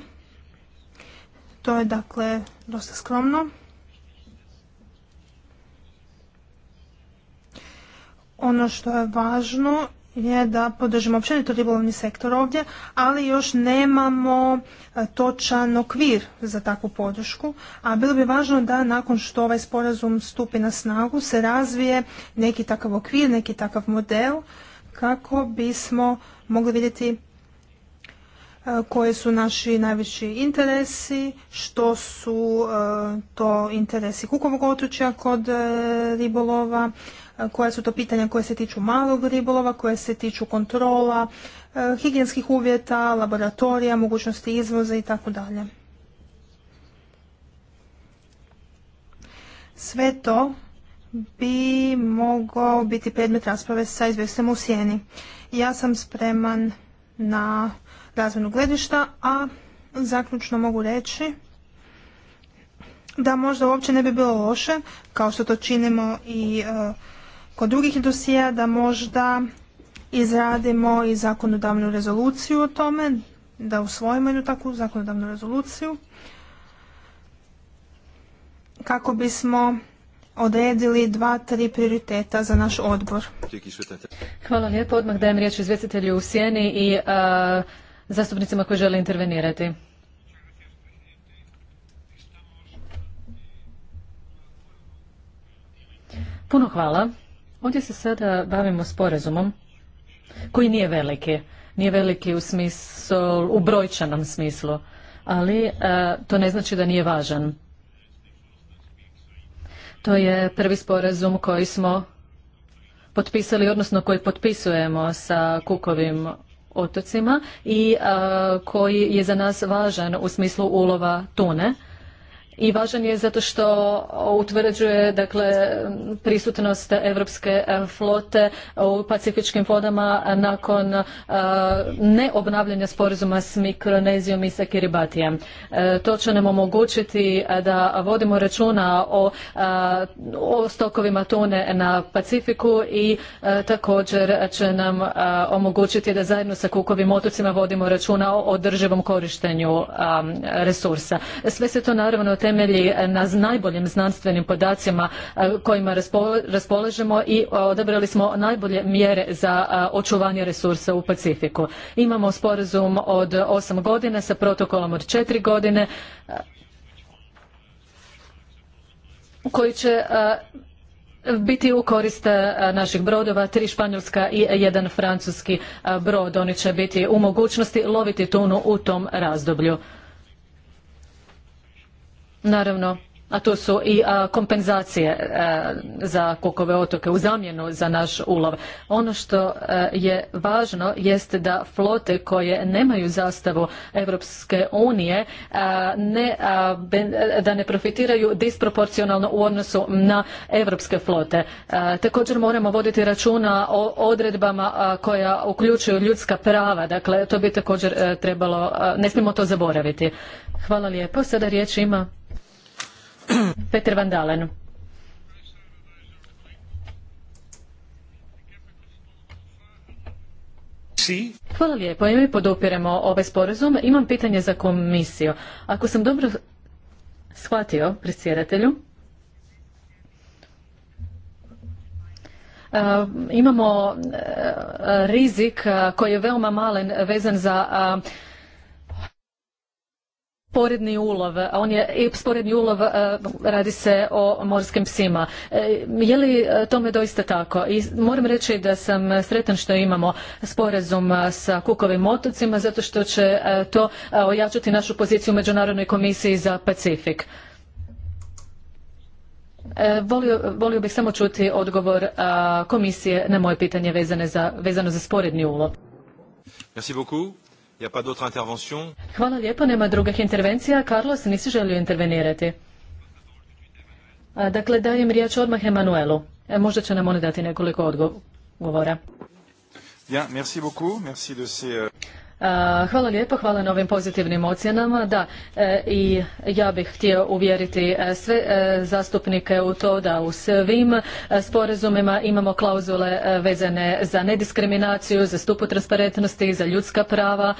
To je dakle dosta skromno. Ono što je važno je da podržimo općenito ribolovni sektor ovdje, ali još nemamo e, točan okvir za takvu podršku, a bilo bi važno da nakon što ovaj sporazum stupi na snagu se razvije neki takav okvir, neki takav model kako bismo mogli vidjeti e, koje su naši najveći interesi, što su e, to interesi kukovog otručja kod ribolova, koja su to pitanja koja se tiču malog ribolova, koje se tiču kontrola, e, higijenskih uvjeta, laboratorija, mogućnosti izvoza i tako dalje. Sve to bi mogao biti predmet rasprave sa izvjestem u sjeni. Ja sam spreman na razvojnu gledišta, a zaključno mogu reći da možda uopće ne bi bilo loše, kao što to činimo i e, kod drugih dosija da možda izradimo i zakonodavnu rezoluciju o tome, da usvojimo jednu takvu zakonodavnu rezoluciju kako bismo odredili dva, tri prioriteta za naš odbor. Hvala lijepo. Odmah dajem riječ izvjestitelju u sjeni i e, zastupnicima koji žele intervenirati. Puno hvala. Ovdje se sada bavimo sporazumom koji nije veliki. Nije veliki u, smislu, u brojčanom smislu, ali e, to ne znači da nije važan. To je prvi sporazum koji smo potpisali, odnosno koji potpisujemo sa Kukovim otocima i e, koji je za nas važan u smislu ulova tune i važan je zato što utvrđuje dakle prisutnost europske e, flote u pacifičkim vodama nakon e, neobnavljanja sporazuma s Mikronezijom i sa Kiribatijem. E, to će nam omogućiti da vodimo računa o, stokovima tune na Pacifiku i također će nam omogućiti da zajedno sa Kukovim otocima vodimo računa o održivom korištenju resursa. Sve se to naravno temelji e, na najboljim znanstvenim podacima e, kojima raspolažemo i e, odabrali smo najbolje mjere za očuvanje resursa u Pacifiku. Imamo sporazum od osam godina sa protokolom od četiri godine koji će biti u korist naših brodova, tri španjolska i jedan francuski brod. Oni će biti u mogućnosti loviti tunu u tom razdoblju. Naravno, a to su i kompenzacije e, za kukove otoke u zamjenu za naš ulov. Ono što e, je važno jeste da flote koje nemaju zastavu Evropske unije e, ne, da ne profitiraju disproporcionalno u odnosu na europske flote. Također moramo voditi računa o odredbama koja uključuju ljudska prava, dakle to bi također trebalo, ne smijemo to zaboraviti. Hvala lijepo. Sada riječ ima Petr Van Hvala lijepo i mi podupiremo ovaj sporazum. Imam pitanje za komisiju. Ako sam dobro shvatio predsjedatelju, imamo e, rizik koji je veoma malen vezan za sporedni ulov, a on je i sporedni ulov e, radi se o morskim psima. E, je li e, tome doista tako? I moram reći da sam sretan što imamo sporazum sa Kukovim otocima zato što će to ojačati našu poziciju u Međunarodnoj komisiji za Pacifik. Volio, bih samo čuti odgovor komisije na moje pitanje za, vezano za sporedni ulov. Merci Hvala lijepo. nema drugih intervencija. Carlos, nisi želio intervenirati. Dakle, dajem riječ odmah Emanuelu. E, možda će nam oni dati nekoliko odgovora. Hvala lijepo, hvala na ovim pozitivnim ocjenama. Da, e, i ja bih htio uvjeriti e, sve e, zastupnike u to da u svim sporazumima imamo klauzule vezane za nediskriminaciju, za stupu transparentnosti, za ljudska prava,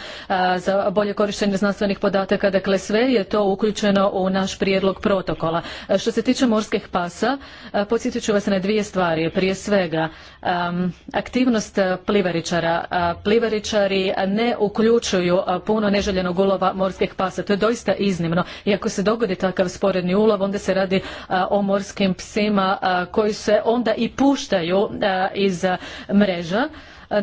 za bolje korištenje znanstvenih podataka. Dakle, sve je to uključeno u naš prijedlog protokola. Što se tiče morskih pasa, podsjetit ću vas na dvije stvari. Prije svega, aktivnost plivaričara. Plivaričari ne uključuju puno neželjenog ulova morskih pasa. To je doista iznimno. I ako se dogodi takav sporedni ulov, onda se radi o morskim psima koji se onda i puštaju iz mreža.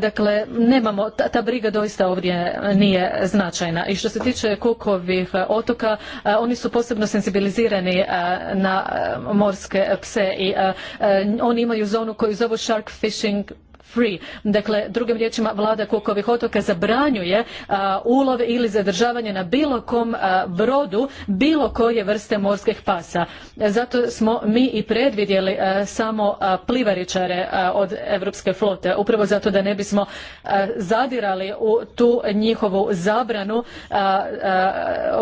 Dakle, nemamo, ta, briga doista ovdje nije značajna. I što se tiče Kukovih otoka, oni su posebno senzibilizirani na morske pse i oni imaju zonu koju zovu shark fishing free. Dakle, drugim riječima, vlada Kukovih otoka zabranjuje ulov ili zadržavanje na bilo kom brodu bilo koje vrste morskih pasa. Zato smo mi i predvidjeli samo plivaričare od europske flote, upravo zato da ne bismo zadirali u tu njihovu zabranu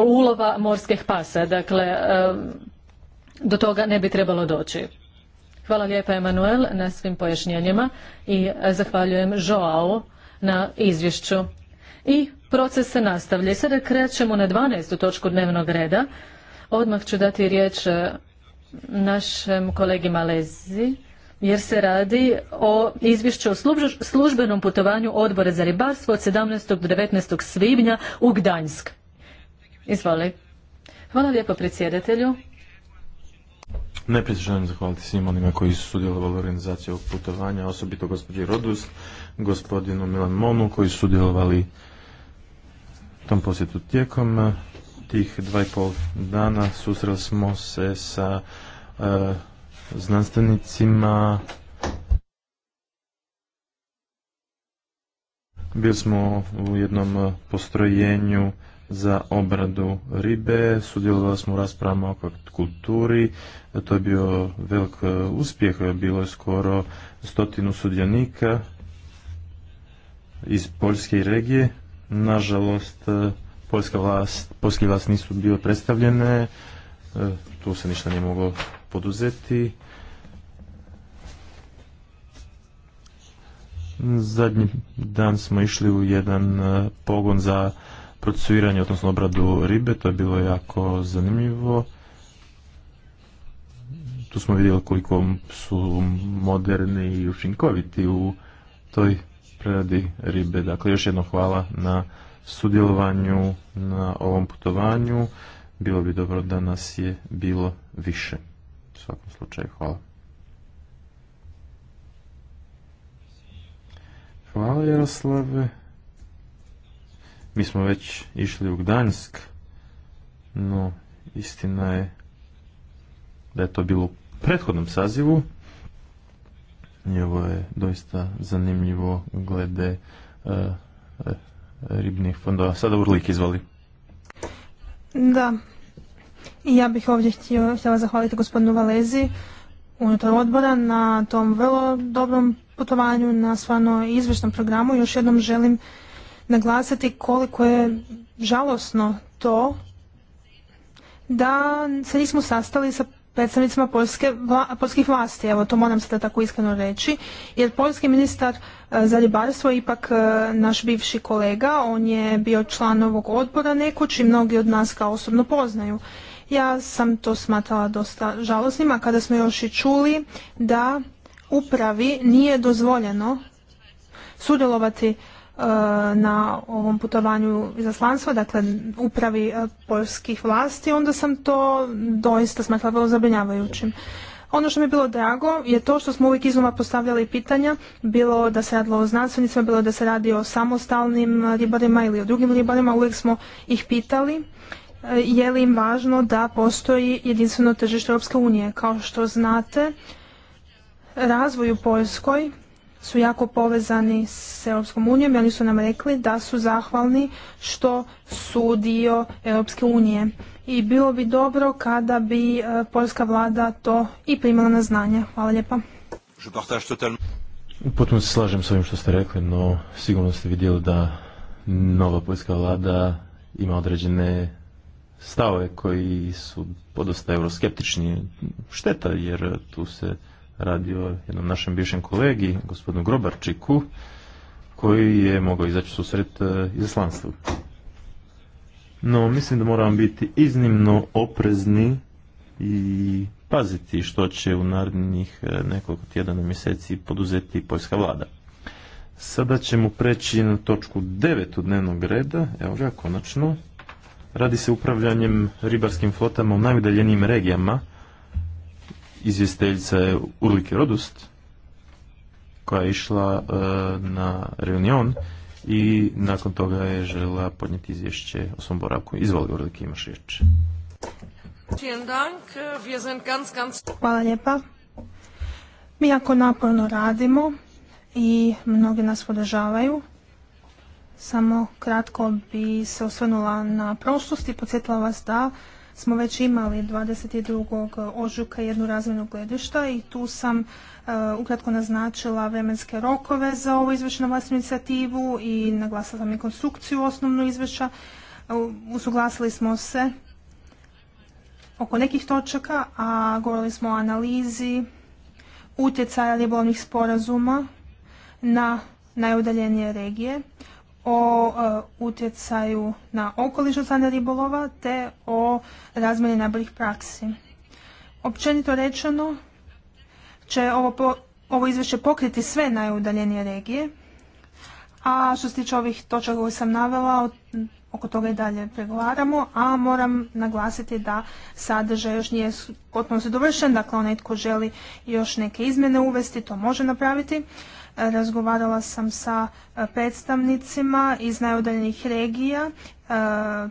ulova morskih pasa. Dakle, do toga ne bi trebalo doći. Hvala lijepa Emanuel na svim pojašnjenjima i zahvaljujem Joao na izvješću. I proces se nastavlja. Sada krećemo na 12. točku dnevnog reda. Odmah ću dati riječ e, našem kolegi Malezi jer se radi o izvješću o službenom putovanju odbora za ribarstvo od 17. do 19. svibnja u Gdańsk. Izvoli. Hvala lijepo predsjedatelju. Najprije želim zahvaliti svim onima koji su sudjelovali u organizaciji ovog putovanja, osobito gospođi Rodus, gospodinu Milan Monu, koji su sudjelovali tom posjetu tijekom eh, tih dva i pol dana. Susreli smo se sa eh, znanstvenicima, bili smo u jednom eh, postrojenju za obradu ribe, sudjelovali smo u raspravama o kulturi, to je bio velik e, uspjeh, bilo je skoro stotinu sudionika iz Poljske regije. Nažalost, e, poljska vlast, poljski vlast nisu bile predstavljene, e, tu se ništa nije moglo poduzeti. Zadnji dan smo išli u jedan pogon za procesuiranje, odnosno obradu ribe, to je bilo jako zanimljivo. Tu smo vidjeli koliko su moderni i učinkoviti u toj preradi ribe. Dakle, još jedno hvala na sudjelovanju na ovom putovanju. Bilo bi dobro da nas je bilo više. U svakom slučaju, hvala. Hvala Jaroslave. Mi smo već išli u Gdansk, no istina je da je to bilo u prethodnom sazivu. I ovo je doista zanimljivo glede e, e, ribnih fondova. Sada Urlik izvali. Da. I ja bih ovdje htio, htjela zahvaliti gospodinu Valezi unutar odbora na tom vrlo dobrom putovanju, na stvarno izvršnom programu. Još jednom želim naglasiti koliko je žalosno to da se nismo sastali sa predstavnicima polskih vlasti. Evo, to moram sada tako iskreno reći. Jer polski ministar e, za ribarstvo je ipak e, naš bivši kolega. On je bio član ovog odbora nekoć i mnogi od nas ga osobno poznaju. Ja sam to smatala dosta žalosnim, a kada smo još i čuli da upravi nije dozvoljeno sudjelovati E, na ovom putovanju izaslanstva, dakle upravi e, poljskih vlasti, onda sam to doista smatrala vrlo zabrinjavajućim. Ono što mi je bilo drago je to što smo uvijek iznova postavljali pitanja, bilo da se radilo o znanstvenicima, bilo da se radi o samostalnim ribarima ili o drugim ribarima, uvijek smo ih pitali e, je li im važno da postoji jedinstveno tržište Europske unije. Kao što znate, razvoj u Poljskoj su jako povezani s Europskom unijom i oni su nam rekli da su zahvalni što su dio Europske unije. I bilo bi dobro kada bi e, poljska vlada to i primila na znanje. Hvala lijepa. Potpuno se slažem s ovim što ste rekli, no sigurno ste vidjeli da nova poljska vlada ima određene stave koji su podosta euroskeptični. Šteta jer tu se o jednom našem bivšem kolegi, gospodinu Grobarčiku, koji je mogao izaći susret e, izaslanstvu. No, mislim da moramo biti iznimno oprezni i paziti što će u narednih e, nekoliko tjedana mjeseci poduzeti poljska vlada. Sada ćemo preći na točku 9 dnevnog reda, evo ga, konačno. Radi se upravljanjem ribarskim flotama u najudaljenijim regijama, izvjestiteljica je Urlike Rodust koja je išla e, na reunion i nakon toga je žela podnijeti izvješće o svom boravku. Izvoli Urlike, imaš riječ. Hvala lijepa. Mi jako naporno radimo i mnogi nas podržavaju. Samo kratko bi se osvrnula na prošlost i podsjetila vas da smo već imali 22. ožujka jednu razmjenu gledišta i tu sam e, ukratko naznačila vremenske rokove za ovu izvješću vlastnu inicijativu i naglasila sam i konstrukciju osnovnu izvješća. E, usuglasili smo se oko nekih točaka, a govorili smo o analizi utjecaja ribolovnih sporazuma na najudaljenije regije o e, utjecaju na okoliš od strane ribolova te o razmjeni najboljih praksi. Općenito rečeno će ovo, izvješće pokriti sve najudaljenije regije, a što se tiče ovih točaka koje sam navela, oko toga i dalje pregovaramo, a moram naglasiti da sadržaj još nije potpuno se dovršen, dakle onaj tko želi još neke izmjene uvesti, to može napraviti razgovarala sam sa e, predstavnicima iz najudaljenih regija, e,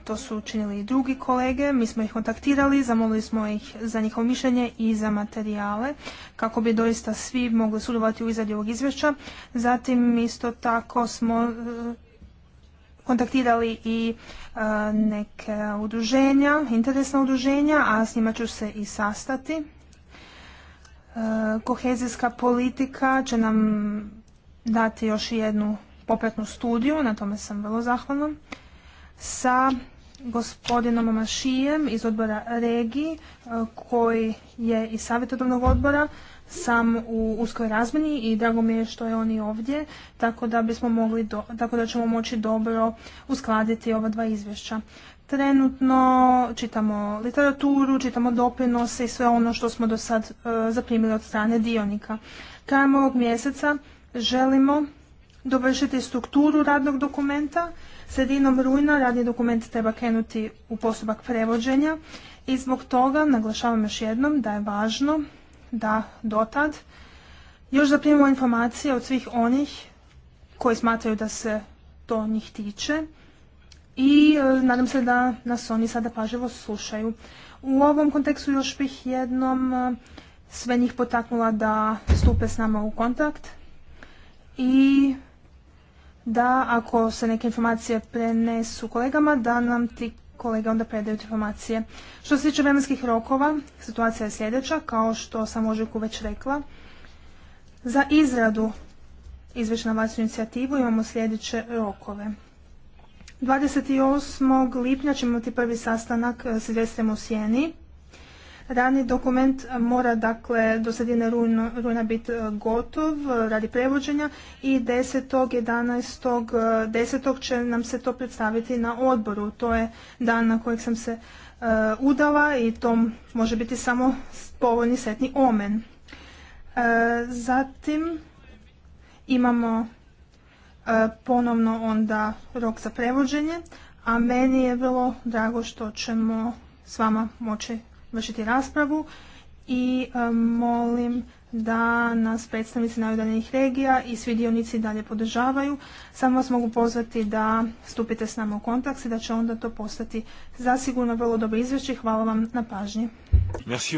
to su učinili i drugi kolege, mi smo ih kontaktirali, zamolili smo ih za njihovo mišljenje i za materijale kako bi doista svi mogli sudovati u izradi ovog izvješća. Zatim isto tako smo e, kontaktirali i neke udruženja, interesna udruženja, a s njima ću se i sastati kohezijska politika će nam dati još jednu popratnu studiju, na tome sam vrlo zahvalna, sa gospodinom Mašijem iz odbora Regi, e, koji je iz savjetodavnog odbora, sam u uskoj razmjeni i drago mi je što je on i ovdje, tako da, bismo mogli tako da ćemo moći dobro uskladiti ova dva izvješća. Trenutno čitamo literaturu, čitamo doprinose i sve ono što smo do sad e, zaprimili od strane dionika. Krajem ovog mjeseca želimo dovršiti strukturu radnog dokumenta. Sredinom rujna radni dokument treba krenuti u postupak prevođenja i zbog toga naglašavam još jednom da je važno da dotad još zaprimimo informacije od svih onih koji smatraju da se to njih tiče i e, nadam se da nas oni sada pažljivo slušaju. U ovom kontekstu još bih jednom e, sve njih potaknula da stupe s nama u kontakt i da ako se neke informacije prenesu kolegama, da nam ti kolege onda predaju te informacije. Što se tiče vremenskih rokova, situacija je sljedeća, kao što sam ožujku već rekla. Za izradu izvješća na vlastnu inicijativu imamo sljedeće rokove. 28. lipnja ćemo imati prvi sastanak s u Sjeni. Radni dokument mora dakle do sredine rujna, biti e, gotov e, radi prevođenja i 10. E, će nam se to predstaviti na odboru. To je dan na kojeg sam se udala i to može biti samo povoljni setni omen. zatim imamo ponovno onda rok za prevođenje, a meni je vrlo drago što ćemo s vama moći vršiti raspravu i e, molim da nas predstavnici najudaljenih regija i svi dionici dalje podržavaju. Samo vas mogu pozvati da stupite s nama u kontakt i da će onda to postati zasigurno vrlo dobro izvješće. Hvala vam na pažnji. Merci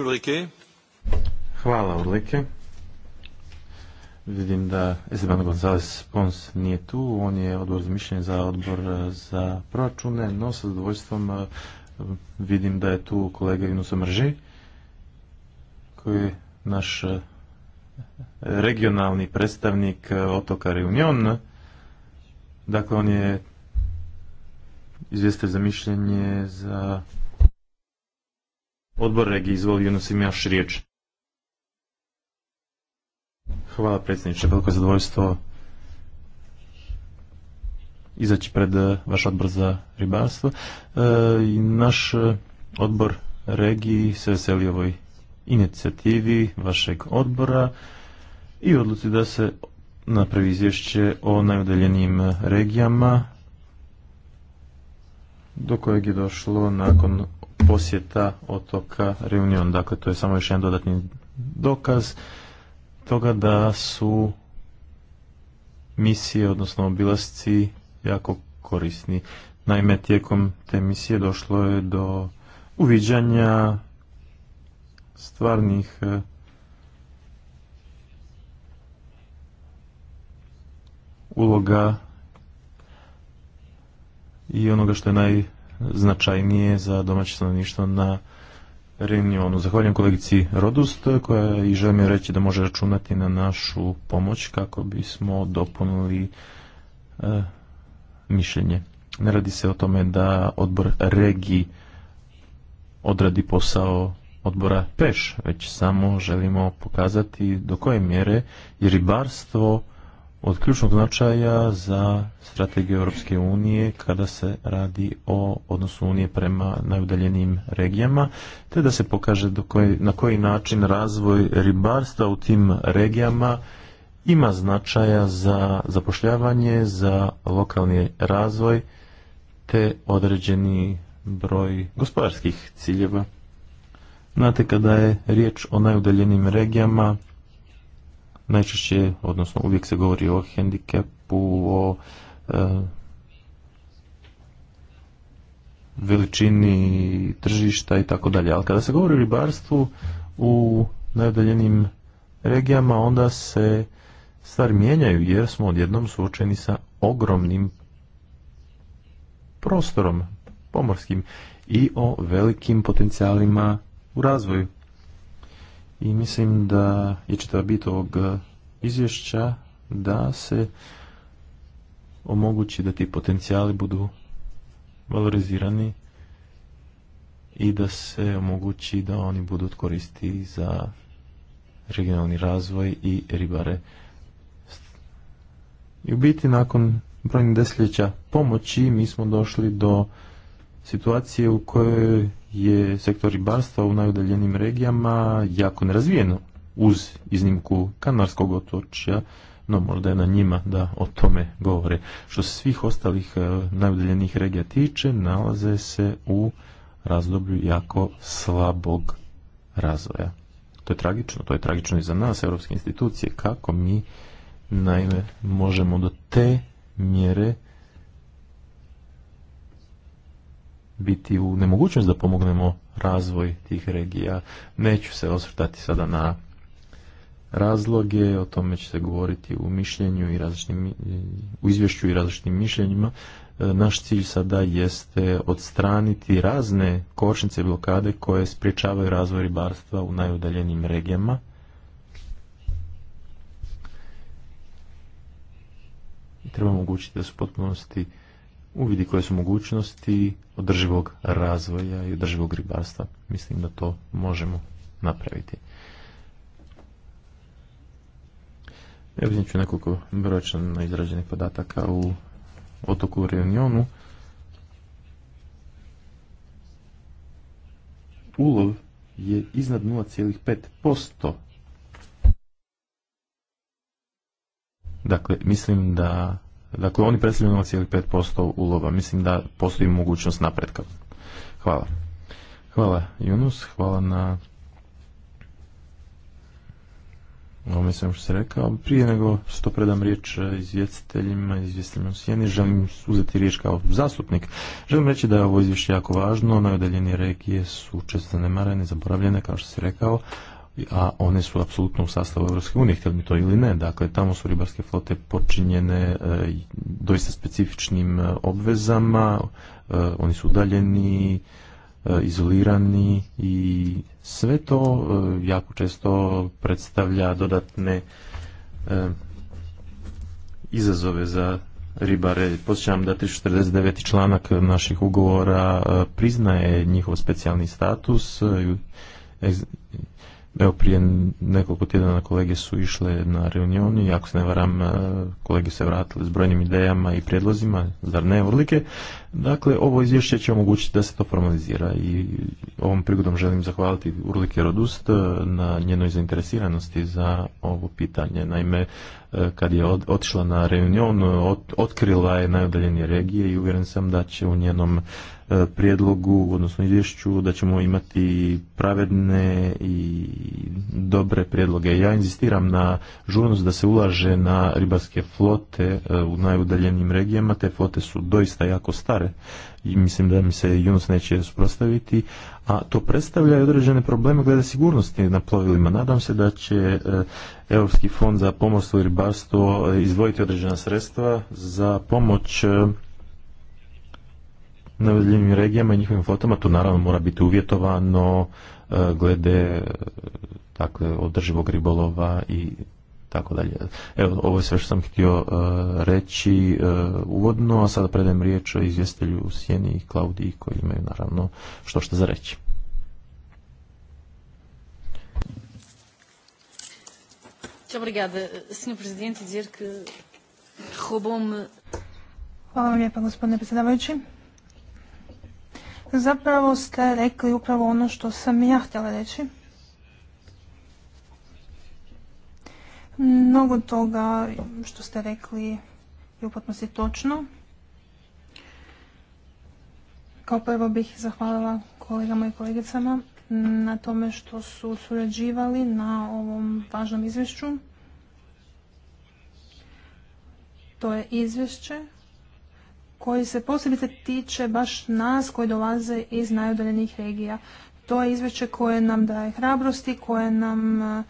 Hvala Ulrike. Vidim da Esteban Gonzalez Pons nije tu, on je odbor za mišljenje za odbor za proračune, no sa zadovoljstvom Vidim da je tu kolega Inusa Mrži, koji je naš e, regionalni predstavnik e, otoka Reunion. Dakle, on je izvjestio za mišljenje za odbor regije. Izvoli, Junus, imaš još riječ. Hvala predsjedniče, veliko zadovoljstvo izaći pred e, vaš odbor za ribarstvo. E, I naš e, odbor regiji se veseli ovoj inicijativi vašeg odbora i odluci da se napravi izvješće o najudaljenijim regijama do kojeg je došlo nakon posjeta otoka Reunion. Dakle, to je samo još jedan dodatni dokaz toga da su misije, odnosno obilasci jako korisni. Naime, tijekom te misije došlo je do uviđanja stvarnih e, uloga i onoga što je najznačajnije za domaće stanovništvo na regionu. Zahvaljujem kolegici Rodust koja i želim reći da može računati na našu pomoć kako bismo dopunili e, mišljenje. Ne radi se o tome da odbor regi odradi posao odbora peš, već samo želimo pokazati do koje mjere je ribarstvo od ključnog značaja za strategiju Europske unije kada se radi o odnosu unije prema najudaljenijim regijama, te da se pokaže do na koji način razvoj ribarstva u tim regijama ima značaja za zapošljavanje, za lokalni razvoj te određeni broj gospodarskih ciljeva. Znate, kada je riječ o najudaljenim regijama, najčešće, odnosno uvijek se govori o hendikepu, o e, veličini tržišta i tako dalje. Ali kada se govori o ribarstvu u najudaljenim regijama, onda se stvari mijenjaju jer smo odjednom suočeni sa ogromnim prostorom pomorskim i o velikim potencijalima u razvoju. I mislim da je čitava bit ovog izvješća da se omogući da ti potencijali budu valorizirani i da se omogući da oni budu koristi za regionalni razvoj i ribare i u biti nakon brojnih desetljeća pomoći mi smo došli do situacije u kojoj je sektor ribarstva u najudaljenim regijama jako nerazvijeno uz iznimku kanarskog otočja, no možda je na njima da o tome govore. Što se svih ostalih e, najudaljenih regija tiče, nalaze se u razdoblju jako slabog razvoja. To je tragično, to je tragično i za nas, europske institucije, kako mi Naime, možemo do te mjere biti u nemogućnost da pomognemo razvoj tih regija. Neću se osvrtati sada na razloge, o tome će se govoriti u mišljenju i različitim, u izvješću i različitim mišljenjima. E, naš cilj sada jeste odstraniti razne kočnice blokade koje spriječavaju razvoj ribarstva u najudaljenim regijama treba omogućiti da su potpunosti uvidi koje su mogućnosti održivog razvoja i održivog ribarstva. Mislim da to možemo napraviti. Evo ću nekoliko izrađenih podataka u otoku Reunionu. Ulov je iznad 0,5% Dakle, mislim da dakle oni predstavljaju 0,5% ulova. Mislim da postoji mogućnost napretka. Hvala. Hvala Junus, hvala na ovo mislim što se rekao. Prije nego što predam riječ izvjestiteljima, izvjestiteljima u Sjeni, želim uzeti riječ kao zastupnik. Želim reći da je ovo izvješće jako važno, Najodeljenije regije su često zanemarene, zaboravljene, kao što se rekao, a one su apsolutno u sastavu Europske unije, htjeli mi to ili ne. Dakle, tamo su ribarske flote počinjene e, doista specifičnim e, obvezama, e, oni su udaljeni, izolirani i sve to jako često predstavlja dodatne izazove za ribare. Posjećam da 349. članak naših ugovora priznaje njihov specijalni status Evo prije nekoliko tjedana kolege su išle na reunion i ako se ne varam, e, kolege se vratili s brojnim idejama i prijedlozima, zar ne urlike. Dakle, ovo izvješće će omogućiti da se to formalizira i ovom prigodom želim zahvaliti Urlike Rodust e, na njenoj zainteresiranosti za ovo pitanje. Naime, e, kad je otišla na reunion, otkrila je najudaljenije regije i uvjeren sam da će u njenom E, prijedlogu, odnosno izvješću, da ćemo imati pravedne i dobre prijedloge. Ja inzistiram na žurnost da se ulaže na ribarske flote e, u najudaljenijim regijama. Te flote su doista jako stare i mislim da mi se Junos neće suprotstaviti, a to predstavlja i određene probleme glede sigurnosti na plovilima. Nadam se da će e, Europski fond za pomorstvo i ribarstvo izdvojiti određena sredstva za pomoć navedenim regijama i njihovim flotama, to naravno mora biti uvjetovano e, glede e, dakle, održivog ribolova i tako dalje. Evo, ovo je sve što sam htio e, reći uvodno, a sada predajem riječ o izvjestelju Sjeni i Klaudiji koji imaju naravno što što za reći. Hvala vam lijepa gospodine predsjedavajući. Zapravo ste rekli upravo ono što sam ja htjela reći. Mnogo toga što ste rekli je u točno. Kao prvo bih zahvalila kolegama i kolegicama na tome što su surađivali na ovom važnom izvješću. To je izvješće koji se posebice tiče baš nas koji dolaze iz najudaljenih regija. To je izvješće koje nam daje hrabrosti, koje nam e,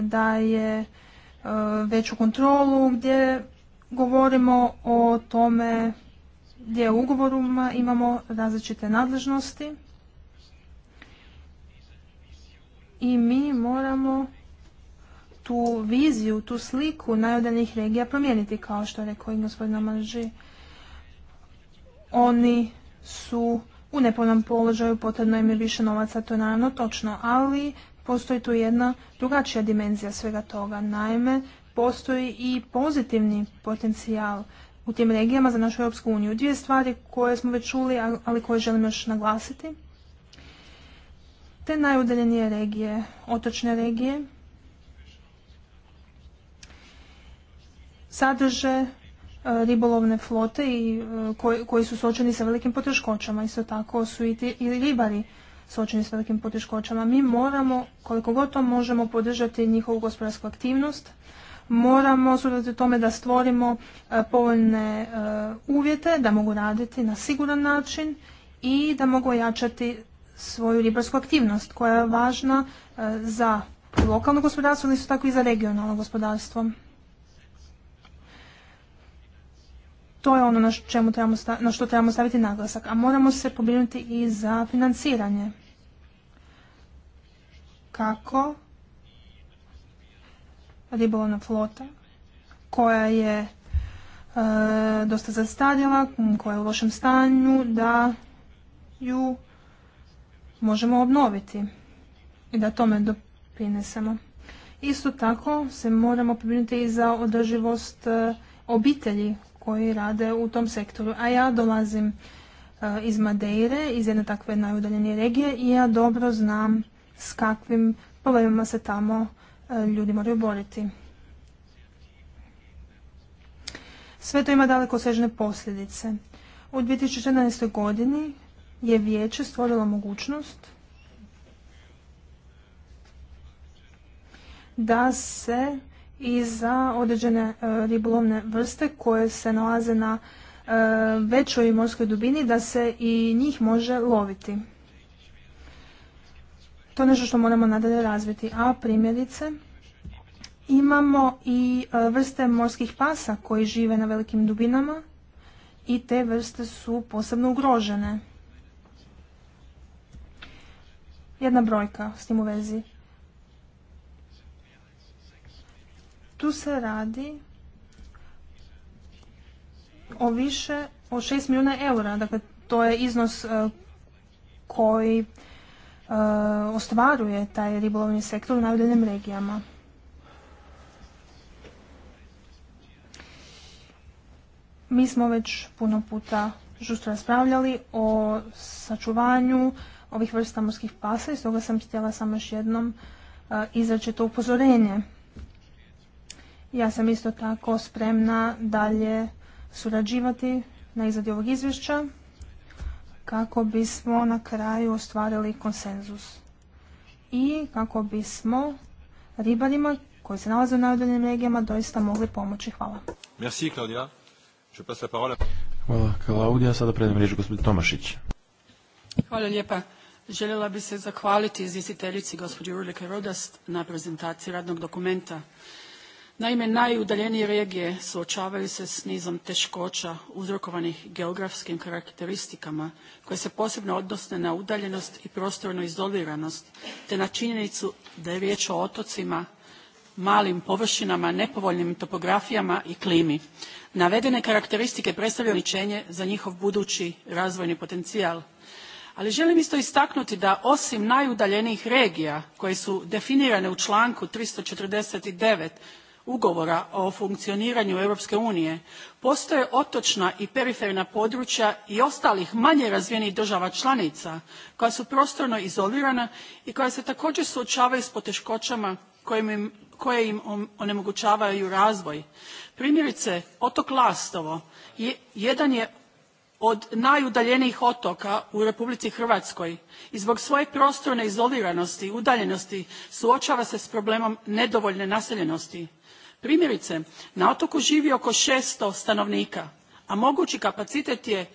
daje e, veću kontrolu, gdje govorimo o tome gdje u ugovorima imamo različite nadležnosti i mi moramo tu viziju, tu sliku najodaljenih regija promijeniti, kao što je rekao i gospodin oni su u nepovoljnom položaju, potrebno im je više novaca, to je naravno točno, ali postoji tu jedna drugačija dimenzija svega toga. Naime, postoji i pozitivni potencijal u tim regijama za našu Europsku uniju. Dvije stvari koje smo već čuli, ali koje želim još naglasiti. Te najudaljenije regije, otočne regije, sadrže E, ribolovne flote i e, koji, koji su suočeni sa velikim poteškoćama. Isto tako su i, ribari suočeni sa velikim poteškoćama. Mi moramo, koliko god to možemo, podržati njihovu gospodarsku aktivnost. Moramo sudati tome da stvorimo e, povoljne uvjete, da mogu raditi na siguran način i da mogu ojačati svoju ribarsku aktivnost koja je važna za lokalno gospodarstvo, ali isto tako i za regionalno gospodarstvo. To je ono na, na što trebamo staviti naglasak, a moramo se pobrinuti i za financiranje. Kako ribolovna flota koja je e, dosta zastarjela, koja je u lošem stanju, da ju možemo obnoviti i da tome doprinesemo. Isto tako se moramo pobrinuti i za održivost e, obitelji koji rade u tom sektoru. A ja dolazim e, iz Madeire, iz jedne takve najudaljenije regije i ja dobro znam s kakvim problemima se tamo e, ljudi moraju boriti. Sve to ima daleko sežne posljedice. U 2014. godini je vijeće stvorilo mogućnost da se i za određene e, ribolovne vrste koje se nalaze na e, većoj morskoj dubini da se i njih može loviti. To je nešto što moramo nadalje razviti. A primjerice, imamo i e, vrste morskih pasa koji žive na velikim dubinama i te vrste su posebno ugrožene. Jedna brojka s tim u vezi. Tu se radi o više od 6 milijuna eura. Dakle, to je iznos e, koji e, ostvaruje taj ribolovni sektor u navedenim regijama. Mi smo već puno puta žustro raspravljali o sačuvanju ovih vrsta morskih pasa i stoga sam htjela samo još jednom e, izraći to upozorenje ja sam isto tako spremna dalje surađivati na izradi ovog izvješća kako bismo na kraju ostvarili konsenzus i kako bismo ribarima koji se nalaze u najudaljenim regijama doista mogli pomoći. Hvala. Merci, Claudia. Je passe la parole. Hvala, Claudia. Sada predajem riječ gospodin Tomašić. Hvala lijepa. Željela bi se zahvaliti izvjestiteljici gospođi Urlika Rodast na prezentaciji radnog dokumenta. Naime, najudaljenije regije suočavaju se s nizom teškoća uzrokovanih geografskim karakteristikama koje se posebno odnose na udaljenost i prostornu izoliranost te na činjenicu da je riječ o otocima, malim površinama, nepovoljnim topografijama i klimi. Navedene karakteristike predstavljaju ograničenje za njihov budući razvojni potencijal. Ali želim isto istaknuti da osim najudaljenijih regija koje su definirane u članku 349 ugovora o funkcioniranju europske unije postoje otočna i periferna područja i ostalih manje razvijenih država članica koja su prostorno izolirana i koja se također suočavaju s poteškoćama koje im, onemogućavaju razvoj. primjerice otok lastovo jedan je od najudaljenijih otoka u republici hrvatskoj i zbog svoje prostorne izoliranosti i udaljenosti suočava se s problemom nedovoljne naseljenosti primjerice na otoku živi oko six stanovnika a mogući kapacitet je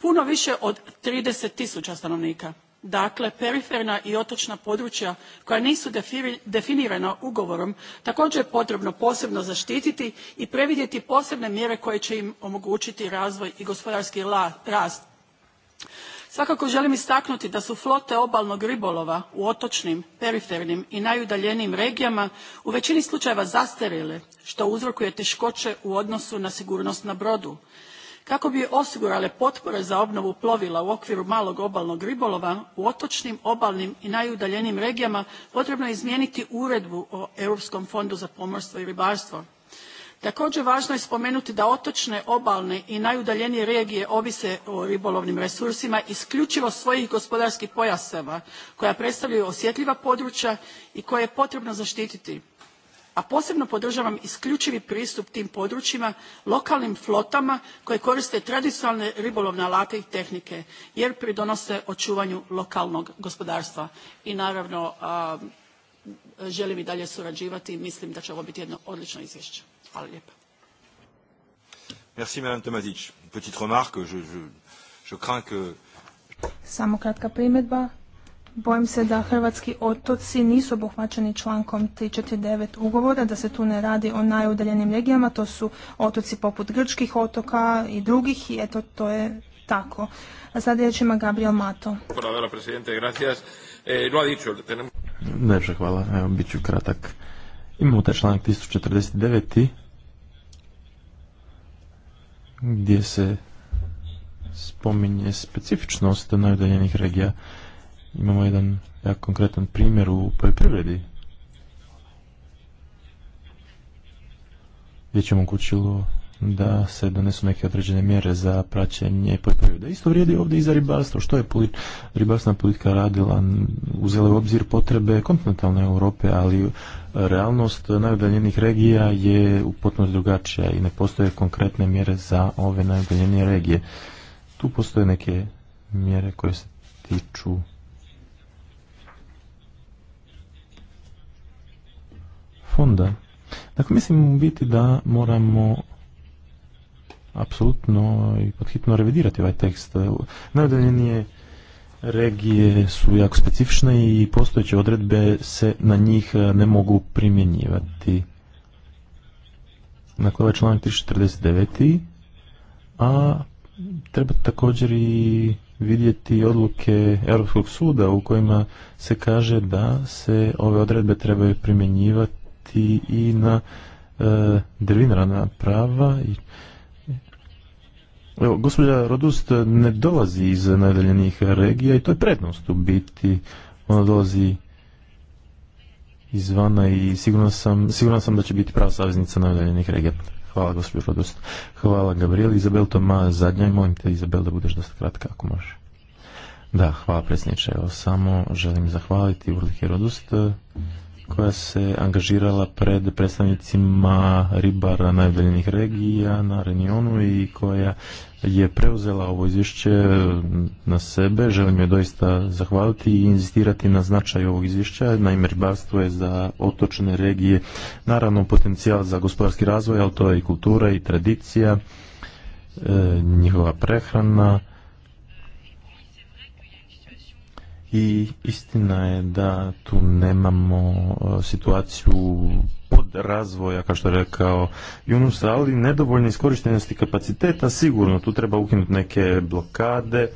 puno više od trideset tisuća stanovnika dakle periferna i otočna područja koja nisu definirana ugovorom također je potrebno posebno zaštititi i predvidjeti posebne mjere koje će im omogućiti razvoj i gospodarski rast svakako želim istaknuti da su flote obalnog ribolova u otočnim perifernim i najudaljenijim regijama u većini slučajeva zastarjele što uzrokuje teškoće u odnosu na sigurnost na brodu kako bi osigurale potpore za obnovu plovila u okviru malog obalnog ribolova u otočnim obalnim i najudaljenijim regijama potrebno je izmijeniti uredbu o europskom fondu za pomorstvo i ribarstvo također važno je spomenuti da otočne obalne i najudaljenije regije ovise o ribolovnim resursima isključivo svojih gospodarskih pojaseva koja predstavljaju osjetljiva područja i koje je potrebno zaštititi a posebno podržavam isključivi pristup tim područjima lokalnim flotama koje koriste tradicionalne ribolovne alate i tehnike jer pridonose očuvanju lokalnog gospodarstva i naravno želim i dalje surađivati i mislim da će ovo biti jedno odlično izvješće. Hvala lijepa. Merci, Madame Tomasić. Petite remarque, je, je, je crains que... Samo kratka primjedba. Bojim se da hrvatski otoci nisu obuhvaćeni člankom 349 ugovora, da se tu ne radi o najudaljenim regijama, to su otoci poput grčkih otoka i drugih i eto to je tako. A sad riječ ima Gabriel Mato. E, ne, hvala, evo bit ću kratak. Imamo taj članak 1049 gdje se spominje specifičnost najudaljenih regija. Imamo jedan jak konkretan primjer u poljoprivredi. Gdje ćemo kućilo da se donesu neke određene mjere za praćenje poljoprivrede. Isto vrijedi ovdje i za ribarstvo. Što je polit, ribarstvena politika radila? Uzela u obzir potrebe kontinentalne Europe, ali e, realnost najudaljenijih regija je u potpunosti drugačija i ne postoje konkretne mjere za ove najudaljenije regije. Tu postoje neke mjere koje se tiču fonda. Dakle, mislim u biti da moramo apsolutno i podhitno revidirati ovaj tekst. Najudaljenije regije su jako specifične i postojeće odredbe se na njih e, ne mogu primjenjivati. Dakle, ovaj članak 349. A treba također i vidjeti odluke Europskog suda u kojima se kaže da se ove odredbe trebaju primjenjivati i na e, drvinarana prava i Evo, gospođa Rodust ne dolazi iz navedenih regija i to je prednost u biti. Ona dolazi izvana i sigurno sam, sam da će biti prava saveznica najdeljenih regija. Hvala gospođo Rodust. Hvala Gabriel. Izabel Toma zadnja i molim te Izabel da budeš dosta kratka ako može. Da, hvala predsjedniče. Evo, samo želim zahvaliti Urlike Rodust koja se angažirala pred predstavnicima ribara najudaljenih regija na Renionu i koja je preuzela ovo izvješće na sebe. Želim joj doista zahvaliti i inzistirati na značaj ovog izvješća. Naime, ribarstvo je za otočne regije naravno potencijal za gospodarski razvoj, ali to je i kultura i tradicija, e, njihova prehrana, i istina je da tu nemamo e, situaciju pod razvoja, kao što je rekao Junus, ali nedovoljne iskorištenosti kapaciteta, sigurno tu treba ukinuti neke blokade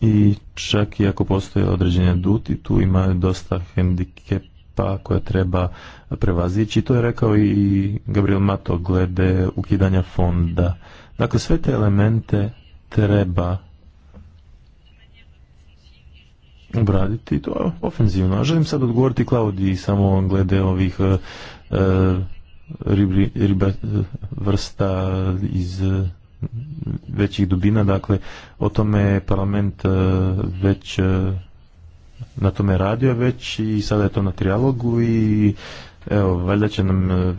i čak i ako postoje određene duti, tu ima dosta hendikepa koja treba prevazići. To je rekao i Gabriel Mato glede ukidanja fonda. Dakle, sve te elemente treba obraditi. To ofenzivno. A želim sad odgovoriti Klaudiji samo glede ovih e, e, e vrsta iz e, većih dubina. Dakle, o tome je parlament već na tome radio već i sada je to na trijalogu i Evo, valjda će nam e,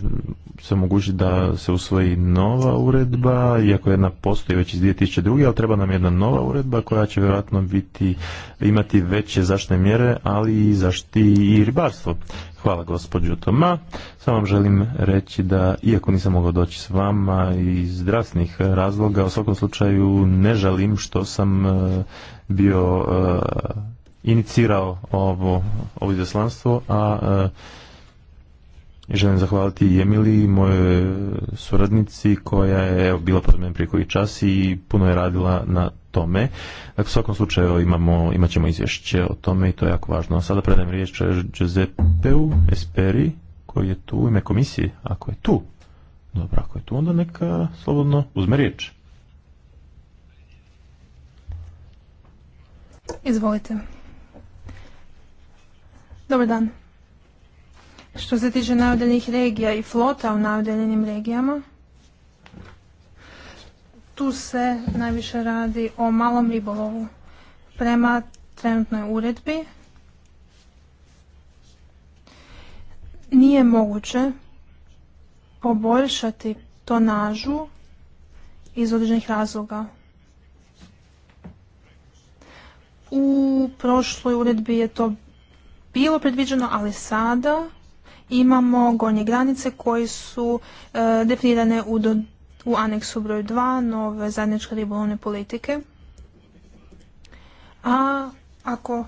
se omogućiti da se usvoji nova uredba, iako jedna postoji već iz 2002. ali treba nam jedna nova uredba koja će vjerojatno biti, imati veće zaštne mjere, ali i zaštiti i ribarstvo. Hvala gospođu Toma. Samo vam želim reći da, iako nisam mogao doći s vama iz zdravstvenih razloga, u svakom slučaju ne žalim što sam e, bio e, inicirao ovo, ovo izaslanstvo, a želim zahvaliti Emili, mojoj suradnici koja je evo, bila pod mene prije koji čas i puno je radila na tome. Dakle, u svakom slučaju imamo, imat ćemo izvješće o tome i to je jako važno. Sada predajem riječ Giuseppeu Esperi koji je tu u ime komisije. Ako je tu, dobro, ako je tu onda neka slobodno uzme riječ. Izvolite. Dobar dan. Što se tiče navedenih regija i flota u navedenim regijama, tu se najviše radi o malom ribolovu. Prema trenutnoj uredbi nije moguće poboljšati tonažu iz određenih razloga. U prošloj uredbi je to bilo predviđeno, ali sada imamo gornje granice koje su e, definirane u, aneksu broj 2 nove zajedničke ribolovne politike. A ako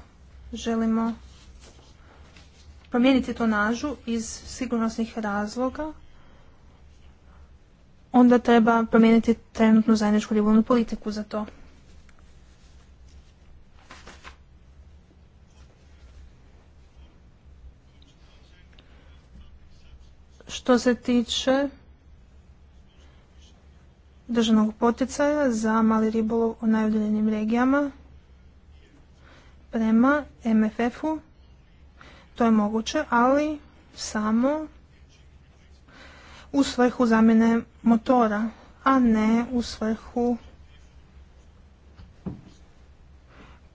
želimo promijeniti tonažu iz sigurnosnih razloga, onda treba promijeniti trenutnu zajedničku ribolovnu politiku za to. Što se tiče državnog poticaja za mali ribolov u najudeljenim regijama prema MFF-u, to je moguće, ali samo u svrhu zamjene motora, a ne u svrhu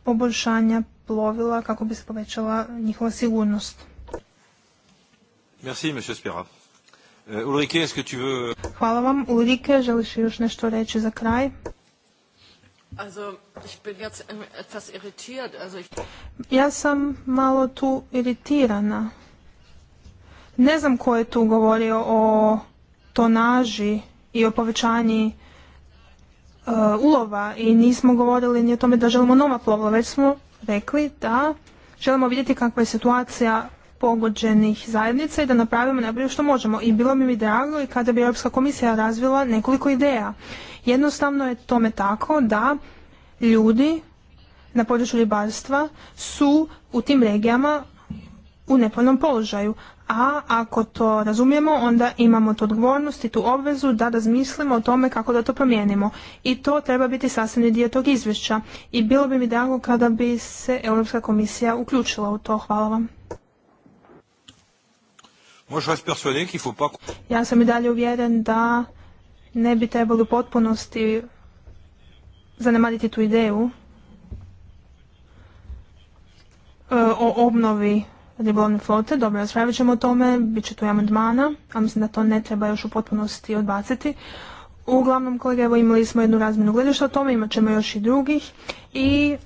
poboljšanja plovila kako bi se povećala njihova sigurnost. Merci, monsieur Spira. Eh, Ulrike, est-ce que euh, Hvala vam. Ulrike, želiš još nešto reći za kraj? Also, ähm, Ja sam malo tu iritirana. Ne znam ko je tu govorio o tonaži i o povećanji uh, ulova i nismo govorili ni o tome da želimo nova plovila, već smo rekli da želimo vidjeti kakva je situacija pogođenih zajednica i da napravimo najbolje što možemo. I bilo bi mi drago i kada bi Europska komisija razvila nekoliko ideja. Jednostavno je tome tako da ljudi na području ribarstva su u tim regijama u nepovoljnom položaju. A ako to razumijemo, onda imamo tu odgovornost i tu obvezu da razmislimo o tome kako da to promijenimo. I to treba biti sastavni dio tog izvješća. I bilo bi mi drago kada bi se Europska komisija uključila u to. Hvala vam. Ja sam i dalje uvjeren da ne bi trebali u potpunosti zanemariti tu ideju e, o obnovi ribolovne flote. Dobro, raspravit ćemo o tome, bit će tu i amandmana, a mislim da to ne treba još u potpunosti odbaciti. Uglavnom, kolega, evo imali smo jednu razminu gledišta o tome, imat ćemo još i drugih i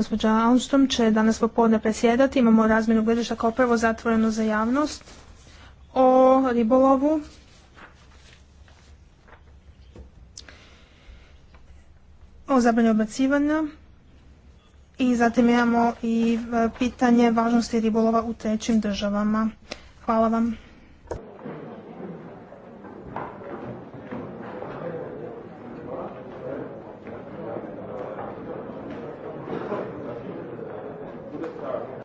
Gospođa Armstrong će danas popodne presjedati. Imamo razmjenu gledišta kao prvo zatvoreno za javnost o ribolovu. O zabranju odbacivanja. I zatim imamo i e, pitanje važnosti ribolova u trećim državama. Hvala vam.